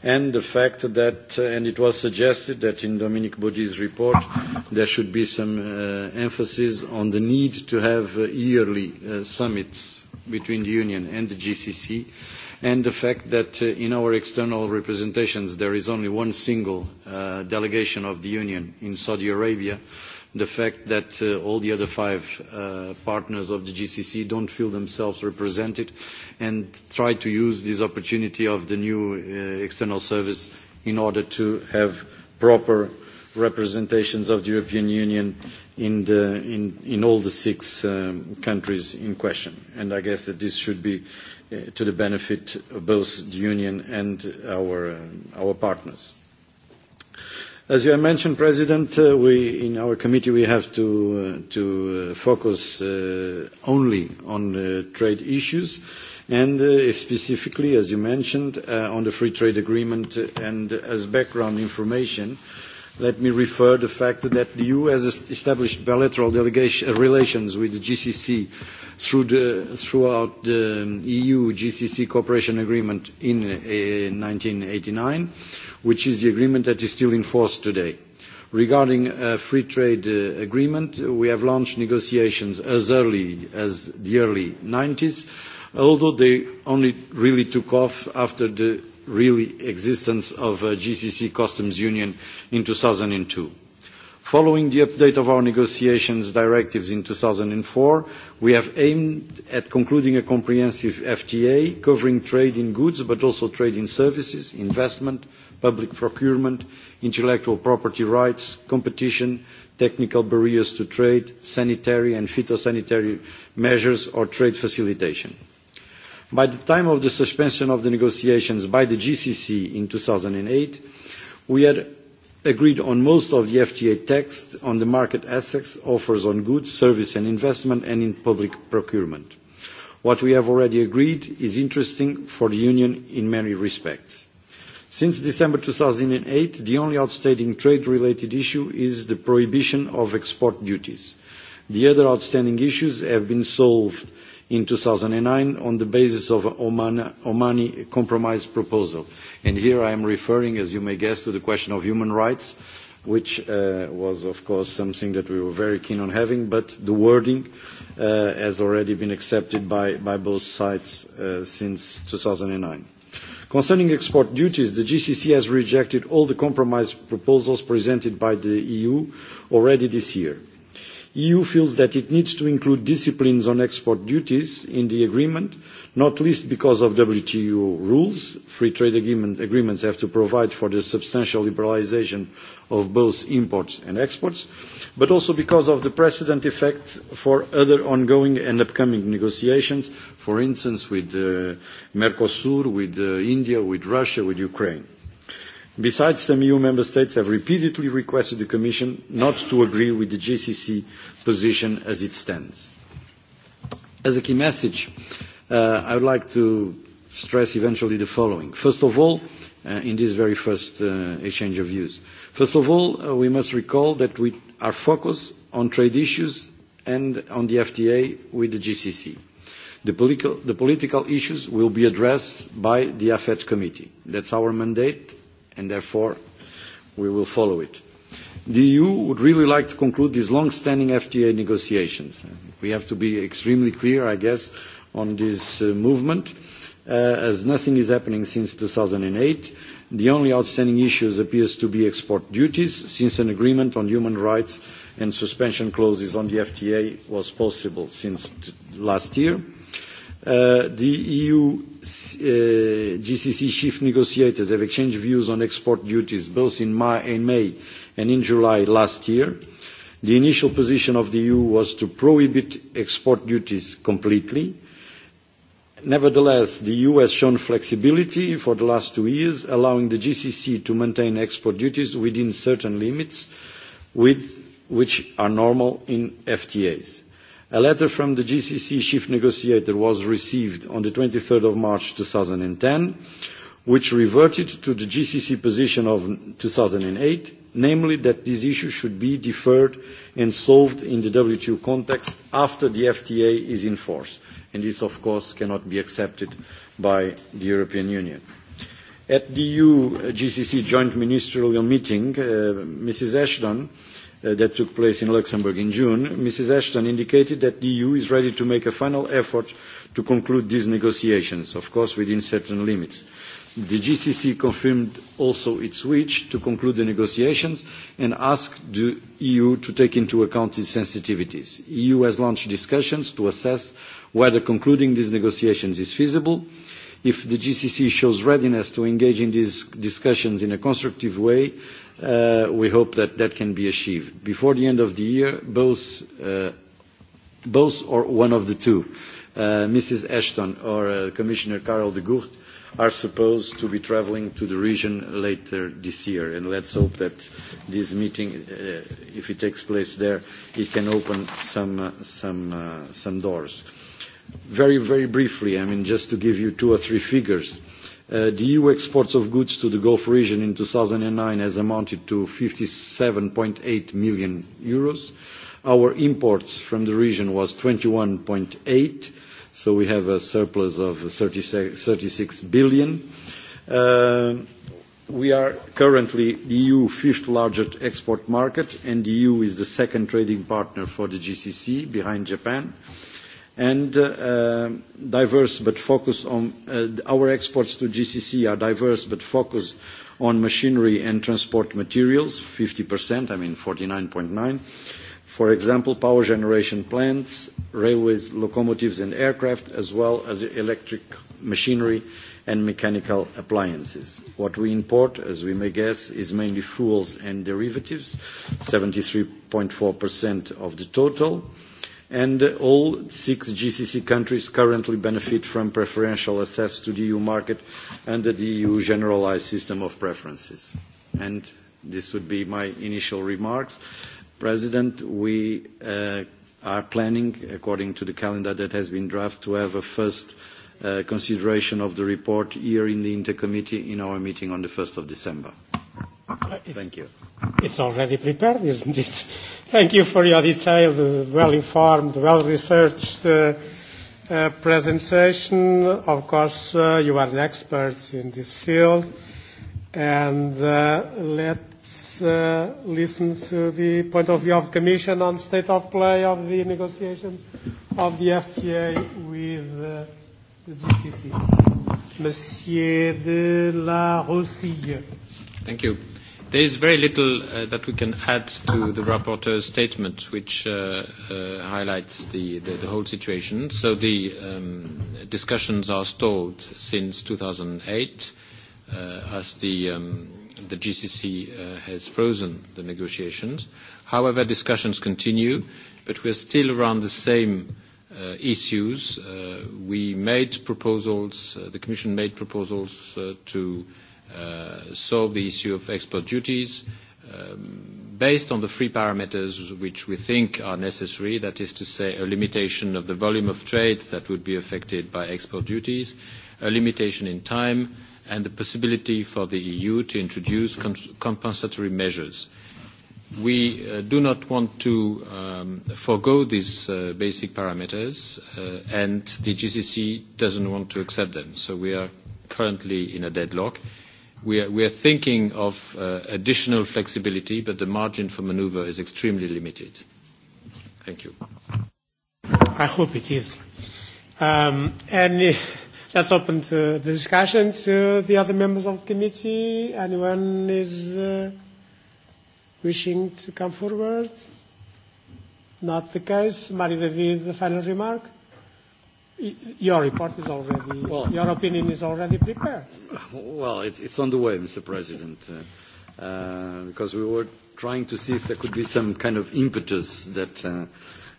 S15: and the fact that uh, and it was suggested that in Dominic Bodi's report there should be some uh, emphasis on the need to have uh, yearly uh, summits between the Union and the GCC. And the fact that uh, in our external representations there is only one single uh, delegation of the Union in Saudi Arabia, uh, the fact that all the other five partners of the GCC don't feel themselves represented and try to use this opportunity of the new external service in order to have proper representations of the European Union in, the, in, in all the six um, countries in question. And I guess that this should be uh, to the benefit of both the Union and our, uh, our partners. As you mentioned, President, uh, we, in our committee we have to, uh, to uh, focus uh, only on trade issues and uh, specifically, as you mentioned, uh, on the free trade agreement and as background information let me refer to the fact that the EU has established bilateral relations with the GCC throughout the EU-GCC cooperation agreement in eighty nine, which is the agreement that is still in force today. Regarding a free trade agreement, we have launched negotiations as early as the early 90s, although they only really took off after the really existence of a GCC customs union in 2002. Following the update of our negotiations directives in 2004, we have aimed at concluding a comprehensive FTA covering trade in goods, but also trade in services, investment, public procurement, intellectual property rights, competition, technical barriers to trade, sanitary and phytosanitary measures, or trade facilitation. By the time of the suspension of the negotiations by the GCC in 2008, we had agreed on most of the FTA text on the market access, offers on goods, service and investment, and in public procurement. What we have already agreed is interesting for the Union in many respects. Since December two thousand eight, the only outstanding trade-related issue is the prohibition of export duties. The other outstanding issues have been solved in 2009 on the basis of Oman, Omani compromise proposal. And here I am referring, as you may guess, to the question of human rights, which was, of course, something that we were very keen on having, but the wording has already been accepted by, both sides uh, since 2009. Concerning export duties, the GCC has rejected all the compromise proposals presented by the EU already this year. EU feels that it needs to include disciplines on export duties in the agreement, not least because of WTO rules. Free trade agreements have to provide for the substantial liberalisation of both imports and exports, but also because of the precedent effect for other ongoing and upcoming negotiations, for instance, with Mercosur, with India, with Russia, with Ukraine. Besides, some EU member states have repeatedly requested the Commission not to agree with the GCC position as it stands. As a key message, uh, I would like to stress eventually the following. First of all, uh, in this very first uh, exchange of views, first of all, uh, we must recall that we are focused on trade issues and on the FTA with the GCC. The political, the political issues will be addressed by the AFET committee. That's our mandate and therefore we will follow it. The EU would really like to conclude these long-standing FTA negotiations. We have to be extremely clear, I guess, on this movement, as nothing is happening since two thousand eight. The only outstanding issues appears to be export duties, since an agreement on human rights and suspension clauses on the FTA was possible since last year the EU GCC chief negotiators have exchanged views on export duties both in May and in July last year. The initial position of the EU was to prohibit export duties completely. Nevertheless, the EU has shown flexibility for the last two years, allowing the GCC to maintain export duties within certain limits, which are normal in FTAs. A letter from the GCC chief negotiator was received on the 23rd of March 2010, which reverted to the GCC position of 2008, namely that this issue should be deferred and solved in the WTO context after the FTA is in force. And this, of course, cannot be accepted by the European Union. At the EU-GCC joint ministerial meeting, Mrs. Ashton that took place in Luxembourg in June, Mrs. Ashton indicated that the EU is ready to make a final effort to conclude these negotiations, of course within certain limits. The GCC confirmed also its wish to conclude the negotiations and asked the EU to take into account its sensitivities. The EU has launched discussions to assess whether concluding these negotiations is feasible. If the GCC shows readiness to engage in these discussions in a constructive way, we hope that that can be achieved. Before the end of the year, both or one of the two, Mrs. Ashton or Commissioner Karel de Gucht, are supposed to be travelling to the region later this year. And let's hope that this meeting, if it takes place there, it can open some doors. Very, very briefly, I mean, just to give you two or three figures The EU exports of goods to the Gulf region in 2009 has amounted to 57.8 million euros. Our imports from the region was 21.8, so we have a surplus of 36 billion. We are currently the EU fifth largest export market, and the EU is the second trading partner for the GCC behind Japan and diverse but focused on our exports to GCC are diverse but focused on machinery and transport materials, 50%, I mean 49.9%. For example, power generation plants, railways, locomotives, and aircraft, as well as electric machinery and mechanical appliances. What we import, as we may guess, is mainly fuels and derivatives, 73.4% of the total and all six GCC countries currently benefit from preferential access to the EU market under the EU generalised system of preferences. And this would be my initial remarks. President, we are planning, according to the calendar that has been drafted, to have a first consideration of the report here in the Inter Committee in our meeting on the 1st of December. Thank you.
S1: It's already prepared, isn't it? Thank you for your detailed, well-informed, well-researched uh, uh, presentation. Of course, uh, you are an expert in this field. And uh, let's uh, listen to the point of view of the Commission on state of play of the negotiations of the FTA with uh, the GCC. Monsieur de la Rosille.
S3: Thank you. There is very little uh, that we can add to the rapporteur's statement, which uh, uh, highlights the, the, the whole situation. So the um, discussions are stalled since 2008, uh, as the, um, the GCC uh, has frozen the negotiations. However, discussions continue, but we are still around the same uh, issues. Uh, we made proposals, uh, the Commission made proposals uh, to solve the issue of export duties based on the three parameters which we think are necessary, that is to say, a limitation of the volume of trade that would be affected by export duties, a limitation in time, and the possibility for the EU to introduce compensatory measures. We do not want to forego these basic parameters, and the GCC doesn't want to accept them. So we are currently in a deadlock, We are thinking of additional flexibility, but the margin for maneuver is extremely limited. Thank you.
S1: I hope it is. And let's open the discussion to the other members of the committee. Anyone is wishing to come forward? Not the case. Mario David, the final remark. Your report is already, well, your opinion is already prepared.
S15: Well, it, it's on the way, Mr. President, uh, uh, because we were trying to see if there could be some kind of impetus that uh,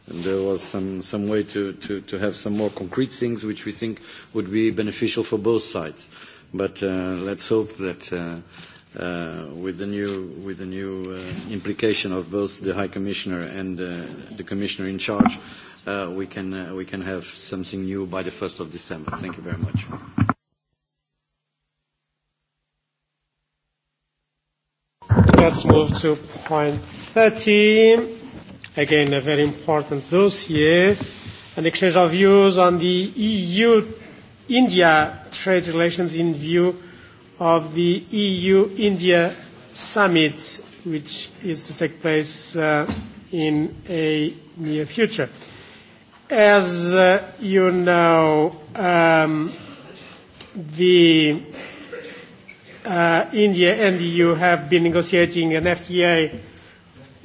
S15: there was some, some way to, to, to have some more concrete things which we think would be beneficial for both sides. But uh, let's hope that uh, uh, with the new, with the new uh, implication of both the High Commissioner and uh, the Commissioner in charge, we, can, we can have something new by the 1st of December. Thank you very much.
S1: Let's move to point 13. Again, a very important dossier. An exchange of views on the EU-India trade relations in view of the EU-India summit, which is to take place uh, in a near future. As uh, you know, um, the uh, India and the EU have been negotiating an FTA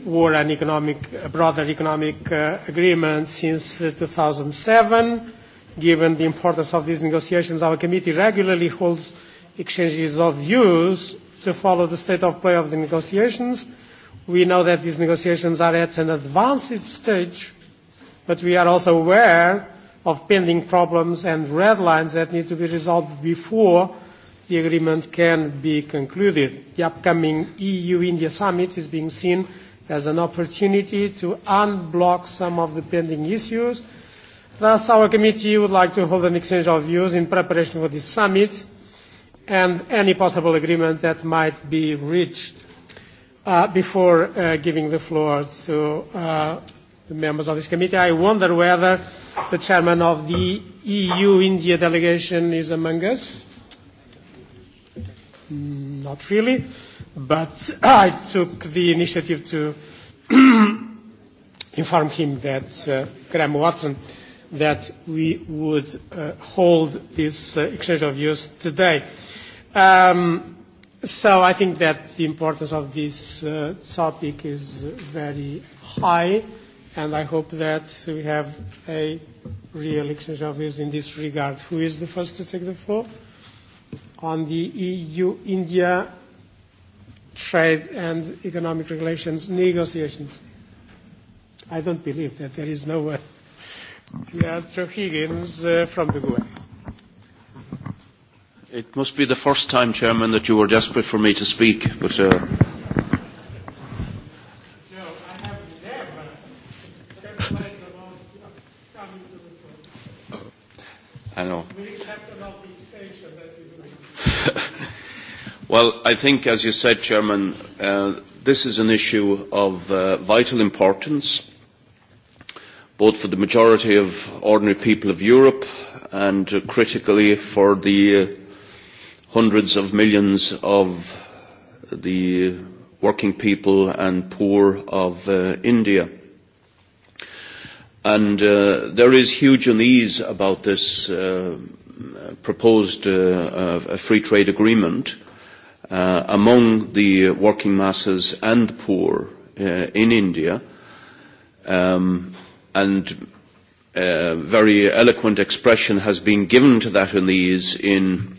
S1: war and economic, a broader economic uh, agreement since uh, 2007. Given the importance of these negotiations, our committee regularly holds exchanges of views to follow the state of play of the negotiations. We know that these negotiations are at an advanced stage but we are also aware of pending problems and red lines that need to be resolved before the agreement can be concluded. The upcoming EU-India summit is being seen as an opportunity to unblock some of the pending issues. Thus, our committee would like to hold an exchange of views in preparation for this summit and any possible agreement that might be reached. Uh, before uh, giving the floor to uh, the members of this committee. I wonder whether the chairman of the EU-India delegation is among us. Not really, but I took the initiative to inform him that uh, Graham Watson that we would uh, hold this uh, exchange of views today. Um, so I think that the importance of this uh, topic is very high and I hope that we have a real exchange of views in this regard. Who is the first to take the floor? On the EU-India trade and economic relations negotiations. I don't believe that there is no one. Joe Higgins uh, from the GUE.
S2: It must be the first time, Chairman, that you were desperate for me to speak, but uh, Well, I think, as you said, Chairman, uh, this is an issue of uh, vital importance, both for the majority of ordinary people of Europe and uh, critically for the uh, hundreds of millions of the working people and poor of uh, India. And uh, there is huge unease about this uh, proposed uh, uh, free trade agreement uh, among the working masses and the poor uh, in India, um, and uh, very eloquent expression has been given to that in these in,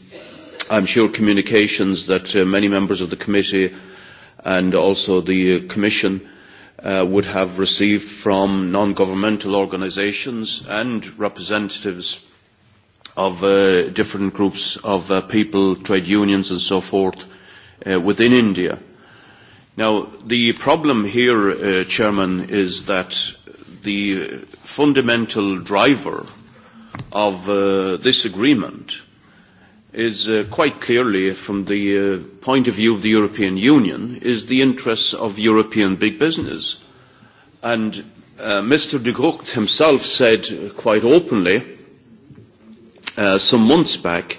S2: I'm sure, communications that uh, many members of the committee and also the Commission uh, would have received from non-governmental organisations and representatives of uh, different groups of uh, people, trade unions and so forth, uh, within India. Now, the problem here, uh, Chairman, is that the fundamental driver of uh, this agreement is uh, quite clearly, from the uh, point of view of the European Union, is the interests of European big business. And uh, Mr. de Gucht himself said quite openly uh, some months back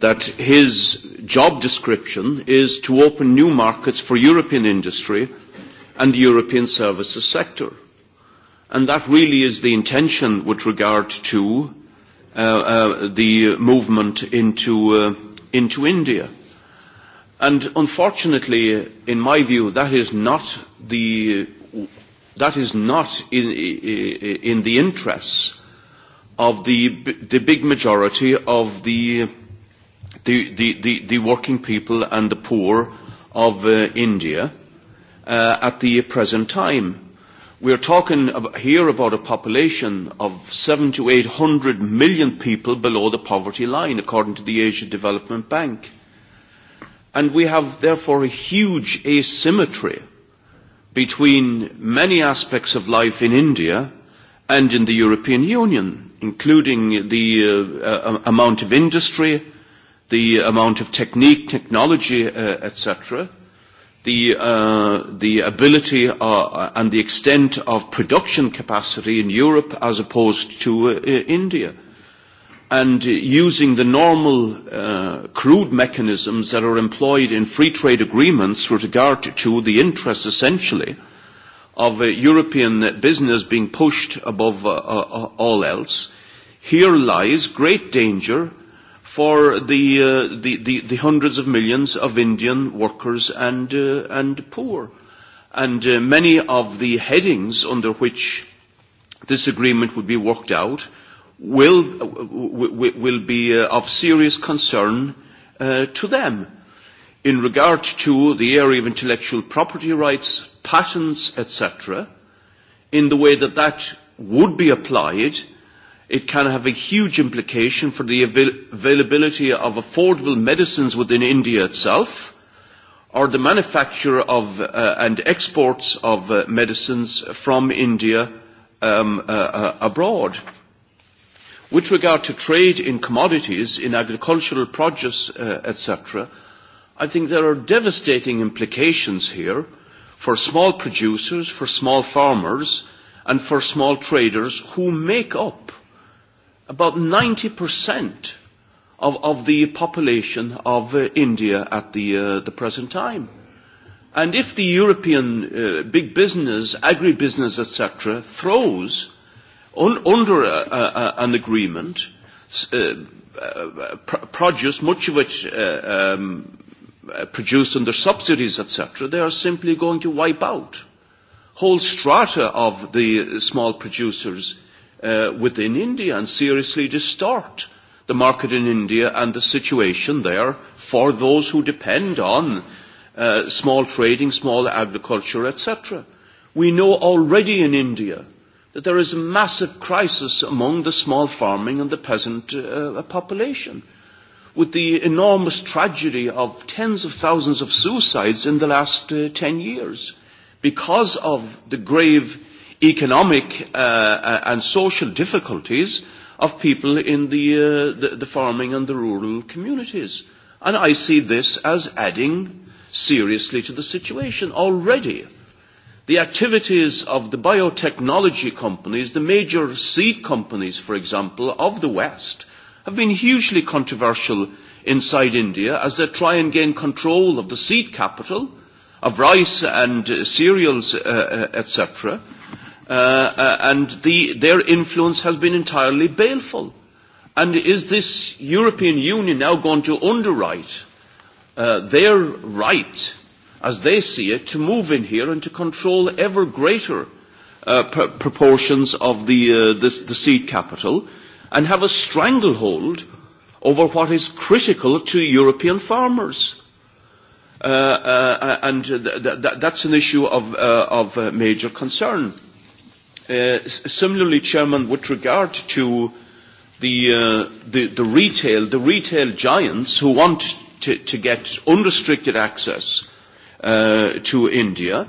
S2: that his job description is to open new markets for European industry and the European services sector. And that really is the intention with regard to uh, uh, the movement into, uh, into India. And unfortunately, in my view, that is not the that is not in, in the interests of the, the big majority of the the, the, the, the working people and the poor of uh, India uh, at the present time. We are talking about, here about a population of seven to eight hundred million people below the poverty line, according to the Asia Development Bank. And we have therefore a huge asymmetry between many aspects of life in India and in the European Union, including the uh, uh, amount of industry, the amount of technique, technology, uh, etc., the, uh, the ability uh, and the extent of production capacity in Europe as opposed to uh, India. And using the normal uh, crude mechanisms that are employed in free trade agreements with regard to the interests essentially of a European business being pushed above uh, uh, all else, here lies great danger for the, uh, the, the, the hundreds of millions of Indian workers and, uh, and poor. And uh, many of the headings under which this agreement would be worked out will, uh, will be uh, of serious concern uh, to them in regard to the area of intellectual property rights, patents, etc., in the way that that would be applied it can have a huge implication for the availability of affordable medicines within India itself, or the manufacture of uh, and exports of uh, medicines from India um, uh, uh, abroad. With regard to trade in commodities, in agricultural produce, uh, etc., I think there are devastating implications here for small producers, for small farmers, and for small traders who make up about 90% of, of the population of uh, India at the, uh, the present time. And if the European uh, big business, agribusiness, etc., throws un- under a, a, an agreement uh, uh, pr- produce, much of which uh, um, produced under subsidies, etc., they are simply going to wipe out whole strata of the small producers uh, within India and seriously distort the market in India and the situation there for those who depend on uh, small trading, small agriculture, etc. We know already in India that there is a massive crisis among the small farming and the peasant uh, population, with the enormous tragedy of tens of thousands of suicides in the last uh, 10 years because of the grave economic uh, and social difficulties of people in the, uh, the, the farming and the rural communities. And I see this as adding seriously to the situation already. The activities of the biotechnology companies, the major seed companies, for example, of the West, have been hugely controversial inside India as they try and gain control of the seed capital of rice and uh, cereals, uh, uh, etc uh, and the, their influence has been entirely baleful. And is this European Union now going to underwrite uh, their right, as they see it, to move in here and to control ever greater uh, pr- proportions of the, uh, the, the seed capital and have a stranglehold over what is critical to European farmers? Uh, uh, and th- th- that's an issue of, uh, of uh, major concern similarly, Chairman, with regard to the, uh, the, the retail, the retail giants who want to, to get unrestricted access uh, to India,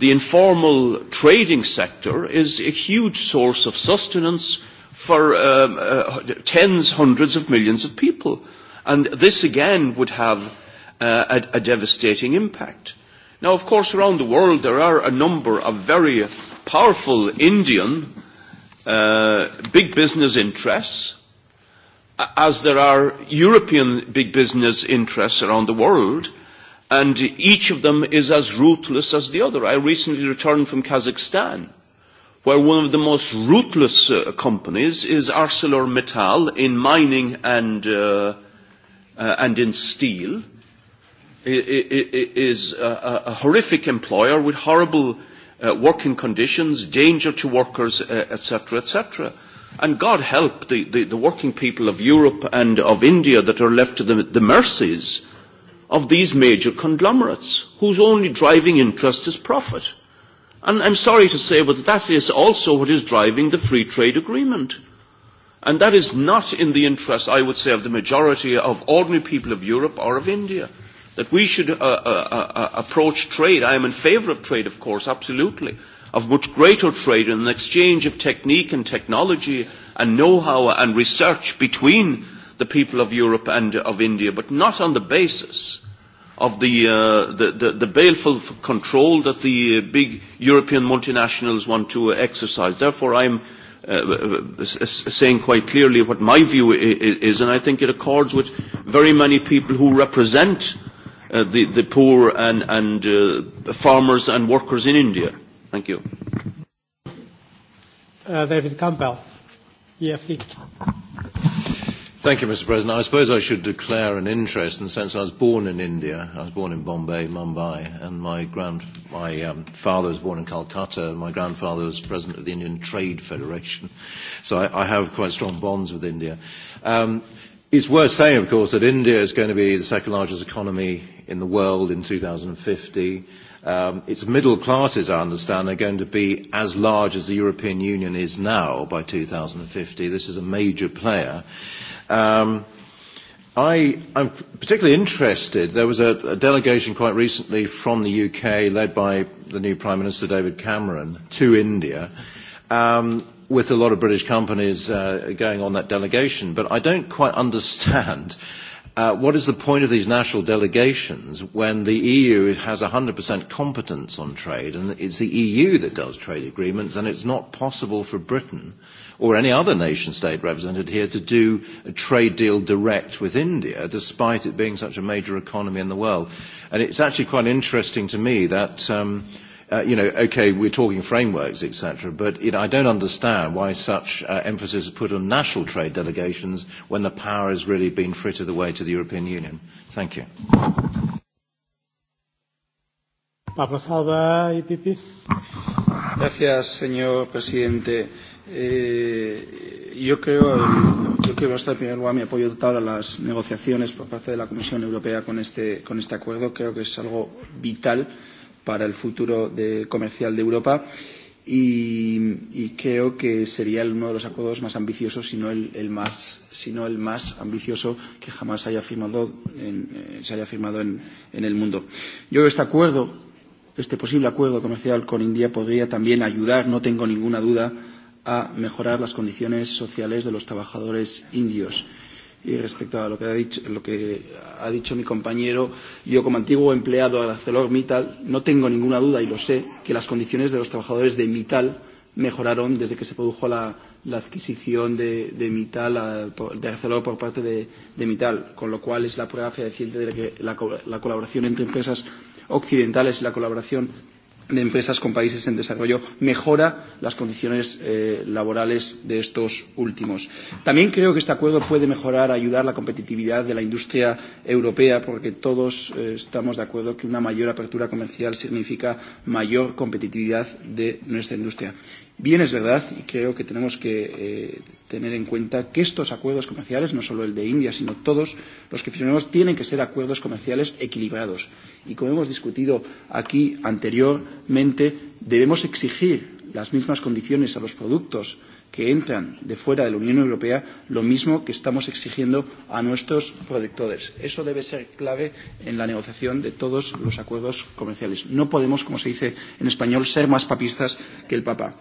S2: the informal trading sector is a huge source of sustenance for um, uh, tens, hundreds of millions of people. And this again would have uh, a, a devastating impact. Now, of course, around the world there are a number of very powerful Indian uh, big business interests as there are European big business interests around the world, and each of them is as ruthless as the other. I recently returned from Kazakhstan, where one of the most ruthless uh, companies is ArcelorMittal in mining and, uh, uh, and in steel. It, it, it is a, a horrific employer with horrible uh, working conditions, danger to workers, uh, etc., Et And God help the, the, the working people of Europe and of India that are left to the, the mercies of these major conglomerates whose only driving interest is profit. And I'm sorry to say, but that is also what is driving the free trade agreement. And that is not in the interest, I would say, of the majority of ordinary people of Europe or of India that we should uh, uh, uh, approach trade. I am in favour of trade, of course, absolutely, of much greater trade and an exchange of technique and technology and know-how and research between the people of Europe and of India, but not on the basis of the, uh, the, the, the baleful control that the big European multinationals want to exercise. Therefore, I'm uh, saying quite clearly what my view is, and I think it accords with very many people who represent uh, the, the poor and, and uh, farmers and workers in India. Thank you.
S1: Uh, David Campbell, EFE.
S12: Thank you, Mr. President. I suppose I should declare an interest in the sense I was born in India. I was born in Bombay, Mumbai, and my, grand, my um, father was born in Calcutta. And my grandfather was president of the Indian Trade Federation. So I, I have quite strong bonds with India. Um, It's worth saying, of course, that India is going to be the second largest economy in the world in 2050. Um, its middle classes, I understand, are going to be as large as the European Union is now by 2050. This is a major player. Um, I, I'm particularly interested. There was a, a delegation quite recently from the UK, led by the new Prime Minister David Cameron, to India. Um, with a lot of British companies uh, going on that delegation, but I don't quite understand uh, what is the point of these national delegations when the EU has 100% competence on trade and it's the EU that does trade agreements and it's not possible for Britain or any other nation state represented here to do a trade deal direct with India despite it being such a major economy in the world. And it's actually quite interesting to me that um, – you know, okay, we're talking frameworks, etc., but you know, I don't understand why such uh, emphasis is put on national trade delegations when the power has really been frittered away to the European Union. Thank you.
S14: Gracias, señor presidente. Eh, yo creo, yo quiero mostrar en primer lugar mi apoyo total a las negociaciones por parte de la Comisión Europea con este, con este acuerdo. Creo que es algo vital para el futuro de, comercial de Europa y, y creo que sería uno de los acuerdos más ambiciosos, si no el, el, más, si no el más ambicioso que jamás haya firmado en, eh, se haya firmado en, en el mundo. Yo este acuerdo, este posible acuerdo comercial con India podría también ayudar, no tengo ninguna duda, a mejorar las condiciones sociales de los trabajadores indios Y respecto a lo que ha dicho, lo que ha dicho mi compañero, yo como antiguo empleado de ArcelorMittal no tengo ninguna duda y lo sé que las condiciones de los trabajadores de Mittal mejoraron desde que se produjo la, la adquisición de, de Mittal, a, de Arcelor por parte de, de Mittal, con lo cual es la prueba fehaciente de que la, la colaboración entre empresas occidentales y la colaboración de empresas con países en desarrollo mejora las condiciones eh, laborales de estos últimos. También creo que este acuerdo puede mejorar, ayudar la competitividad de la industria europea, porque todos eh, estamos de acuerdo que una mayor apertura comercial significa mayor competitividad de nuestra industria. Bien es verdad, y creo que tenemos que eh, tener en cuenta que estos acuerdos comerciales, no solo el de India, sino todos los que firmemos, tienen que ser acuerdos comerciales equilibrados. Y como hemos discutido aquí anteriormente, debemos exigir las mismas condiciones a los productos que entran de fuera de la Unión Europea, lo mismo que estamos exigiendo a nuestros productores. Eso debe ser clave en la negociación de todos los acuerdos comerciales. No podemos, como se dice en español, ser más papistas que el Papa.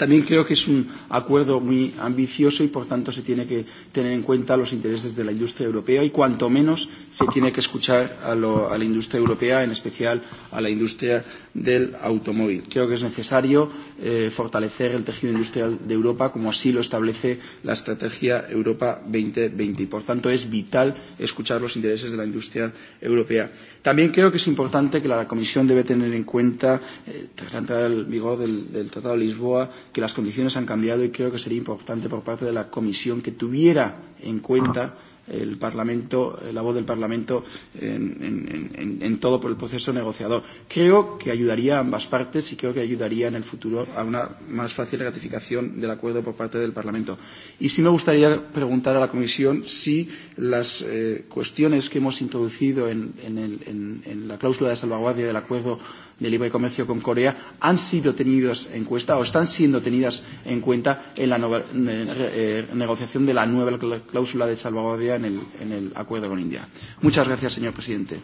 S14: También creo que es un acuerdo muy ambicioso y, por tanto, se tiene que tener en cuenta los intereses de la industria europea y, cuanto menos, se tiene que escuchar a, lo, a la industria europea, en especial a la industria del automóvil. Creo que es necesario eh, fortalecer el tejido industrial de Europa, como así lo establece la Estrategia Europa 2020. Y, por tanto, es vital escuchar los intereses de la industria europea. También creo que es importante que la Comisión debe tener en cuenta, eh, tras la entrada en vigor del, del Tratado de Lisboa, que las condiciones han cambiado y creo que sería importante por parte de la Comisión que tuviera en cuenta el Parlamento, la voz del Parlamento en, en, en, en todo por el proceso negociador. Creo que ayudaría a ambas partes y creo que ayudaría en el futuro a una más fácil ratificación del acuerdo por parte del Parlamento. Y sí me gustaría preguntar a la Comisión si las eh, cuestiones que hemos introducido en, en, el, en, en la cláusula de salvaguardia del acuerdo de libre comercio con Corea han sido tenidas en cuenta o están siendo tenidas en cuenta en la negociación de la nueva cláusula de salvaguardia en el, en el acuerdo con India. Muchas gracias, señor presidente.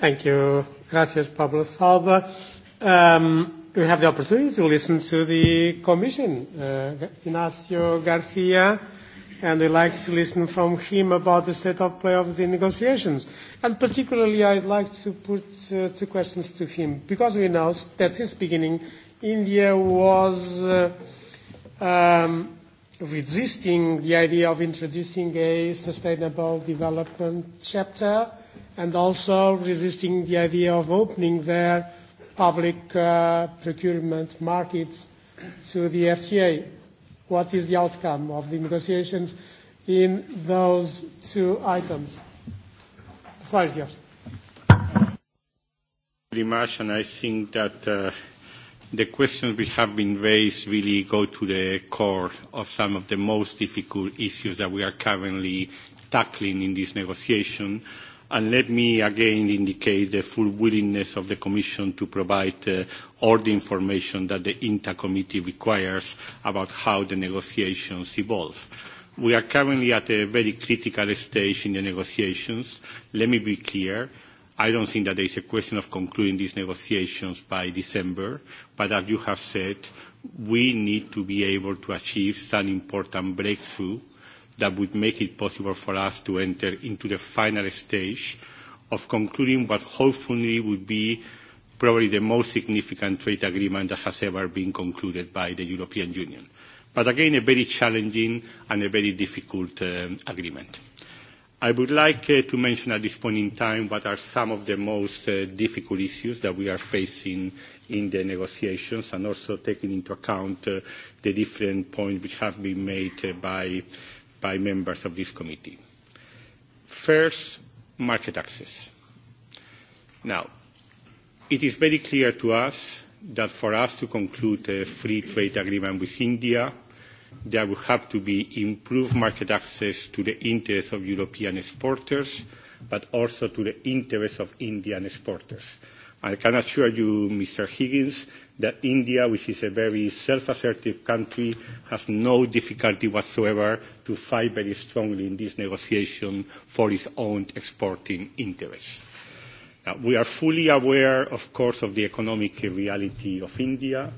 S1: Thank you. Gracias, Pablo Salva. Um, we have the opportunity to listen to the Commission. Uh, Ignacio García and I'd like to listen from him about the state of play of the negotiations. And particularly, I'd like to put uh, two questions to him, because we know that since the beginning, India was uh, um, resisting the idea of introducing a sustainable development chapter and also resisting the idea of opening their public uh, procurement markets to the FTA what is the outcome of the negotiations in those two items. The floor is yours.
S13: Very much, and I think that uh, the questions we have been raised really go to the core of some of the most difficult issues that we are currently tackling in this negotiation And let me again indicate the full willingness of the Commission to provide all the information that the INTA committee requires about how the negotiations evolve. We are currently at a very critical stage in the negotiations. Let me be clear. I don't think that there is a question of concluding these negotiations by December, but as you have said, we need to be able to achieve some important breakthrough that would make it possible for us to enter into the final stage of concluding what hopefully would be probably the most significant trade agreement that has ever been concluded by the European Union. But again, a very challenging and a very difficult agreement. I would like to mention at this point in time what are some of the most difficult issues that we are facing in the negotiations, and also taking into account the different points which have been made by by members of this committee. First, market access. Now, it is very clear to us that for us to conclude a free trade agreement with India, there will have to be improved market access to the interests of European exporters, but also to the interests of Indian exporters. I can assure you, Mr. Higgins, that India, which is a very self-assertive country, has no difficulty whatsoever to fight very strongly in this negotiation for its own exporting interests. we are fully aware, of course, of the economic reality of India,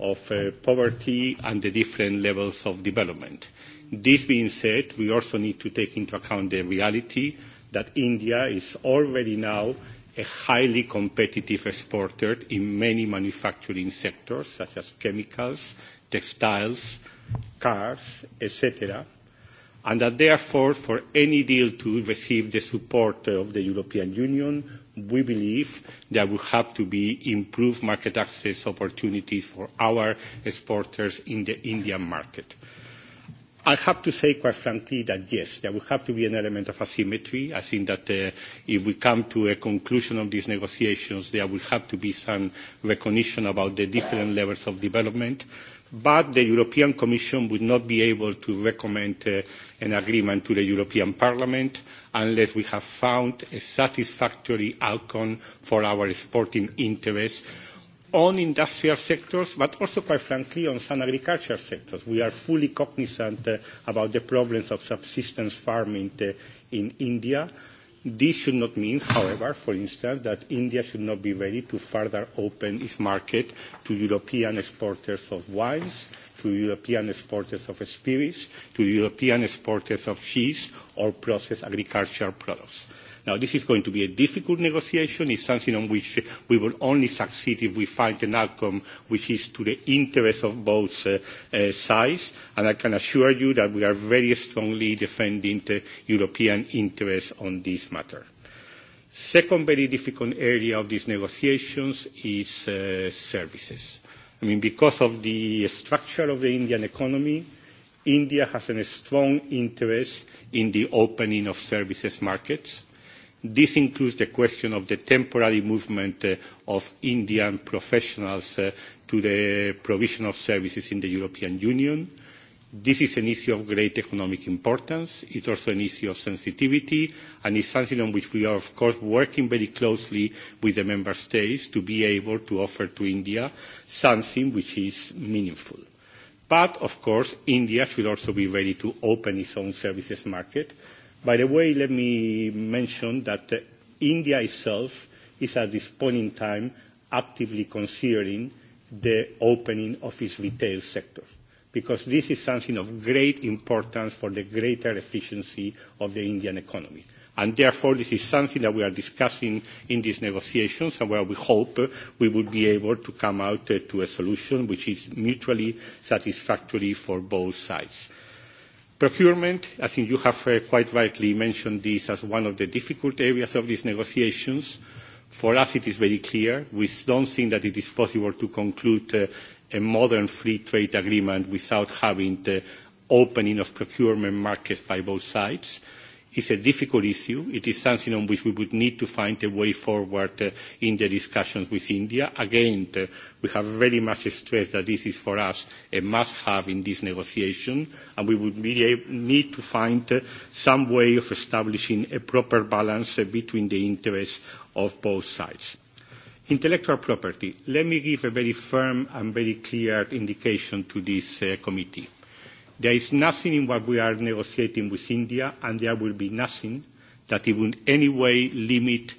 S13: of poverty, and the different levels of development. This being said, we also need to take into account the reality that India is already now a highly competitive exporter in many manufacturing sectors, such as chemicals, textiles, cars, etc., and that therefore, for any deal to receive the support of the European Union, we believe there will have to be improved market access opportunities for our exporters in the Indian market. I have to say quite frankly that yes, there will have to be an element of asymmetry. I think that uh, if we come to a conclusion of these negotiations, there will have to be some recognition about the different levels of development. But the European Commission would not be able to recommend uh, an agreement to the European Parliament unless we have found a satisfactory outcome for our exporting interests on industrial sectors, but also, quite frankly, on some agricultural sectors. We are fully cognizant about the problems of subsistence farming in India. This should not mean, however, for instance, that India should not be ready to further open its market to European exporters of wines, to European exporters of spirits, to European exporters of cheese or processed agricultural products Now, this is going to be a difficult negotiation. It's something on which we will only succeed if we find an outcome which is to the interest of both sides. And I can assure you that we are very strongly defending the European interests on this matter. Second very difficult area of these negotiations is services. I mean, because of the structure of the Indian economy, India has a strong interest in the opening of services markets This includes the question of the temporary movement of Indian professionals to the provision of services in the European Union. This is an issue of great economic importance. It's also an issue of sensitivity, and it's something on which we are, of course, working very closely with the member states to be able to offer to India something which is meaningful. But, of course, India should also be ready to open its own services market, By the way, let me mention that India itself is at this point in time actively considering the opening of its retail sector, because this is something of great importance for the greater efficiency of the Indian economy. And therefore, this is something that we are discussing in these negotiations and where we hope we will be able to come out to a solution which is mutually satisfactory for both sides. Procurement, I think you have quite rightly mentioned this as one of the difficult areas of these negotiations. For us, it is very clear. We don't think that it is possible to conclude a modern free trade agreement without having the opening of procurement markets by both sides is a difficult issue. It is something on which we would need to find a way forward in the discussions with India. Again, we have very much stressed that this is for us a must-have in this negotiation, and we would need to find some way of establishing a proper balance between the interests of both sides. Intellectual property. Let me give a very firm and very clear indication to this committee There is nothing in what we are negotiating with India, and there will be nothing that it would in any way limit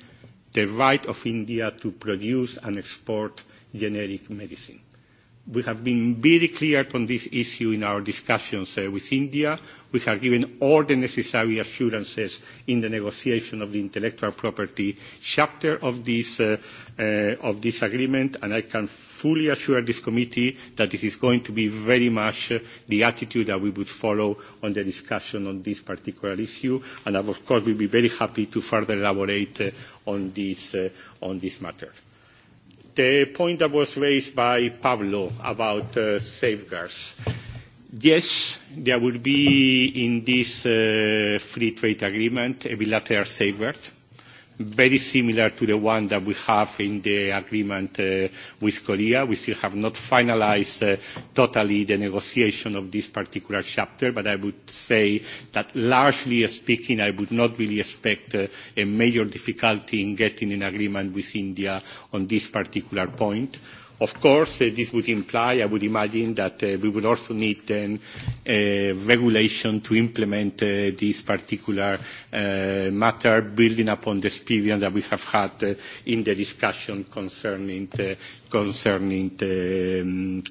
S13: the right of India to produce and export generic medicine. We have been very clear on this issue in our discussions with India. We have given all the necessary assurances in the negotiation of the intellectual property chapter of this agreement, and I can fully assure this committee that it is going to be very much the attitude that we would follow on the discussion on this particular issue. and Of course, we'll be very happy to further elaborate on this matter. The point that was raised by Pablo about safeguards. Yes, there will be in this free trade agreement a bilateral safeguard very similar to the one that we have in the agreement with Korea. We still have not finalized totally the negotiation of this particular chapter, but I would say that largely speaking, I would not really expect a major difficulty in getting an agreement with India on this particular point. Of course, this would imply, I would imagine, that we would also need then regulation to implement this particular matter, building upon the experience that we have had in the discussion concerning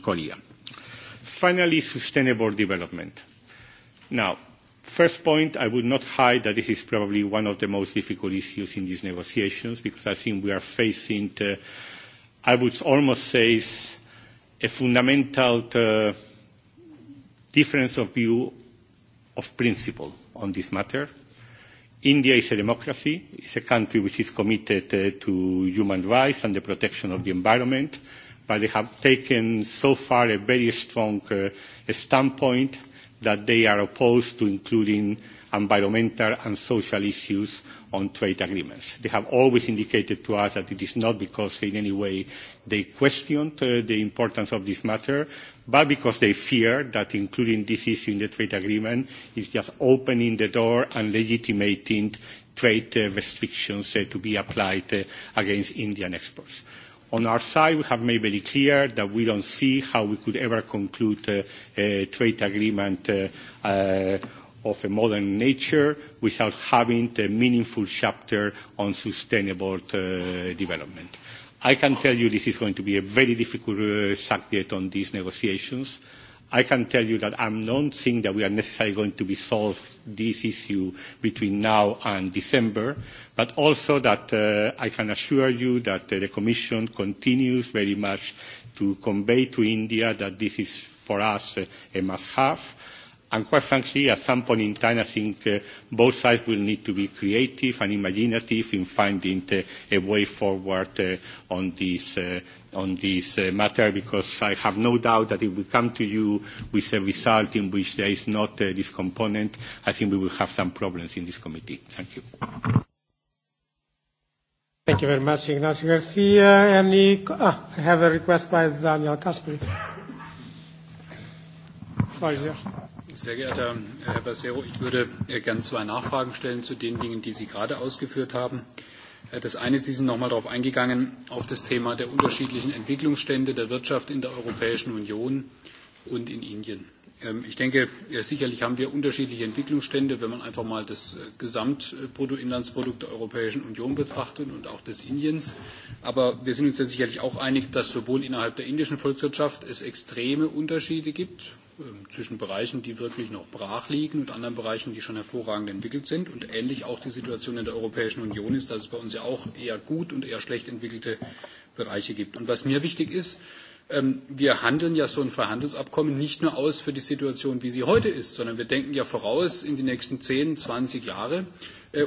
S13: Colia. Finally, sustainable development. Now, First point, I would not hide that this is probably one of the most difficult issues in these negotiations because I think we are facing I would almost say, is a fundamental difference of view of principle on this matter. India is a democracy. It's a country which is committed uh, to human rights and the protection of the environment, but they have taken so far a very strong uh, standpoint that they are opposed to including environmental and social issues on trade agreements. They have always indicated to us that it is not because in any way they questioned the importance of this matter, but because they fear that including this issue in the trade agreement is just opening the door and legitimating trade restrictions to be applied against Indian exports. On our side, we have made very clear that we don't see how we could ever conclude a trade agreement of a modern nature without having a meaningful chapter on sustainable development. I can tell you this is going to be a very difficult subject on these negotiations. I can tell you that I not think that we are necessarily going to be solved this issue between now and December, but also that I can assure you that the Commission continues very much to convey to India that this is for us a must-have And quite frankly, at some point in time, I think uh, both sides will need to be creative and imaginative in finding a way forward uh, on this uh, on this matter because I have no doubt that if we come to you with a result in which there is not this component, I think we will have some problems in this committee. Thank you.
S1: Thank you very much, Ignacio Garcia. Any, ah, I have a request by Daniel Floor is yours.
S8: Sehr geehrter Herr Basero, ich würde gerne zwei Nachfragen stellen zu den Dingen, die Sie gerade ausgeführt haben. Das eine, Sie sind noch einmal darauf eingegangen, auf das Thema der unterschiedlichen Entwicklungsstände der Wirtschaft in der Europäischen Union und in Indien. Ich denke, sicherlich haben wir unterschiedliche Entwicklungsstände, wenn man einfach mal das Gesamtbruttoinlandsprodukt der Europäischen Union betrachtet und auch des Indiens. Aber wir sind uns ja sicherlich auch einig, dass sowohl innerhalb der indischen Volkswirtschaft es extreme Unterschiede gibt, zwischen Bereichen, die wirklich noch brach liegen und anderen Bereichen, die schon hervorragend entwickelt sind. Und ähnlich auch die Situation in der Europäischen Union ist, dass es bei uns ja auch eher gut und eher schlecht entwickelte Bereiche gibt. Und was mir wichtig ist, wir handeln ja so ein Freihandelsabkommen nicht nur aus für die Situation, wie sie heute ist, sondern wir denken ja voraus in die nächsten zehn, zwanzig Jahre.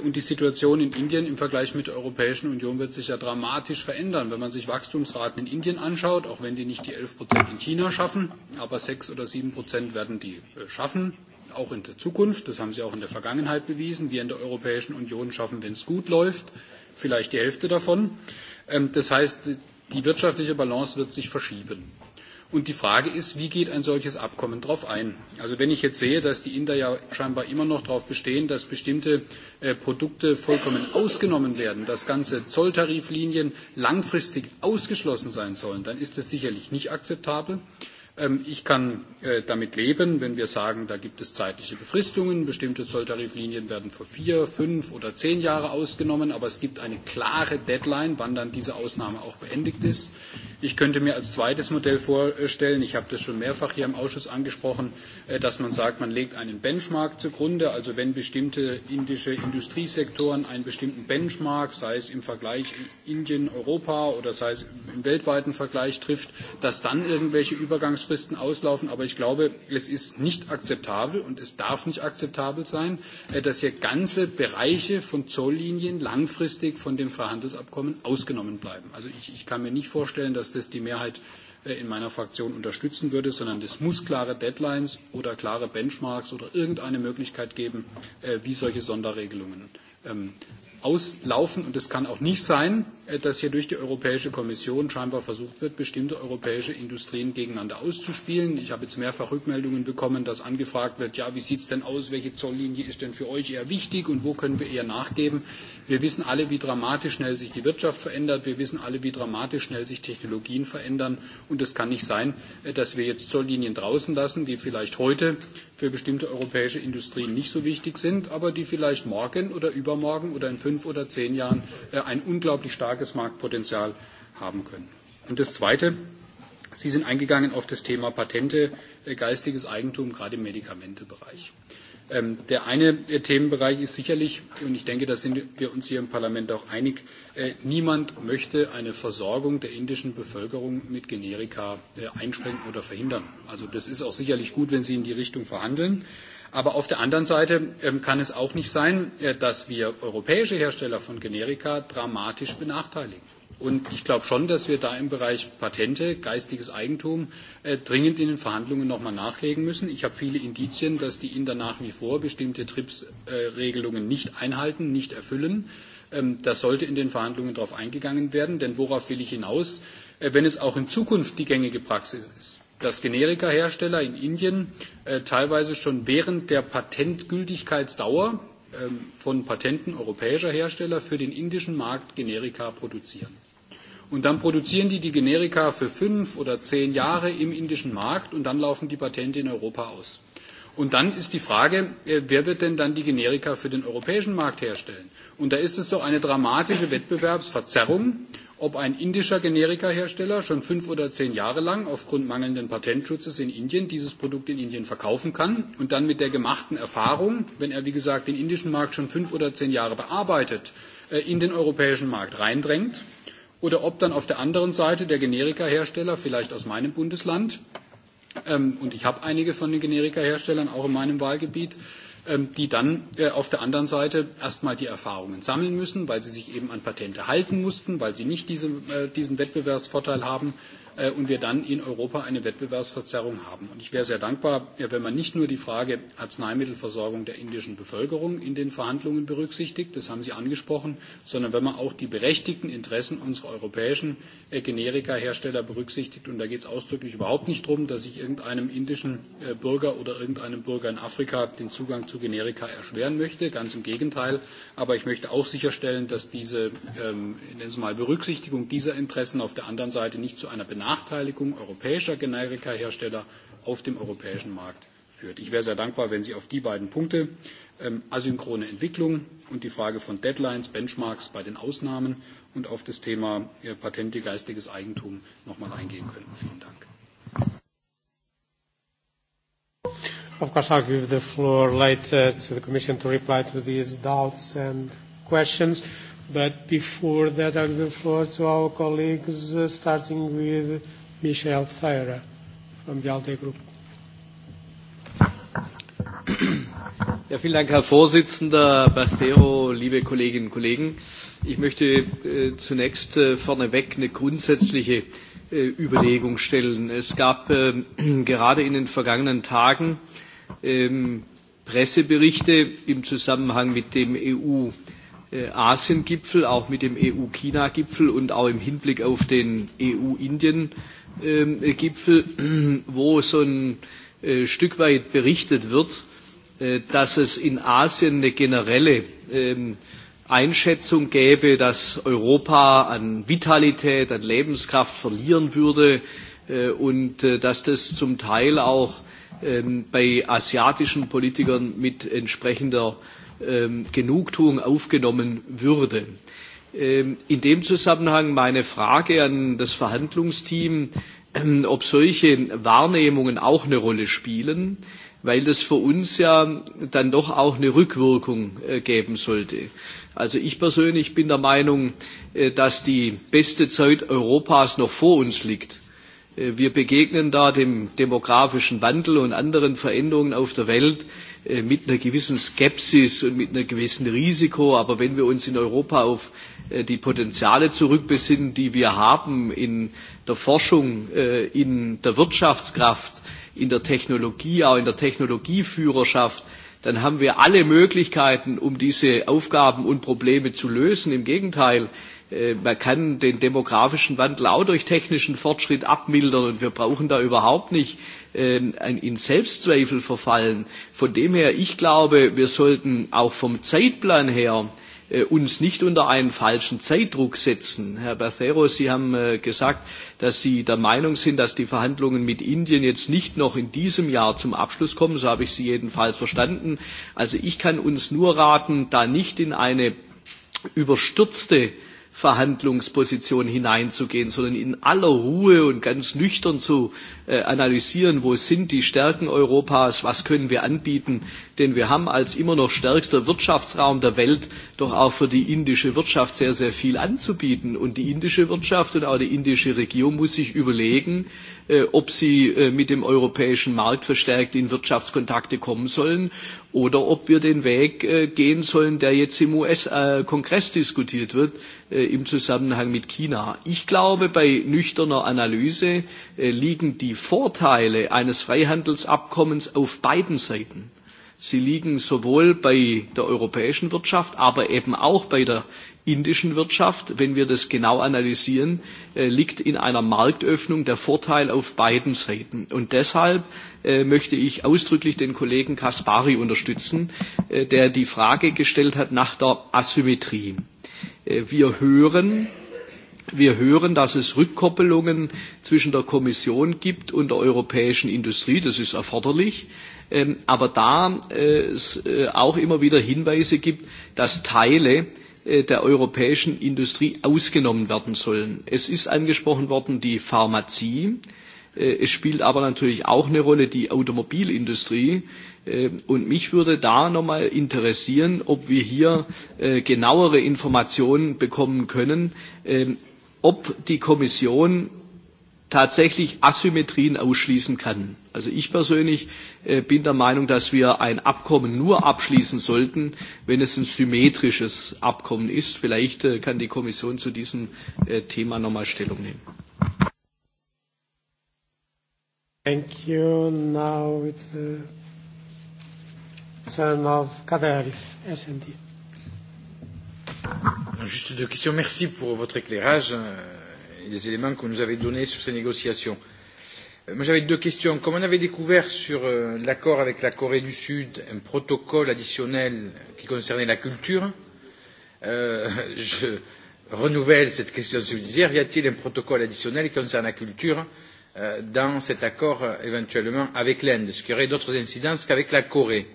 S8: Und die Situation in Indien im Vergleich mit der Europäischen Union wird sich ja dramatisch verändern. Wenn man sich Wachstumsraten in Indien anschaut, auch wenn die nicht die elf in China schaffen, aber sechs oder sieben werden die schaffen, auch in der Zukunft. Das haben sie auch in der Vergangenheit bewiesen. Wir in der Europäischen Union schaffen, wenn es gut läuft, vielleicht die Hälfte davon. Das heißt, Die wirtschaftliche Balance wird sich verschieben. Und die Frage ist, wie geht ein solches Abkommen darauf ein? Also wenn ich jetzt sehe, dass die Inder ja scheinbar immer noch darauf bestehen, dass bestimmte Produkte vollkommen ausgenommen werden, dass ganze Zolltariflinien langfristig ausgeschlossen sein sollen, dann ist das sicherlich nicht akzeptabel. Ich kann damit leben, wenn wir sagen, da gibt es zeitliche Befristungen. Bestimmte Zolltariflinien werden für vier, fünf oder zehn Jahre ausgenommen, aber es gibt eine klare Deadline, wann dann diese Ausnahme auch beendigt ist. Ich könnte mir als zweites Modell vorstellen, ich habe das schon mehrfach hier im Ausschuss angesprochen, dass man sagt, man legt einen Benchmark zugrunde. Also wenn bestimmte indische Industriesektoren einen bestimmten Benchmark, sei es im Vergleich Indien, Europa oder sei es im weltweiten Vergleich trifft, dass dann irgendwelche Übergangs Zahlungsfristen auslaufen. Aber ich glaube, es ist nicht akzeptabel und es darf nicht akzeptabel sein, dass hier ganze Bereiche von Zolllinien langfristig von dem Freihandelsabkommen ausgenommen bleiben. Also ich, kann mir nicht vorstellen, dass das die Mehrheit in meiner Fraktion unterstützen würde, sondern es muss klare Deadlines oder klare Benchmarks oder irgendeine Möglichkeit geben, wie solche Sonderregelungen auslaufen. Und es kann auch nicht sein, dass hier durch die Europäische Kommission scheinbar versucht wird, bestimmte europäische Industrien gegeneinander auszuspielen. Ich habe jetzt mehrfach Rückmeldungen bekommen, dass angefragt wird, ja, wie sieht es denn aus, welche Zolllinie ist denn für euch eher wichtig und wo können wir eher nachgeben. Wir wissen alle, wie dramatisch schnell sich die Wirtschaft verändert. Wir wissen alle, wie dramatisch schnell sich Technologien verändern. Und es kann nicht sein, dass wir jetzt Zolllinien draußen lassen, die vielleicht heute für bestimmte europäische Industrien nicht so wichtig sind, aber die vielleicht morgen oder übermorgen oder in fünf fünf oder zehn Jahren ein unglaublich starkes Marktpotenzial haben können. Und das Zweite, Sie sind eingegangen auf das Thema Patente, geistiges Eigentum, gerade im Medikamentebereich. Der eine Themenbereich ist sicherlich, und ich denke, da sind wir uns hier im Parlament auch einig, niemand möchte eine Versorgung der indischen Bevölkerung mit Generika einschränken oder verhindern. Also das ist auch sicherlich gut, wenn Sie in die Richtung verhandeln. Aber auf der anderen Seite kann es auch nicht sein, dass wir europäische Hersteller von Generika dramatisch benachteiligen. Und ich glaube schon, dass wir da im Bereich Patente, geistiges Eigentum dringend in den Verhandlungen nochmal nachlegen müssen. Ich habe viele Indizien, dass die Inder nach wie vor bestimmte TRIPS-Regelungen nicht einhalten, nicht erfüllen. Das sollte in den Verhandlungen darauf eingegangen werden. Denn worauf will ich hinaus, wenn es auch in Zukunft die gängige Praxis ist? dass Generikahersteller in Indien teilweise schon während der Patentgültigkeitsdauer von Patenten europäischer Hersteller für den indischen Markt Generika produzieren. Und dann produzieren die die Generika für fünf oder zehn Jahre im indischen Markt und dann laufen die Patente in Europa aus. Und dann ist die Frage, wer wird denn dann die Generika für den europäischen Markt herstellen? Und da ist es doch eine dramatische Wettbewerbsverzerrung, ob ein indischer Generikahersteller schon fünf oder zehn Jahre lang aufgrund mangelnden Patentschutzes in Indien dieses Produkt in Indien verkaufen kann und dann mit der gemachten Erfahrung, wenn er, wie gesagt, den indischen Markt schon fünf oder zehn Jahre bearbeitet, in den europäischen Markt reindrängt, oder ob dann auf der anderen Seite der Generikahersteller, vielleicht aus meinem Bundesland, und ich habe einige von den Generikaherstellern auch in meinem Wahlgebiet, die dann auf der anderen Seite erstmal die Erfahrungen sammeln müssen, weil sie sich eben an Patente halten mussten, weil sie nicht diesen Wettbewerbsvorteil haben und wir dann in Europa eine Wettbewerbsverzerrung haben. ich wäre sehr dankbar, wenn man nicht nur die Frage Arzneimittelversorgung der indischen Bevölkerung in den Verhandlungen berücksichtigt, das haben Sie angesprochen, sondern wenn man auch die berechtigten Interessen unserer europäischen Generikahersteller berücksichtigt. Und da geht es ausdrücklich überhaupt nicht darum, dass ich irgendeinem indischen Bürger oder irgendeinem Bürger in Afrika den Zugang zu Generika erschweren möchte. Ganz im Gegenteil. Aber ich möchte auch sicherstellen, dass diese Berücksichtigung dieser Interessen auf der anderen Seite nicht zu einer Benachteiligung europäischer Generikahersteller auf dem europäischen Markt führt. Ich wäre sehr dankbar, wenn Sie auf die beiden Punkte asynchrone Entwicklung und die Frage von Deadlines, Benchmarks bei den Ausnahmen und auf das Thema Patente geistiges Eigentum noch mal eingehen könnten. Vielen Dank.
S1: Of course, I'll give the floor later to the Commission to reply to these doubts and questions. But before that, I'll give the floor to our colleagues, uh, starting with Michel Ferreira from the ALDE Group.
S16: Ja, vielen Dank, Herr Vorsitzender Bastero, liebe Kolleginnen und Kollegen. Ich möchte äh, zunächst äh, vorneweg eine grundsätzliche äh, Überlegung stellen. Es gab äh, gerade in den vergangenen Tagen Presseberichte im Zusammenhang mit dem EU- Asien-Gipfel, auch mit dem EU-China-Gipfel und auch im Hinblick auf den EU-Indien-Gipfel, wo so ein Stück weit berichtet wird, dass es in Asien eine generelle Einschätzung gäbe, dass Europa an Vitalität, an Lebenskraft verlieren würde und dass das zum Teil auch bei asiatischen Politikern mit entsprechender Genugtuung aufgenommen würde. In dem Zusammenhang meine Frage an das Verhandlungsteam, ob solche Wahrnehmungen auch eine Rolle spielen, weil das für uns ja dann doch auch eine Rückwirkung geben sollte. Also ich persönlich bin der Meinung, dass die beste Zeit Europas noch vor uns liegt. Wir begegnen da dem demografischen Wandel und anderen Veränderungen auf der Welt mit einer gewissen Skepsis und mit einem gewissen Risiko. Aber wenn wir uns in Europa auf die Potenziale zurückbesinnen, die wir haben in der Forschung, in der Wirtschaftskraft, in der Technologie, auch in der Technologieführerschaft, dann haben wir alle Möglichkeiten, um diese Aufgaben und Probleme zu lösen. Im Gegenteil, man kann den demografischen Wandel auch durch technischen Fortschritt abmildern und wir brauchen da überhaupt nicht in Selbstzweifel verfallen. Von dem her, ich glaube, wir sollten auch vom Zeitplan her uns nicht unter einen falschen Zeitdruck setzen. Herr Berthero, Sie haben gesagt, dass Sie der Meinung sind, dass die Verhandlungen mit Indien jetzt nicht noch in diesem Jahr zum Abschluss kommen. So habe ich Sie jedenfalls verstanden. Also ich kann uns nur raten, da nicht in eine überstürzte Verhandlungsposition hineinzugehen, sondern in aller Ruhe und ganz nüchtern zu analysieren, wo sind die Stärken Europas, was können wir anbieten, denn wir haben als immer noch stärkster Wirtschaftsraum der Welt doch auch für die indische Wirtschaft sehr, sehr viel anzubieten. Und die indische Wirtschaft und auch die indische Regierung muss sich überlegen, ob sie mit dem europäischen Markt verstärkt in Wirtschaftskontakte kommen sollen oder ob wir den Weg gehen sollen, der jetzt im US-Kongress diskutiert wird, im Zusammenhang mit China. Ich glaube, bei nüchterner Analyse liegen die die Vorteile eines Freihandelsabkommens auf beiden Seiten. Sie liegen sowohl bei der europäischen Wirtschaft, aber eben auch bei der indischen Wirtschaft. Wenn wir das genau analysieren, liegt in einer Marktöffnung der Vorteil auf beiden Seiten. Und deshalb möchte ich ausdrücklich den Kollegen Kaspari unterstützen, der die Frage gestellt hat nach der Asymmetrie. Wir hören, Wir hören, dass es Rückkoppelungen zwischen der Kommission gibt und der europäischen Industrie. Das ist erforderlich. Aber da es auch immer wieder Hinweise gibt, dass Teile der europäischen Industrie ausgenommen werden sollen. Es ist angesprochen worden die Pharmazie. Es spielt aber natürlich auch eine Rolle die Automobilindustrie. Und mich würde da nochmal interessieren, ob wir hier genauere Informationen bekommen können, ob die Kommission tatsächlich Asymmetrien ausschließen kann. Also ich persönlich bin der Meinung, dass wir ein Abkommen nur abschließen sollten, wenn es ein symmetrisches Abkommen ist. Vielleicht kann die Kommission zu diesem Thema nochmal Stellung nehmen.
S1: Thank you. Now it's the turn of Kaderis,
S9: Juste deux questions. Merci pour votre éclairage et les éléments que vous nous avez donnés sur ces négociations. Moi, j'avais deux questions. Comme on avait découvert sur l'accord avec la Corée du Sud un protocole additionnel qui concernait la culture, je renouvelle cette question subsidiaire. Y a-t-il un protocole additionnel qui concerne la culture dans cet accord éventuellement avec l'Inde, ce qui aurait d'autres incidences qu'avec la Corée euh,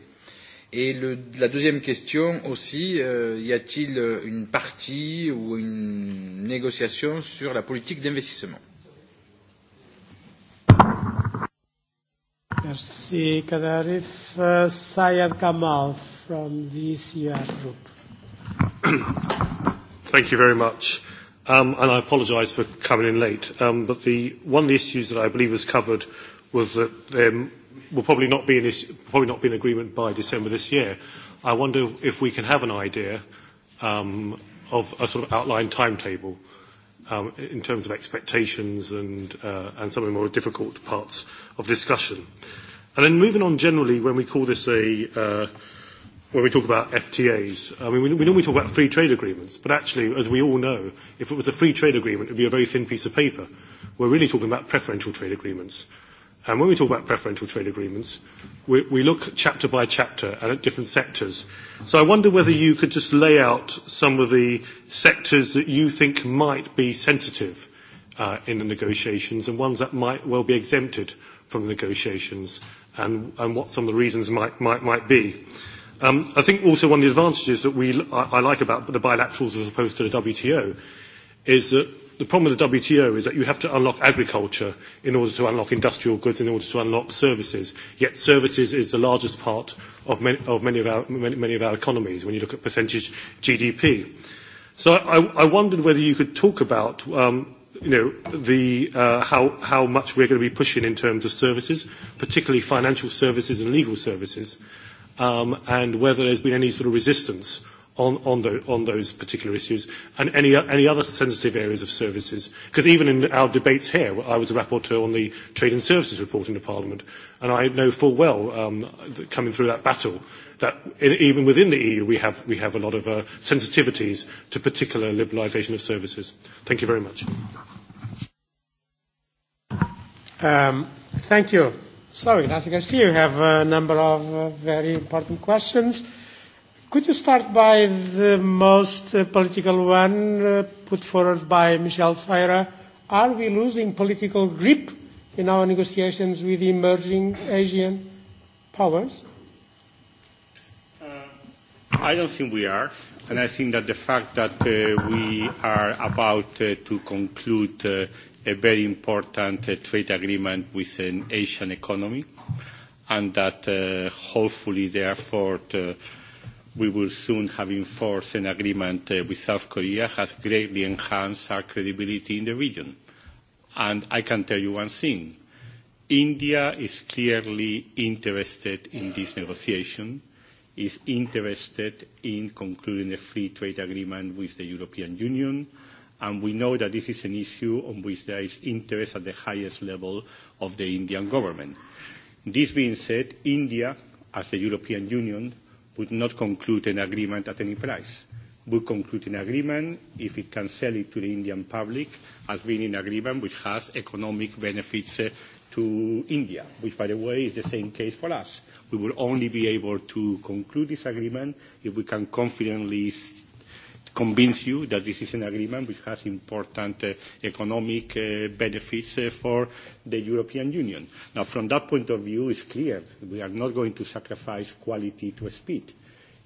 S9: Et le, la deuxième question aussi, euh, y a-t-il une partie ou une négociation sur la politique d'investissement
S1: Merci Kadarif. Uh, Sayed Kamal from the Group.
S17: Thank you very much. Um, and I apologize for coming in late. Um, but the, one of the issues that I believe was covered was that there will probably not be an issue, probably not be an agreement by December this year. I wonder if we can have an idea um, of a sort of outline timetable um, in terms of expectations and, uh, and some of the more difficult parts of discussion. And then moving on generally, when we call this a, uh, when we talk about FTAs, I mean, we, we normally talk about free trade agreements, but actually, as we all know, if it was a free trade agreement, it would be a very thin piece of paper. We're really talking about preferential trade agreements And when we talk about preferential trade agreements, we, we look chapter by chapter and at different sectors. So I wonder whether you could just lay out some of the sectors that you think might be sensitive uh, in the negotiations and ones that might well be exempted from the negotiations and, and what some of the reasons might, might, might be. Um, I think also one of the advantages that we, I, I like about the bilaterals as opposed to the WTO is that the problem with the WTO is that you have to unlock agriculture in order to unlock industrial goods, in order to unlock services. Yet services is the largest part of many of, many of, our, many, many of our economies when you look at percentage GDP. So I, I wondered whether you could talk about um, you know, the, uh, how, how much we're going to be pushing in terms of services, particularly financial services and legal services, um, and whether there's been any sort of resistance on those particular issues and any other sensitive areas of services. Because even in our debates here, I was a rapporteur on the Trade and Services report in Parliament, and I know full well, coming through that battle, that even within the EU, we have we have a lot of sensitivities to particular liberalisation of services. Thank you very much.
S1: Thank you. So, as can see, you have a number of very important questions. Could you start by the most uh, political one uh, put forward by Michel Feira? Are we losing political grip in our negotiations with emerging Asian powers?
S13: Uh, I don't think we are. And I think that the fact that uh, we are about uh, to conclude uh, a very important uh, trade agreement with an Asian economy, and that uh, hopefully, therefore, uh, we will soon have in force an agreement with South Korea has greatly enhanced our credibility in the region. And I can tell you one thing. India is clearly interested in this negotiation, is interested in concluding a free trade agreement with the European Union, and we know that this is an issue on which there is interest at the highest level of the Indian government. This being said, India, as the European Union, would not conclude an agreement at any price. Would conclude an agreement if it can sell it to the Indian public as being an agreement which has economic benefits to India, which, by the way, is the same case for us. We will only be able to conclude this agreement if we can confidently convince you that this is an agreement which has important uh, economic uh, benefits uh, for the European Union. Now, from that point of view, it's clear we are not going to sacrifice quality to speed.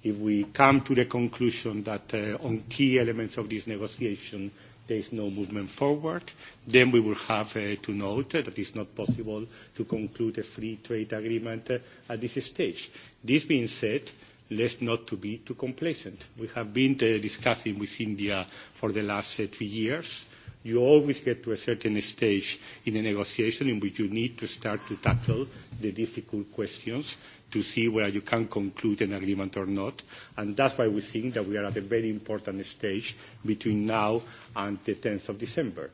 S13: If we come to the conclusion that uh, on key elements of this negotiation there is no movement forward, then we will have to note that it is not possible to conclude a free trade agreement at this stage. This being said, let's not to be too complacent. We have been discussing with India for the last three years. You always get to a certain stage in the negotiation in which you need to start to tackle the difficult questions to see whether you can conclude an agreement or not. And that's why we think that we are at a very important stage between now and the 10th of December.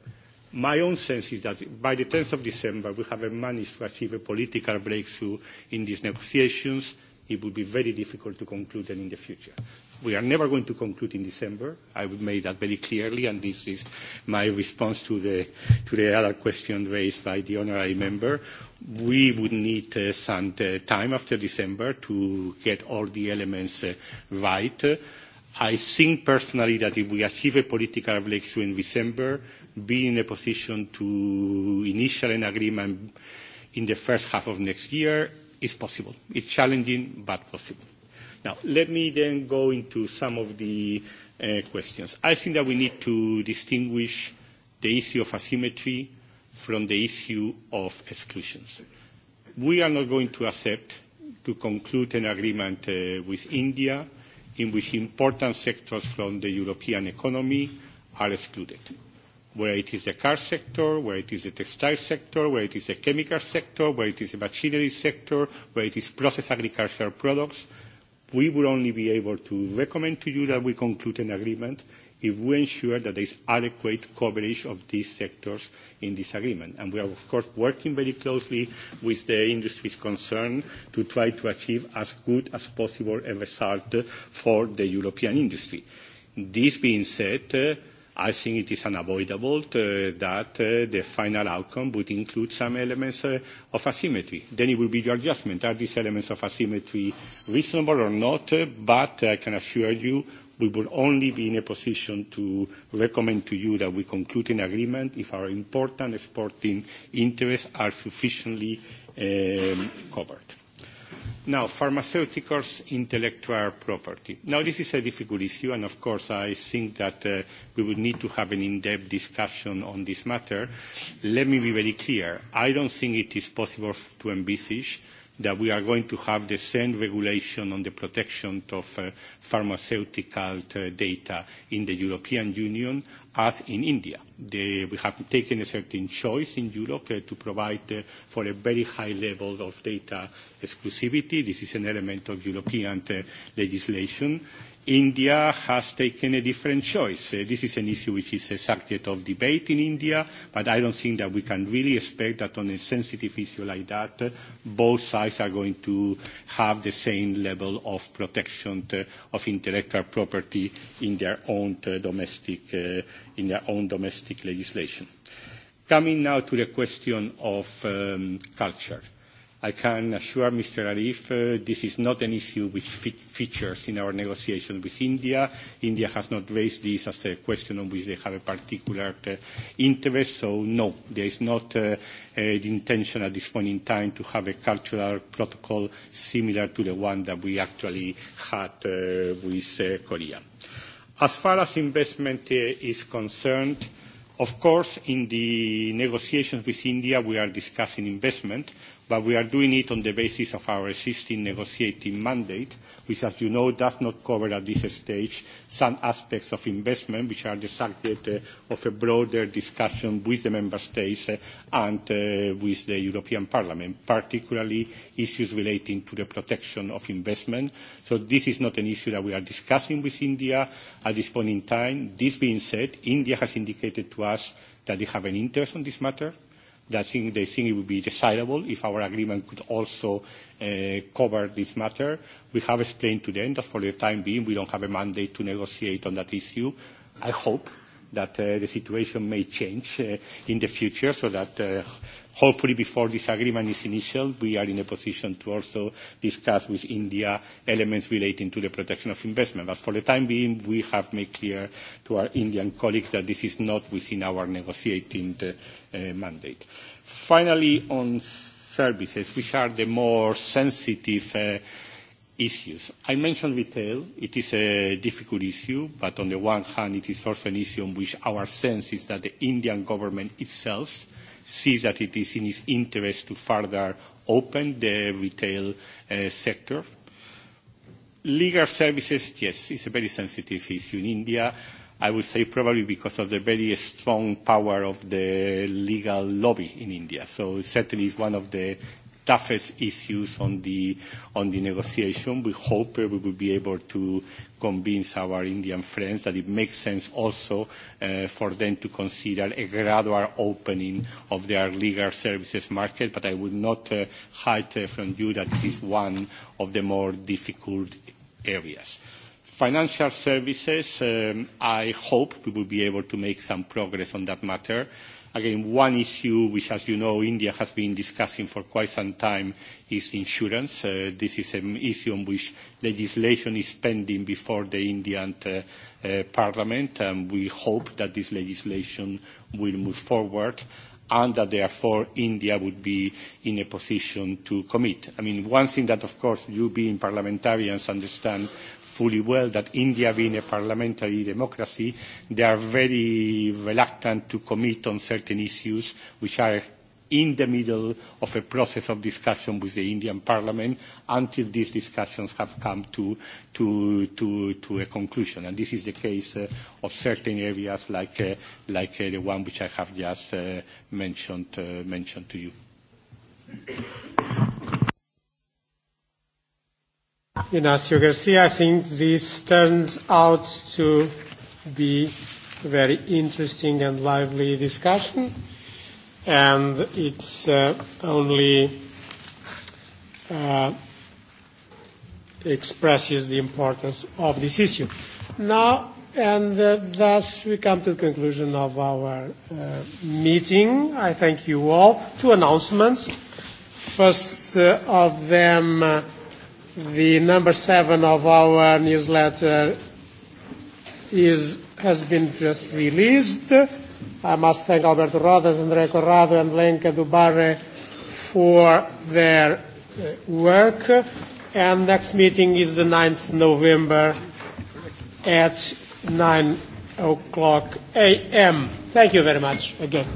S13: My own sense is that by the 10th of December, we have managed to achieve a political breakthrough in these negotiations it would be very difficult to conclude them in the future. We are never going to conclude in December. I would make that very clearly, and this is my response to the, to the other question raised by the honorary member. We would need uh, some uh, time after December to get all the elements uh, right. I think personally that if we achieve a political breakthrough in December, be in a position to initial an agreement in the first half of next year is possible. It's challenging, but possible. Now, let me then go into some of the uh, questions. I think that we need to distinguish the issue of asymmetry from the issue of exclusions. We are not going to accept to conclude an agreement uh, with India in which important sectors from the European economy are excluded where it is the car sector, where it is the textile sector, where it is the chemical sector, where it is the machinery sector, where it is processed agricultural products, we would only be able to recommend to you that we conclude an agreement if we ensure that there is adequate coverage of these sectors in this agreement. And we are, of course, working very closely with the industries concerned to try to achieve as good as possible a result for the European industry. This being said, I think it is unavoidable that the final outcome would include some elements of asymmetry. Then it will be your judgment. Are these elements of asymmetry reasonable or not? But I can assure you we will only be in a position to recommend to you that we conclude an agreement if our important exporting interests are sufficiently covered. Now, pharmaceuticals, intellectual property. Now, this is a difficult issue, and of course, I think that uh, we would need to have an in-depth discussion on this matter. Let me be very clear. I don't think it is possible to envisage that we are going to have the same regulation on the protection of pharmaceutical data in the European Union as in India. The, we have taken a certain choice in Europe uh, to provide uh, for a very high level of data exclusivity. This is an element of European uh, legislation India has taken a different choice. This is an issue which is a subject of debate in India, but I don't think that we can really expect that on a sensitive issue like that, both sides are going to have the same level of protection of intellectual property in their own domestic, in their own domestic legislation. Coming now to the question of culture. I can assure Mr. Arif this is not an issue which features in our negotiations with India. India has not raised this as a question on which they have a particular interest. So no, there is not the intention at this point in time to have a cultural protocol similar to the one that we actually had with Korea. As far as investment is concerned, of course, in the negotiations with India, we are discussing investment but we are doing it on the basis of our existing negotiating mandate, which, as you know, does not cover at this stage some aspects of investment, which are the subject of a broader discussion with the member states and with the European Parliament, particularly issues relating to the protection of investment. So this is not an issue that we are discussing with India at this point in time. This being said, India has indicated to us that they have an interest on this matter They think, they think it would be desirable if our agreement could also uh, cover this matter. We have explained to them that for the time being we don't have a mandate to negotiate on that issue. I hope that uh, the situation may change uh, in the future so that uh, Hopefully, before this agreement is initial, we are in a position to also discuss with India elements relating to the protection of investment. But for the time being, we have made clear to our Indian colleagues that this is not within our negotiating mandate. Finally, on services, which are the more sensitive issues. I mentioned retail. It is a difficult issue, but on the one hand, it is also an issue on which our sense is that the Indian government itself sees that it is in its interest to further open the retail uh, sector. Legal services, yes, it's a very sensitive issue in India. I would say probably because of the very strong power of the legal lobby in India. So certainly it's one of the toughest issues on the on the negotiation. We hope we will be able to convince our Indian friends that it makes sense also for them to consider a gradual opening of their legal services market. But I would not hide from you that it is one of the more difficult areas. Financial services, I hope we will be able to make some progress on that matter Again, one issue which, as you know, India has been discussing for quite some time is insurance. This is an issue on which legislation is pending before the Indian parliament, and we hope that this legislation will move forward and that therefore India would be in a position to commit. I mean, one thing that of course you being parliamentarians understand fully well that India, being a parliamentary democracy, they are very reluctant to commit on certain issues which are in the middle of a process of discussion with the Indian Parliament until these discussions have come to, to, to, to a conclusion. And this is the case uh, of certain areas like, uh, like uh, the one which I have just uh, mentioned, uh, mentioned to you.
S1: Ignacio Garcia. I think this turns out to be a very interesting and lively discussion, and it's uh, only uh, expresses the importance of this issue. Now, and uh, thus we come to the conclusion of our uh, meeting. I thank you all. Two announcements. First uh, of them. Uh, The number seven of our newsletter is, has been just released. I must thank Alberto Rodas, Andrea Corrado, and Lenka Dubare for their work. And next meeting is the 9th November at 9 o'clock a.m. Thank you very much again.